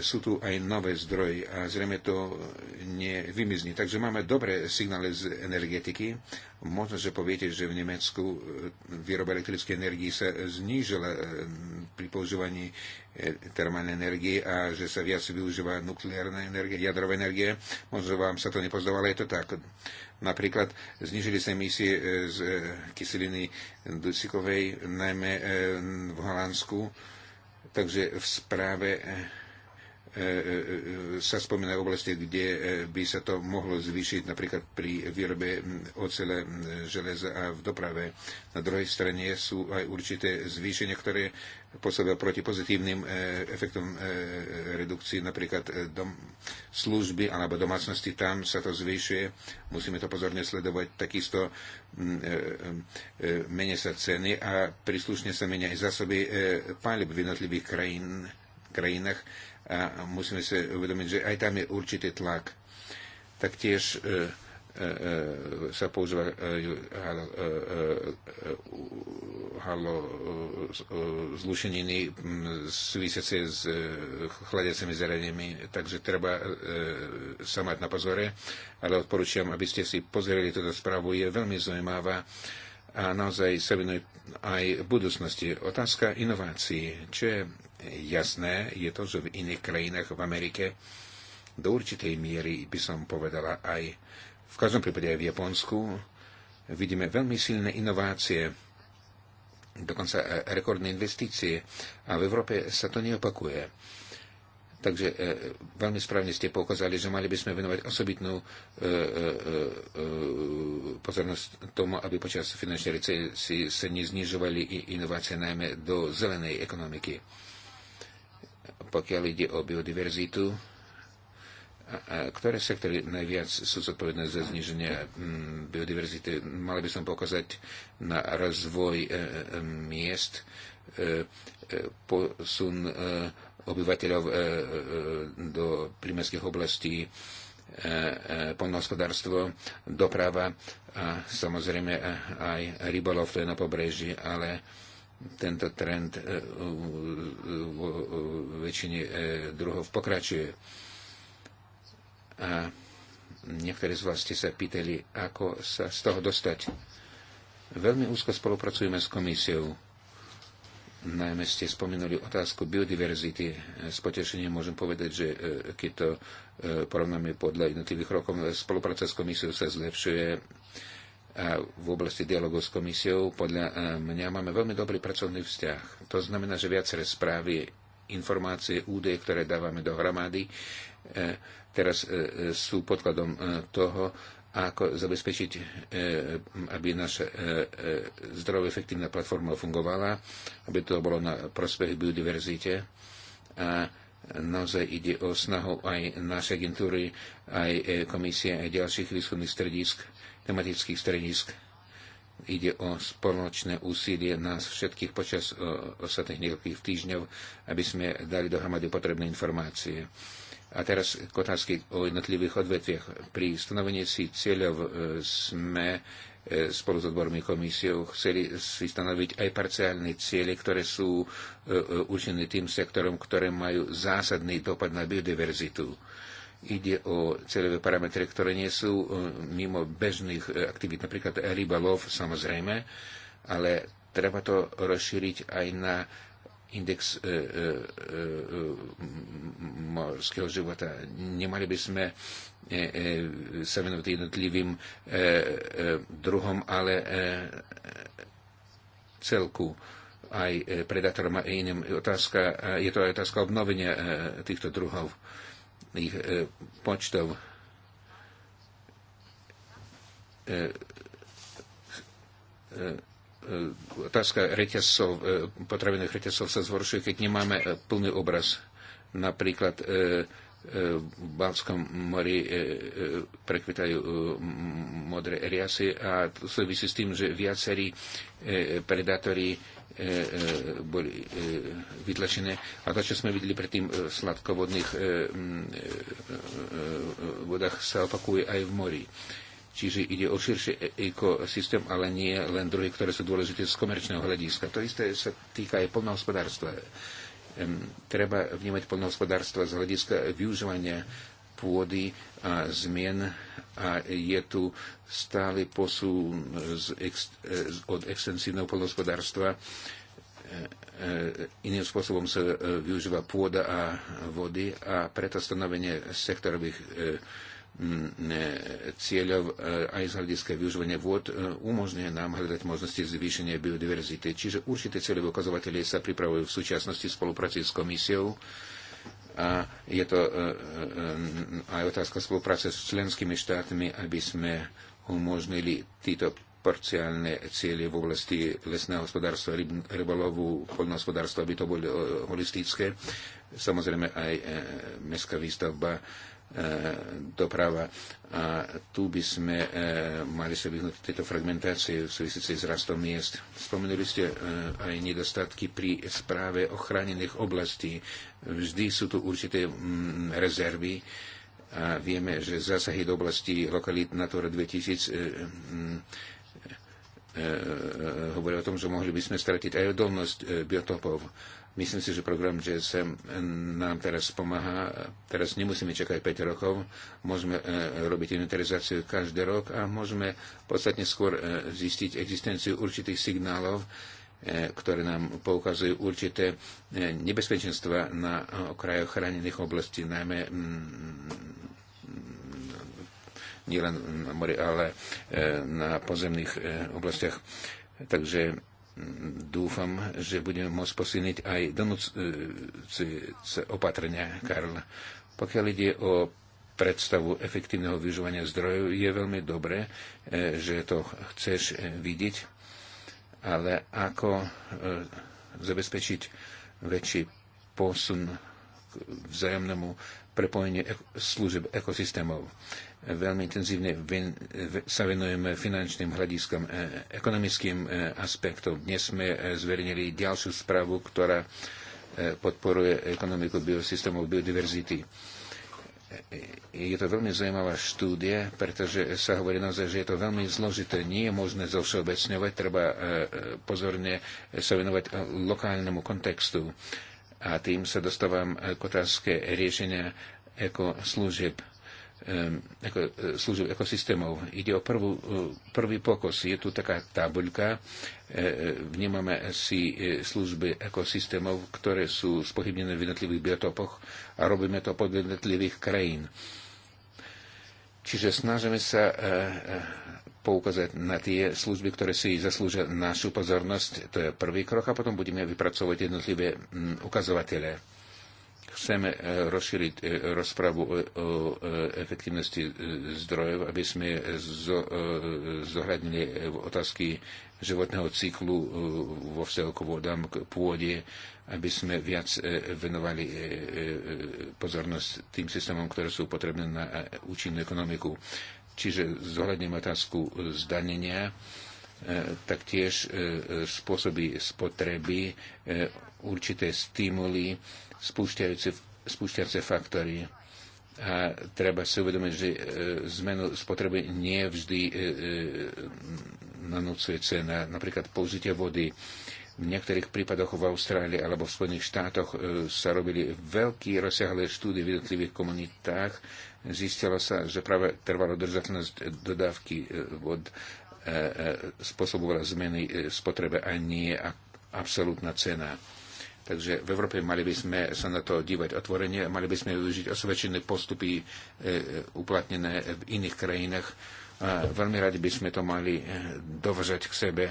sú tu aj nové zdroje a zrejme to nevymizne. Takže máme dobré signály z energetiky. Možno, že poviete, že v Nemecku e, výroba elektrickej energii sa znížila e, pri používaní e, termálnej energie a že sa viac využíva nukleárna energie, jadrová energie. Možno vám sa to nepozdalo, ale je to tak. Napríklad znižili sa emisie z kyseliny dusikovej, najmä v Holandsku. Takže v správe E, e, e, sa spomínajú oblasti, kde by sa to mohlo zvýšiť, napríklad pri výrobe ocele, železa a v doprave. Na druhej strane sú aj určité zvýšenia, ktoré pôsobia proti pozitívnym efektom redukcií, napríklad dom, služby alebo domácnosti, tam sa to zvýšuje. Musíme to pozorne sledovať. Takisto menia sa ceny a príslušne sa menia aj zásoby palib v jednotlivých krajín, krajinách a musíme si uvedomiť, že aj tam je určitý tlak. Taktiež e, e, e, sa používa halo zlušeniny súvisiace s chladiacimi zariadeniami, takže treba sa mať na pozore, ale odporúčam, aby ste si pozreli túto správu, je veľmi zaujímavá a naozaj sa venuje aj v budúcnosti. Otázka inovácií, čo je jasné je to, že v iných krajinách v Amerike do určitej miery by som povedala aj v každom prípade aj v Japonsku vidíme veľmi silné inovácie, dokonca e, rekordné investície a v Európe sa to neopakuje. Takže e, veľmi správne ste poukázali, že mali by sme venovať osobitnú e, e, e, pozornosť tomu, aby počas finančnej recesie sa neznižovali inovácie najmä do zelenej ekonomiky pokiaľ ide o biodiverzitu, ktoré sektory najviac sú zodpovedné za zniženie mm, biodiverzity? Mali by som pokazať na rozvoj e, e, miest, e, posun obyvateľov do prímeských oblastí, polnohospodárstvo, doprava a samozrejme aj rybolov, to je na pobreží, ale tento trend v e, väčšine e, druhov pokračuje. A niektorí z vás ste sa pýtali, ako sa z toho dostať. Veľmi úzko spolupracujeme s komisiou. Najmä ste spomenuli otázku biodiverzity. S potešením môžem povedať, že e, keď to porovnáme podľa jednotlivých rokov, spolupráca s komisiou sa zlepšuje v oblasti dialogu s komisiou. Podľa e, mňa máme veľmi dobrý pracovný vzťah. To znamená, že viaceré správy, informácie, údaje, ktoré dávame dohromady, e, teraz e, sú podkladom toho, ako zabezpečiť, aby naša zdravá efektívna platforma fungovala, aby to bolo na prospech biodiverzite. A naozaj ide o snahu aj našej agentúry, aj komisie, aj ďalších výskumných stredisk tematických stredisk. Ide o spoločné úsilie nás všetkých počas e, ostatných niekoľkých týždňov, aby sme dali dohromady potrebné informácie. A teraz k otázky o jednotlivých odvetviach. Pri stanovení si cieľov e, sme e, spolu s odbormi komisiou chceli si stanoviť aj parciálne ciele, ktoré sú určené tým sektorom, ktoré majú zásadný dopad na biodiverzitu. Ide o celové parametre, ktoré nie sú e, mimo bežných e, aktivít, napríklad rybalov samozrejme, ale treba to rozšíriť aj na index e, e, e, morského života. Nemali by sme e, e, sa venovať jednotlivým e, e, druhom, ale e, celku aj e, predátorom a iným. Otázka, je to aj otázka obnovenia týchto druhov. E, ich e, počtov e, e, otázka reťazcov, potravinových reťazcov sa zhoršuje, keď nemáme plný obraz. Napríklad v Balskom mori prekvitajú modré riasy a to súvisí s tým, že viacerí predátori E, e, boli e, vytlačené. A to, čo sme videli predtým tým sladkovodných vodách, sa opakuje aj v mori. Čiže ide o širší ekosystém, ale nie len druhy, ktoré sú dôležité z komerčného hľadiska. To isté sa týka aj polnohospodárstva. Treba vnímať polnohospodárstva z hľadiska využívania pôdy a zmien a je tu stály posun z ex, eh, od extensívneho polnospodárstva. Eh, eh, iným spôsobom sa využíva pôda a vody a preto stanovenie sektorových cieľov aj z hľadiska využívania vôd umožňuje nám hľadať možnosti zvýšenia biodiverzity. Čiže určité cieľové ukazovatele sa pripravujú v súčasnosti v spolupráci s komisiou a je to e, e, e, aj otázka spolupráce s členskými štátmi, aby sme umožnili títo parciálne cieľe v oblasti lesného hospodárstva, rybolovu, poľnohospodárstva, aby to boli holistické. Samozrejme aj mestská výstavba, doprava. A tu by sme mali sa vyhnúť tejto fragmentácie v súvislosti s rastom miest. Spomenuli ste aj nedostatky pri správe ochránených oblastí. Vždy sú tu určité mm, rezervy a vieme, že zásahy do oblasti lokalít Natura 2000 e, e, e, hovorí o tom, že mohli by sme stratiť aj odolnosť biotopov. Myslím si, že program GSM nám teraz pomáha. Teraz nemusíme čakať 5 rokov, môžeme robiť inventarizáciu každý rok a môžeme podstatne skôr zistiť existenciu určitých signálov, E, ktoré nám poukazujú určité e, nebezpečenstva na e, okrajoch chránených oblastí, najmä mm, mm, nielen na mori, ale na pozemných oblastiach. Takže mm, dúfam, že budeme môcť posilniť aj donúce opatrenia, Karl. Pokiaľ ide o predstavu efektívneho využívania zdrojov, je veľmi dobré, že to chceš vidieť ale ako e, zabezpečiť väčší posun k vzájomnému prepojeniu služeb ekosystémov. Veľmi intenzívne sa venujeme finančným hľadiskom, e, ekonomickým e, aspektom. Dnes sme zverejnili ďalšiu správu, ktorá podporuje ekonomiku biosystémov biodiverzity je to veľmi zaujímavá štúdia, pretože sa hovorí naozaj, že je to veľmi zložité. Nie je možné zovšeobecňovať, treba e, pozorne sa venovať lokálnemu kontextu. A tým sa dostávam k otázke riešenia ekoslúžieb. služieb ako, e, služieb ekosystémov. Ide o prvú, e, prvý pokos. Je tu taká tabuľka. E, vnímame si služby ekosystémov, ktoré sú spochybnené v jednotlivých biotopoch a robíme to pod jednotlivých krajín. Čiže snažíme sa poukázať na tie služby, ktoré si zaslúžia našu pozornosť. To je prvý krok a potom budeme vypracovať jednotlivé ukazovatele Chceme e, rozšíriť e, rozpravu o e, efektivnosti zdrojov, aby sme zohľadnili otázky životného cyklu vo vzťahu k vodám, k pôde, aby sme viac venovali pozornosť tým systémom, ktoré sú potrebné na účinnú ekonomiku. Čiže zohľadním otázku zdanenia, taktiež spôsoby spotreby, určité stimuly, spúšťace faktory. A treba si uvedomiť, že e, zmenu spotreby nie vždy e, e, nanúcuje cena. Napríklad použitie vody. V niektorých prípadoch v Austrálii alebo v Spojených štátoch sa robili veľké rozsiahle štúdie v jednotlivých komunitách. Zistilo sa, že práve trvalo držateľnosť dodávky vod spôsobovala zmeny spotrebe a nie absolútna cena Takže v Európe mali by sme sa na to dívať otvorene, mali by sme využiť osvedčené postupy uplatnené v iných krajinách. A veľmi radi by sme to mali dovržať k sebe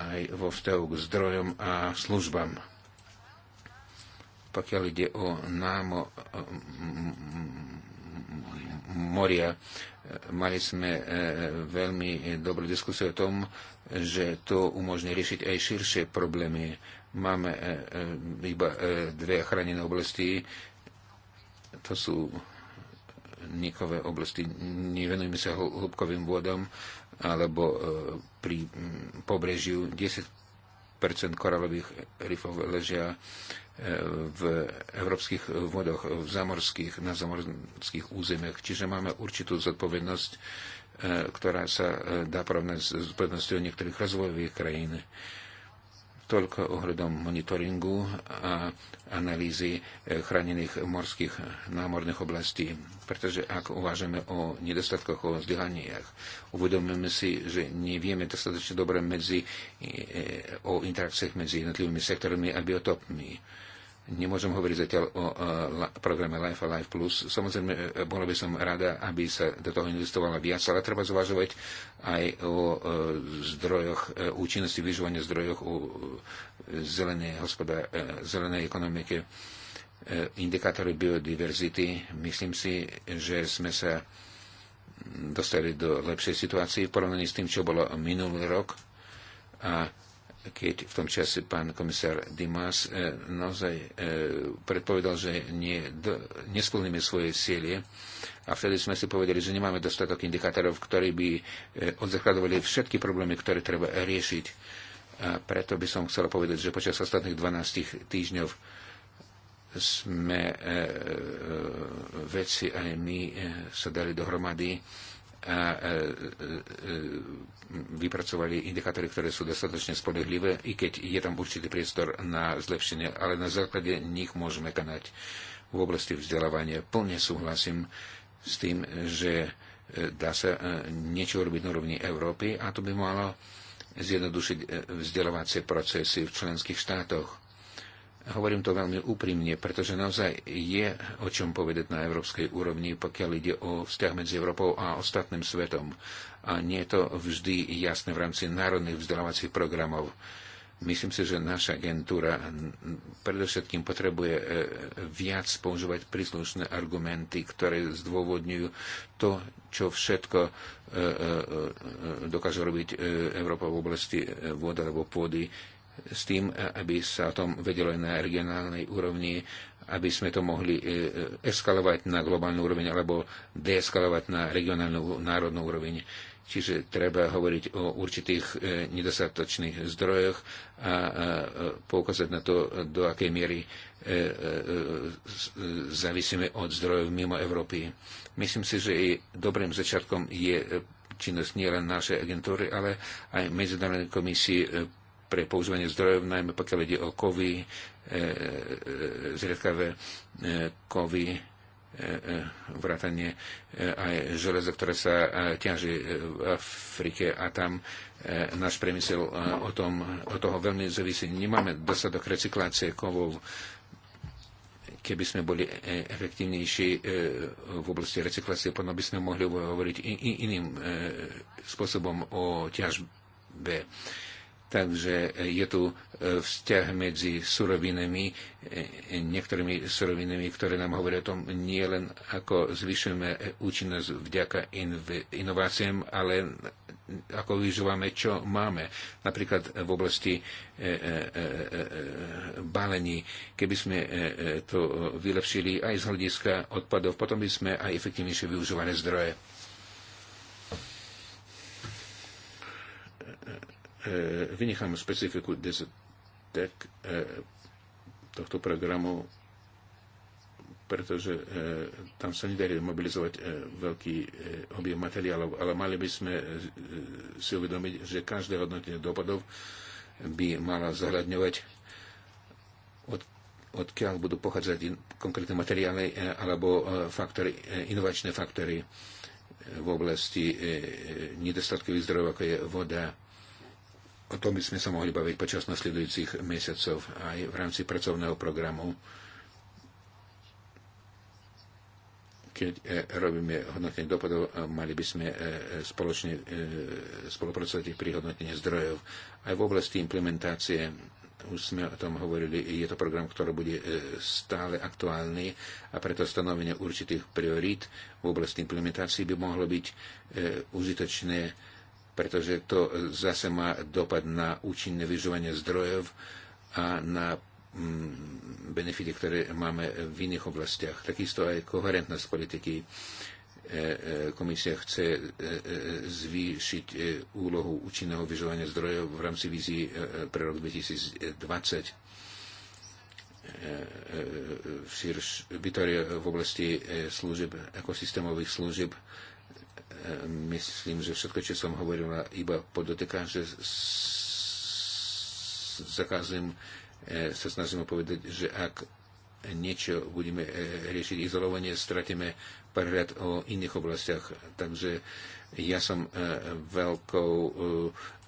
aj vo vzťahu k zdrojom a službám. Pokiaľ ide o námo moria, Mali sme e, veľmi dobrú diskusiu o tom, že to umožní riešiť aj širšie problémy. Máme e, e, iba dve chránené oblasti. To sú nikové oblasti. Nevenujeme sa hĺbkovým vodom alebo pri pobrežiu 10 koralových rifov ležia v európskych vodoch, v zamorských, na zamorských územiach. Čiže máme určitú zodpovednosť, e, ktorá sa e, dá porovnať s zodpovednosťou niektorých rozvojových krajín. Toľko ohľadom monitoringu a analýzy e, chránených morských námorných oblastí. Pretože ak uvážame o nedostatkoch, o vzdelaniach, uvedomujeme si, že nevieme dostatočne dobre medzi, o interakciách medzi jednotlivými sektormi a biotopmi Nemôžem hovoriť zatiaľ o programe Life a Life Plus. Samozrejme, e, bola by som rada, aby sa do toho investovala viac, ale treba zvažovať aj o zdrojoch, e, účinnosti vyžovania zdrojoch u e, zelenej, hospoda, zelenej ekonomike, indikátory biodiverzity. Myslím si, že sme sa dostali do lepšej situácie v porovnaní s tým, čo bolo minulý rok. A keď v tom čase pán komisár Dimas eh, naozaj eh, predpovedal, že nie, nesplníme svoje cieľe a vtedy sme si povedali, že nemáme dostatok indikátorov, ktorí by eh, odzakladovali všetky problémy, ktoré treba riešiť. A preto by som chcel povedať, že počas ostatných 12 týždňov sme e, e, veci aj my e, sa dali dohromady vypracovali indikátory, ktoré sú dostatočne spolehlivé, i keď je tam určitý priestor na zlepšenie, ale na základe nich môžeme konať v oblasti vzdelávania. Plne súhlasím s tým, že e, dá sa e, niečo robiť na rovni Európy a to by malo zjednodušiť e, vzdelávacie procesy v členských štátoch. Hovorím to veľmi úprimne, pretože naozaj je o čom povedať na európskej úrovni, pokiaľ ide o vzťah medzi Európou a ostatným svetom. A nie je to vždy jasné v rámci národných vzdelávacích programov. Myslím si, že naša agentúra predovšetkým potrebuje e, viac používať príslušné argumenty, ktoré zdôvodňujú to, čo všetko e, e, dokáže robiť Európa v oblasti vody alebo pôdy s tým, aby sa o tom vedelo aj na regionálnej úrovni, aby sme to mohli e, e, eskalovať na globálnu úroveň alebo deeskalovať na regionálnu národnú úroveň. Čiže treba hovoriť o určitých e, nedostatočných zdrojoch a poukázať na to, do akej miery závisíme od zdrojov mimo Európy. Myslím si, že i dobrým začiatkom je činnosť nielen našej agentúry, ale aj Medzinárodnej komisie pre používanie zdrojov, najmä pokiaľ ide o kovy, e, e, zriedkavé e, kovy, e, e, vrátanie e, aj železa, ktoré sa ťaží v Afrike a tam náš priemysel o, tom, o toho veľmi závisí. Nemáme dostatok recyklácie kovov. Keby sme boli efektívnejší v oblasti recyklácie, potom by sme mohli hovoriť iným spôsobom o ťažbe Takže e, je tu e, vzťah medzi surovinami, e, niektorými surovinami, ktoré nám hovoria o tom nie len ako zvyšujeme účinnosť vďaka inováciám, ale ako využívame, čo máme. Napríklad v oblasti balení, keby sme to vylepšili aj z hľadiska odpadov, potom by sme aj efektívnejšie využívali zdroje. E, vynechám specifiku desetek e, tohto programu, pretože e, tam sa nedarí mobilizovať veľký objem materiálov, ale mali by sme si uvedomiť, že každé hodnotenie dopadov by mala zahľadňovať od, odkiaľ budú pochádzať in, konkrétne materiály alebo faktory, inovačné faktory v oblasti nedostatkových zdrojov, ako je voda, O tom by sme sa mohli baviť počas nasledujúcich mesiacov aj v rámci pracovného programu, keď e, robíme hodnotenie dopadov, e, mali by sme e, spoločne spolupracovať pri hodnotení zdrojov. Aj v oblasti implementácie už sme o tom hovorili, je to program, ktorý bude stále aktuálny a preto stanovenie určitých priorít v oblasti implementácie by mohlo byť užitočné pretože to zase má dopad na účinné využívanie zdrojov a na mm, benefity, ktoré máme v iných oblastiach. Takisto aj koherentnosť politiky. E, e, komisia chce e, zvýšiť úlohu účinného vyžovania zdrojov v rámci vízii pre rok 2020 Vytvoria v oblasti ekosystémových služeb myslím, že všetko, čo som hovorila, iba podotýka, že zakazujem, e, sa snažím povedať, že ak niečo budeme e, riešiť izolovanie, stratíme prehľad o iných oblastiach. Takže ja som e, veľkou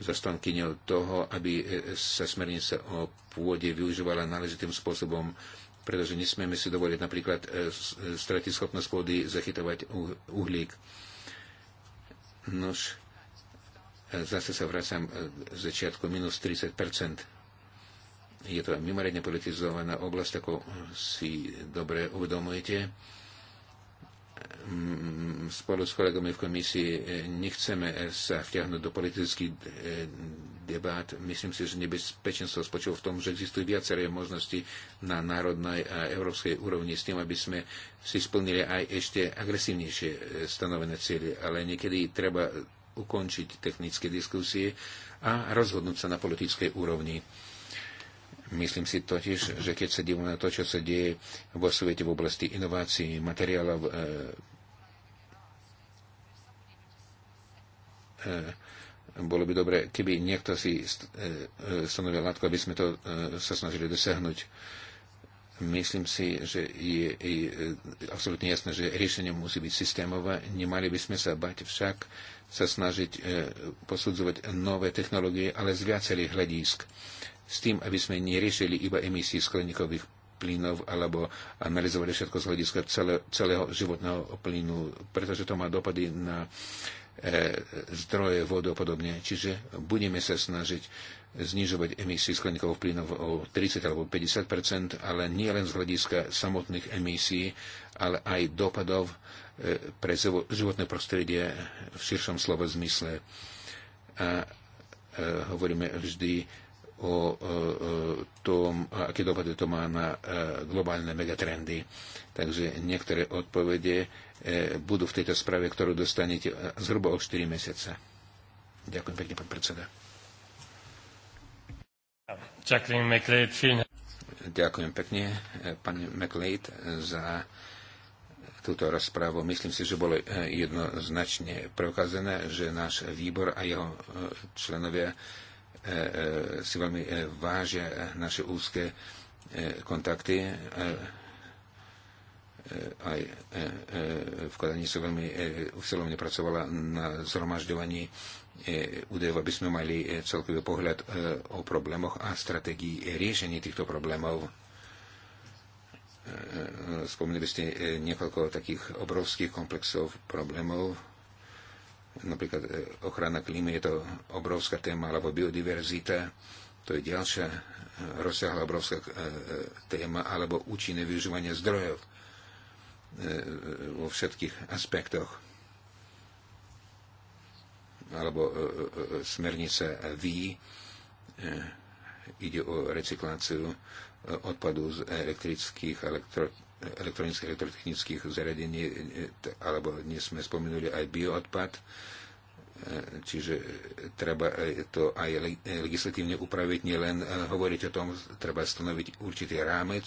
zastankyňou toho, aby sa smernica o pôde využívala náležitým spôsobom pretože nesmieme si dovoliť napríklad stratiť schopnosť pôdy zachytovať uhlík. Nož, e, zase sa vracam k e, začiatku, minus 30 je to mimoriadne politizovaná oblasť, ako si dobre uvedomujete. Mm, spolu s kolegami v komisii e, nechceme e, sa vťahnuť do politických e, debát. Myslím si, že nebezpečenstvo spočíva v tom, že existujú viaceré možnosti na národnej a európskej úrovni s tým, aby sme si splnili aj ešte agresívnejšie stanovené cieľe. Ale niekedy treba ukončiť technické diskusie a rozhodnúť sa na politickej úrovni. Myslím si totiž, že keď sa dívame na to, čo sa deje vo svete v oblasti inovácií, materiálov, e, e, bolo by dobre, keby niekto si st- e, stanovil látku, aby sme to e, sa snažili dosiahnuť. Myslím si, že je, je absolútne jasné, že riešenie musí byť systémové. Nemali by sme sa bať však sa snažiť e, posudzovať nové technológie, ale z viacerých hľadísk. E, s tým, aby sme neriešili iba emisie skleníkových plynov alebo analyzovali všetko z hľadiska celé, celého životného plynu, pretože to má dopady na e, zdroje, vody a podobne. Čiže budeme sa snažiť znižovať emisie skleníkových plynov o 30 alebo 50 ale nie len z hľadiska samotných emisí, ale aj dopadov e, pre životné prostredie v širšom slova zmysle. A e, hovoríme vždy o tom, aké dopady to má na e, globálne megatrendy. Takže niektoré odpovede e, budú v tejto správe, ktorú dostanete zhruba o 4 mesiace. Ďakujem pekne, pán predseda. Ďakujem pekne, e, pani McLeod, za túto rozprávu. Myslím si, že bolo jednoznačne preukázané, že náš výbor a jeho členovia E, e, si veľmi e, vážia naše úzke kontakty. Aj v Kodani sa veľmi usilovne pracovala na zhromažďovaní údajov, aby sme mali celkový pohľad o problémoch a stratégii riešení týchto problémov. Spomínali ste niekoľko takých obrovských komplexov problémov, Napríklad e, ochrana klímy je to obrovská téma, alebo biodiverzita, to je ďalšia e, rozsiahla obrovská e, téma, alebo účinné využívanie zdrojov vo všetkých aspektoch alebo smernica VI ide o recykláciu odpadu z elektrických elektrických elektronických elektrotechnických zariadení, e, alebo dnes sme spomenuli aj bioodpad, e, čiže treba e, to aj legislatívne upraviť, nielen hovoriť o tom, treba stanoviť určitý rámec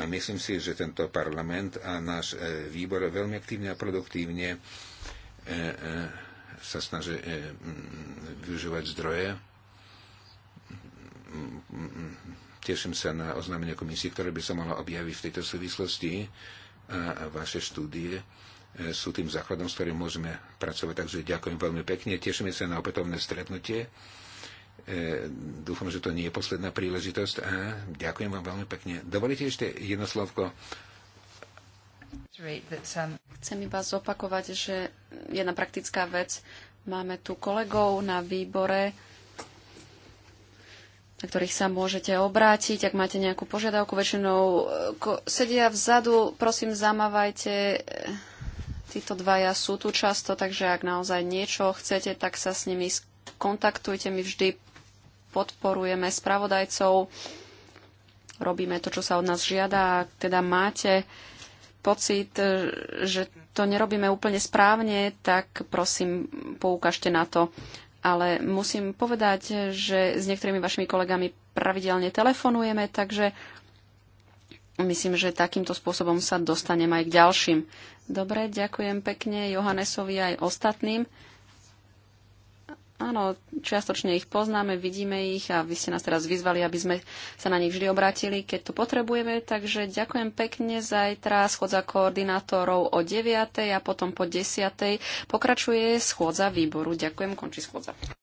a myslím si, že tento parlament a náš výbor veľmi aktívne a produktívne sa snaží využívať zdroje Teším sa na oznámenie komisie, ktoré by sa mala objaviť v tejto súvislosti a vaše štúdie e, sú tým základom, s ktorým môžeme pracovať. Takže ďakujem veľmi pekne. Tešíme sa na opätovné stretnutie. E, dúfam, že to nie je posledná príležitosť a ďakujem vám veľmi pekne. Dovolíte ešte jedno slovko? Chcem iba zopakovať, že jedna praktická vec. Máme tu kolegov na výbore, na ktorých sa môžete obrátiť, ak máte nejakú požiadavku. Väčšinou e, sedia vzadu, prosím, zamávajte. E, títo dvaja sú tu často, takže ak naozaj niečo chcete, tak sa s nimi kontaktujte. My vždy podporujeme spravodajcov, robíme to, čo sa od nás žiada. Ak teda máte pocit, e, že to nerobíme úplne správne, tak prosím, poukažte na to ale musím povedať, že s niektorými vašimi kolegami pravidelne telefonujeme, takže myslím, že takýmto spôsobom sa dostanem aj k ďalším. Dobre, ďakujem pekne Johannesovi aj ostatným. Áno, čiastočne ich poznáme, vidíme ich a vy ste nás teraz vyzvali, aby sme sa na nich vždy obratili, keď to potrebujeme. Takže ďakujem pekne. Zajtra schôdza koordinátorov o 9. a potom po 10. pokračuje schôdza výboru. Ďakujem, končí schôdza.